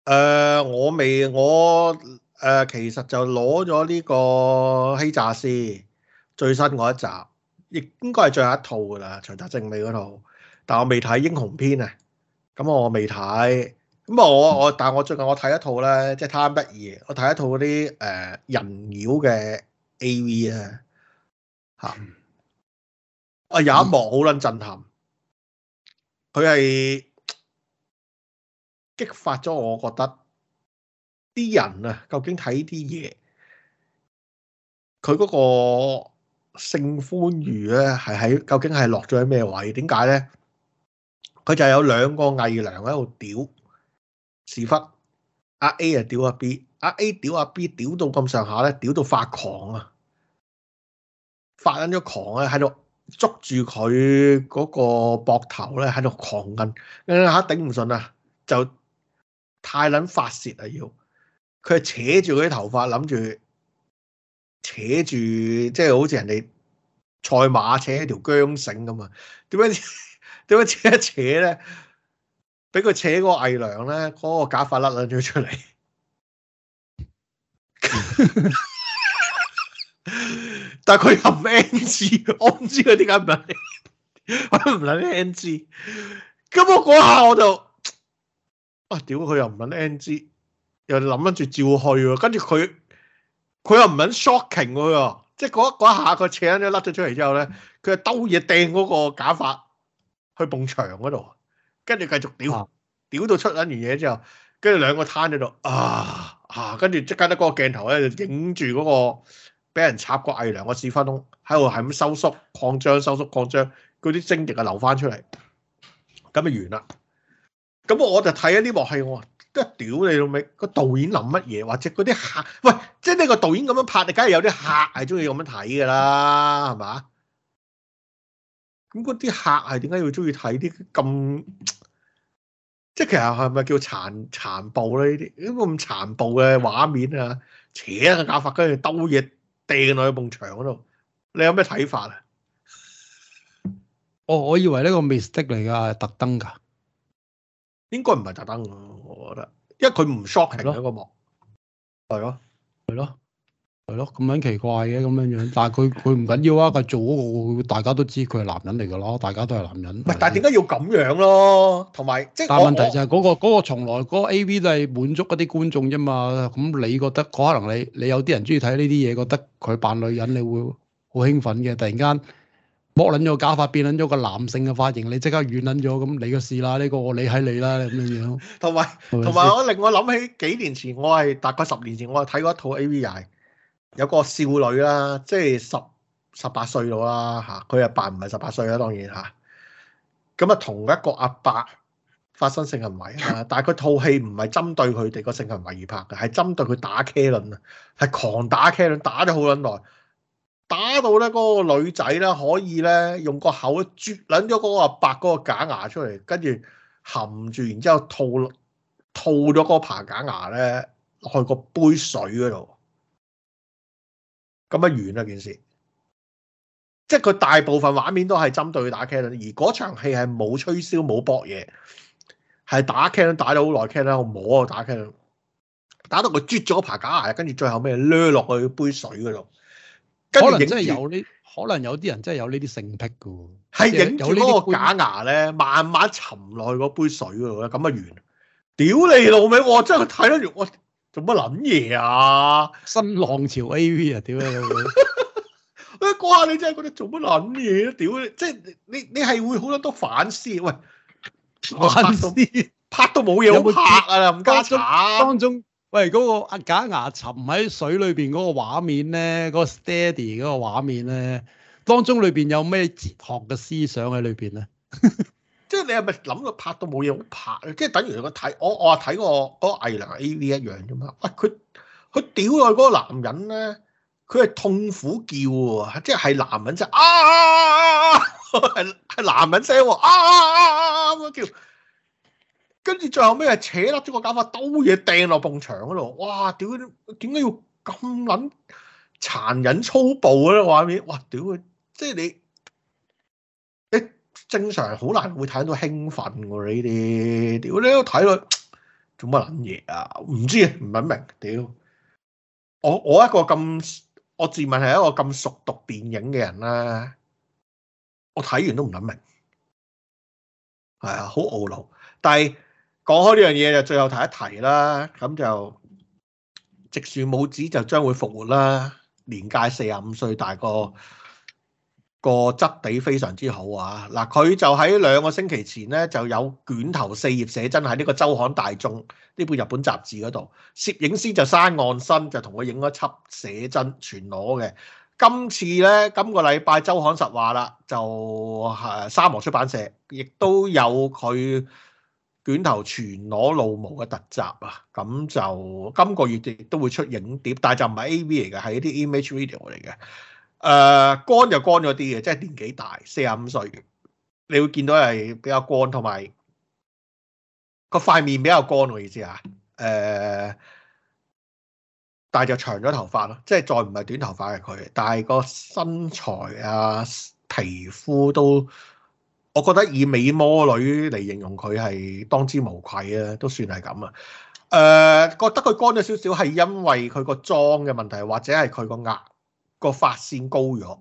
呃，我未我。誒、呃，其實就攞咗呢個《欺詐師》最新嗰一集，亦應該係最後一套噶啦，長澤正美嗰套。但我未睇《英雄篇》啊，咁我未睇。咁啊，我我，但我最近我睇一套咧，即係《貪得意》。我睇一套嗰啲誒人妖嘅 A.V. 咧、啊，吓，啊有一幕好撚震撼，佢係激發咗，我覺得。啲人啊，究竟睇啲嘢，佢嗰個性歡愉咧，係喺究竟係落咗喺咩位？點解咧？佢就有兩個偽娘喺度屌屎忽，阿 A 啊屌阿 B，阿 A 屌阿 B 屌到咁上下咧，屌到發狂啊！發緊咗狂啊，喺度捉住佢嗰個膊頭咧，喺度狂摁，摁下頂唔順啊，就太撚發泄啊！要～佢係扯住佢啲頭髮，諗住扯住，即係好似人哋賽馬扯一條韁繩咁啊！點解點解扯一扯咧？俾佢扯嗰個偽娘咧，嗰個假髮甩甩咗出嚟。 <laughs> 但係佢又唔 NG，我唔知佢點解唔揾唔揾 NG。咁我嗰下我就啊屌佢又唔揾 NG。又諗跟住照去喎，跟住佢佢又唔肯 shocking 喎，即係嗰一下佢扯嗰啲甩咗出嚟之後咧，佢就兜嘢掟嗰個假髮去埲牆嗰度，跟住繼續屌，屌到出甩完嘢之後，跟住兩個攤喺度啊嚇，跟住即刻得嗰個鏡頭咧就影住嗰個俾人插個偽娘個屎窟窿喺度，係咁收縮擴張收縮擴張，嗰啲精液啊流翻出嚟，咁就完啦。咁我就睇一啲幕戲屌你老味， <music> 個導演諗乜嘢，或者嗰啲客，喂，即係呢個導演咁樣拍，你梗係有啲客係中意咁樣睇噶啦，係嘛？咁嗰啲客係點解要中意睇啲咁？即係其實係咪叫殘殘暴咧？呢啲咁咁殘暴嘅畫面啊，扯個假髮跟住兜嘢掟落去埲牆嗰度，你有咩睇法啊？哦，我以為呢個 mistake 嚟㗎，特登㗎。應該唔係特登咯，我覺得，因為佢唔 shock 咯，有個幕，係咯的，係咯的，係咯，咁樣奇怪嘅咁樣樣，但係佢佢唔緊要啊，佢做嗰個大家都知佢係男人嚟噶咯，大家都係男人。唔不的但係點解要咁樣咯？同埋即但係問題就係、是、嗰我、那個嗰、那個從來嗰、那個 A V 都係滿足一啲觀眾啫嘛。咁你覺得，可能你你有啲人中意睇呢啲嘢，覺得佢扮女人你會好興奮嘅，突然間。剝捻咗假髮，變捻咗個男性嘅髮型，你即刻軟捻咗咁，你嘅事啦，呢個我理喺你啦咁樣樣。同埋同埋，我令我諗起幾年前，我係大概十年前，我係睇過一套 AVI 有個少女啦，即係十十八歲到啦嚇，佢阿爸唔係十八歲啦，當然嚇。咁啊，同一個阿伯發生性行為啦， <laughs> 但係佢套戲唔係針對佢哋個性行為而拍嘅，係針對佢打茄輪啊，係狂打茄輪打咗好撚耐。打到咧嗰個女仔啦，可以咧用個口啜撚咗嗰個阿伯嗰個假牙出嚟，跟住含住，然之後吐吐咗嗰排假牙咧落去個杯水嗰度，咁啊完啦件事。即係佢大部分畫面都係針對打 c 啦，而嗰場戲係冇吹簫冇搏嘢，係打 c 打咗好耐 can 啦，好唔好打 c 打到佢啜咗嗰排假牙，跟住最後屘掠落去杯水嗰度。可能真係有呢，可能有啲人真係有呢啲性癖噶喎。係影住嗰個假牙咧，慢慢沉落去嗰杯水度，咁啊完。屌你老味，我真係睇得完。喂，做乜撚嘢啊？新浪潮 AV 啊，屌你老味。我話你真係覺得做乜撚嘢？屌你，即係 <laughs> <laughs> 你你係會好多都反思。喂，反思拍都冇嘢好拍啊，林家慘。當中喂，嗰、那個阿假牙沉喺水裏邊嗰個畫面咧，嗰、那個 steady 嗰個畫面咧，當中裏邊有咩哲學嘅思想喺裏邊咧？ <laughs> 即係你係咪諗到拍到冇嘢好拍？即係等於個睇我我話睇個嗰個偽娘 A V 一樣啫嘛？喂，佢佢屌耐嗰個男人咧，佢係痛苦叫，即、就、係、是、男人聲啊，係男人聲喎，啊啊啊啊啊啊啊啊啊啊啊啊啊啊啊啊啊啊啊啊跟住最後尾係扯甩咗個傢伙，刀嘢掟落埲牆嗰度。哇！屌，點解要咁撚殘忍粗暴咧？畫面，哇！屌，佢，即係你，你正常好難會睇到興奮喎呢啲。屌，你都睇佢做乜撚嘢啊？唔知，唔撚明。屌，我我一個咁，我自問係一個咁熟讀電影嘅人啦、啊，我睇完都唔撚明。係、哎、啊，好懊惱，但係。講開呢樣嘢就最後提一提啦，咁就夕樹舞子就將會復活啦，年屆四十五歲，大個個質地非常之好啊！嗱，佢就喺兩個星期前呢，就有卷頭四頁寫真喺呢個周刊大眾呢本日本雜誌嗰度，攝影師就山岸新就同佢影咗輯寫真，全裸嘅。今次呢，今個禮拜周刊實話啦，就係三和出版社亦都有佢，短頭全裸露毛嘅特集啊，咁就今個月亦都會出影碟，但係就唔係 A V 嚟嘅，係一啲 image video 嚟嘅。誒、呃、乾就乾咗啲嘅，即係年紀大，四十五歲，你會見到係比較乾，同埋個塊面比較乾嘅意思啊。誒、呃，但係就長咗頭髮咯，即係再唔係短頭髮嘅佢，但係個身材啊、皮膚都。我覺得以美魔女嚟形容佢係當之無愧啊，都算係咁啊。誒、呃，覺得佢乾咗少少係因為佢個妝嘅問題，或者係佢個額個髮線高咗，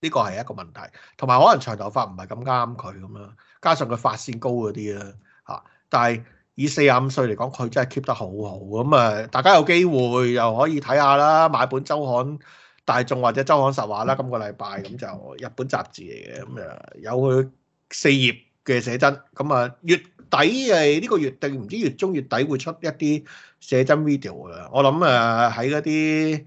呢個係一個問題。同埋可能長頭髮唔係咁啱佢咁啦，加上佢髮線高嗰啲啦嚇。但係以四十五歲嚟講，佢真係 keep 得好好咁啊！大家有機會又可以睇下啦，買本周刊大眾或者周刊實話啦，今個禮拜咁就日本雜誌嚟嘅咁啊，有佢。四頁嘅寫真，咁啊月底係呢個月定唔知月中月底會出一啲寫真 video 啊！我諗啊喺嗰啲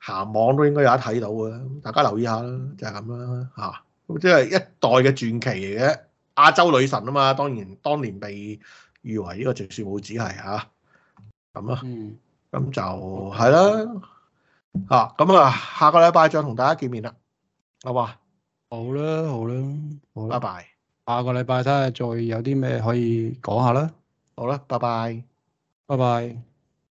鹹網都應該有得睇到嘅，大家留意下啦，就係咁啦嚇。咁即係一代嘅傳奇嚟嘅亞洲女神啊嘛，當然當年被譽為呢個夕樹舞子係嚇咁啊。咁、啊、就係啦、嗯。啊，咁啊，下個禮拜再同大家見面啦，好嘛？好啦，好啦，好啦，拜拜。下個禮拜睇下再有啲咩可以講下啦，好啦，拜拜，拜拜。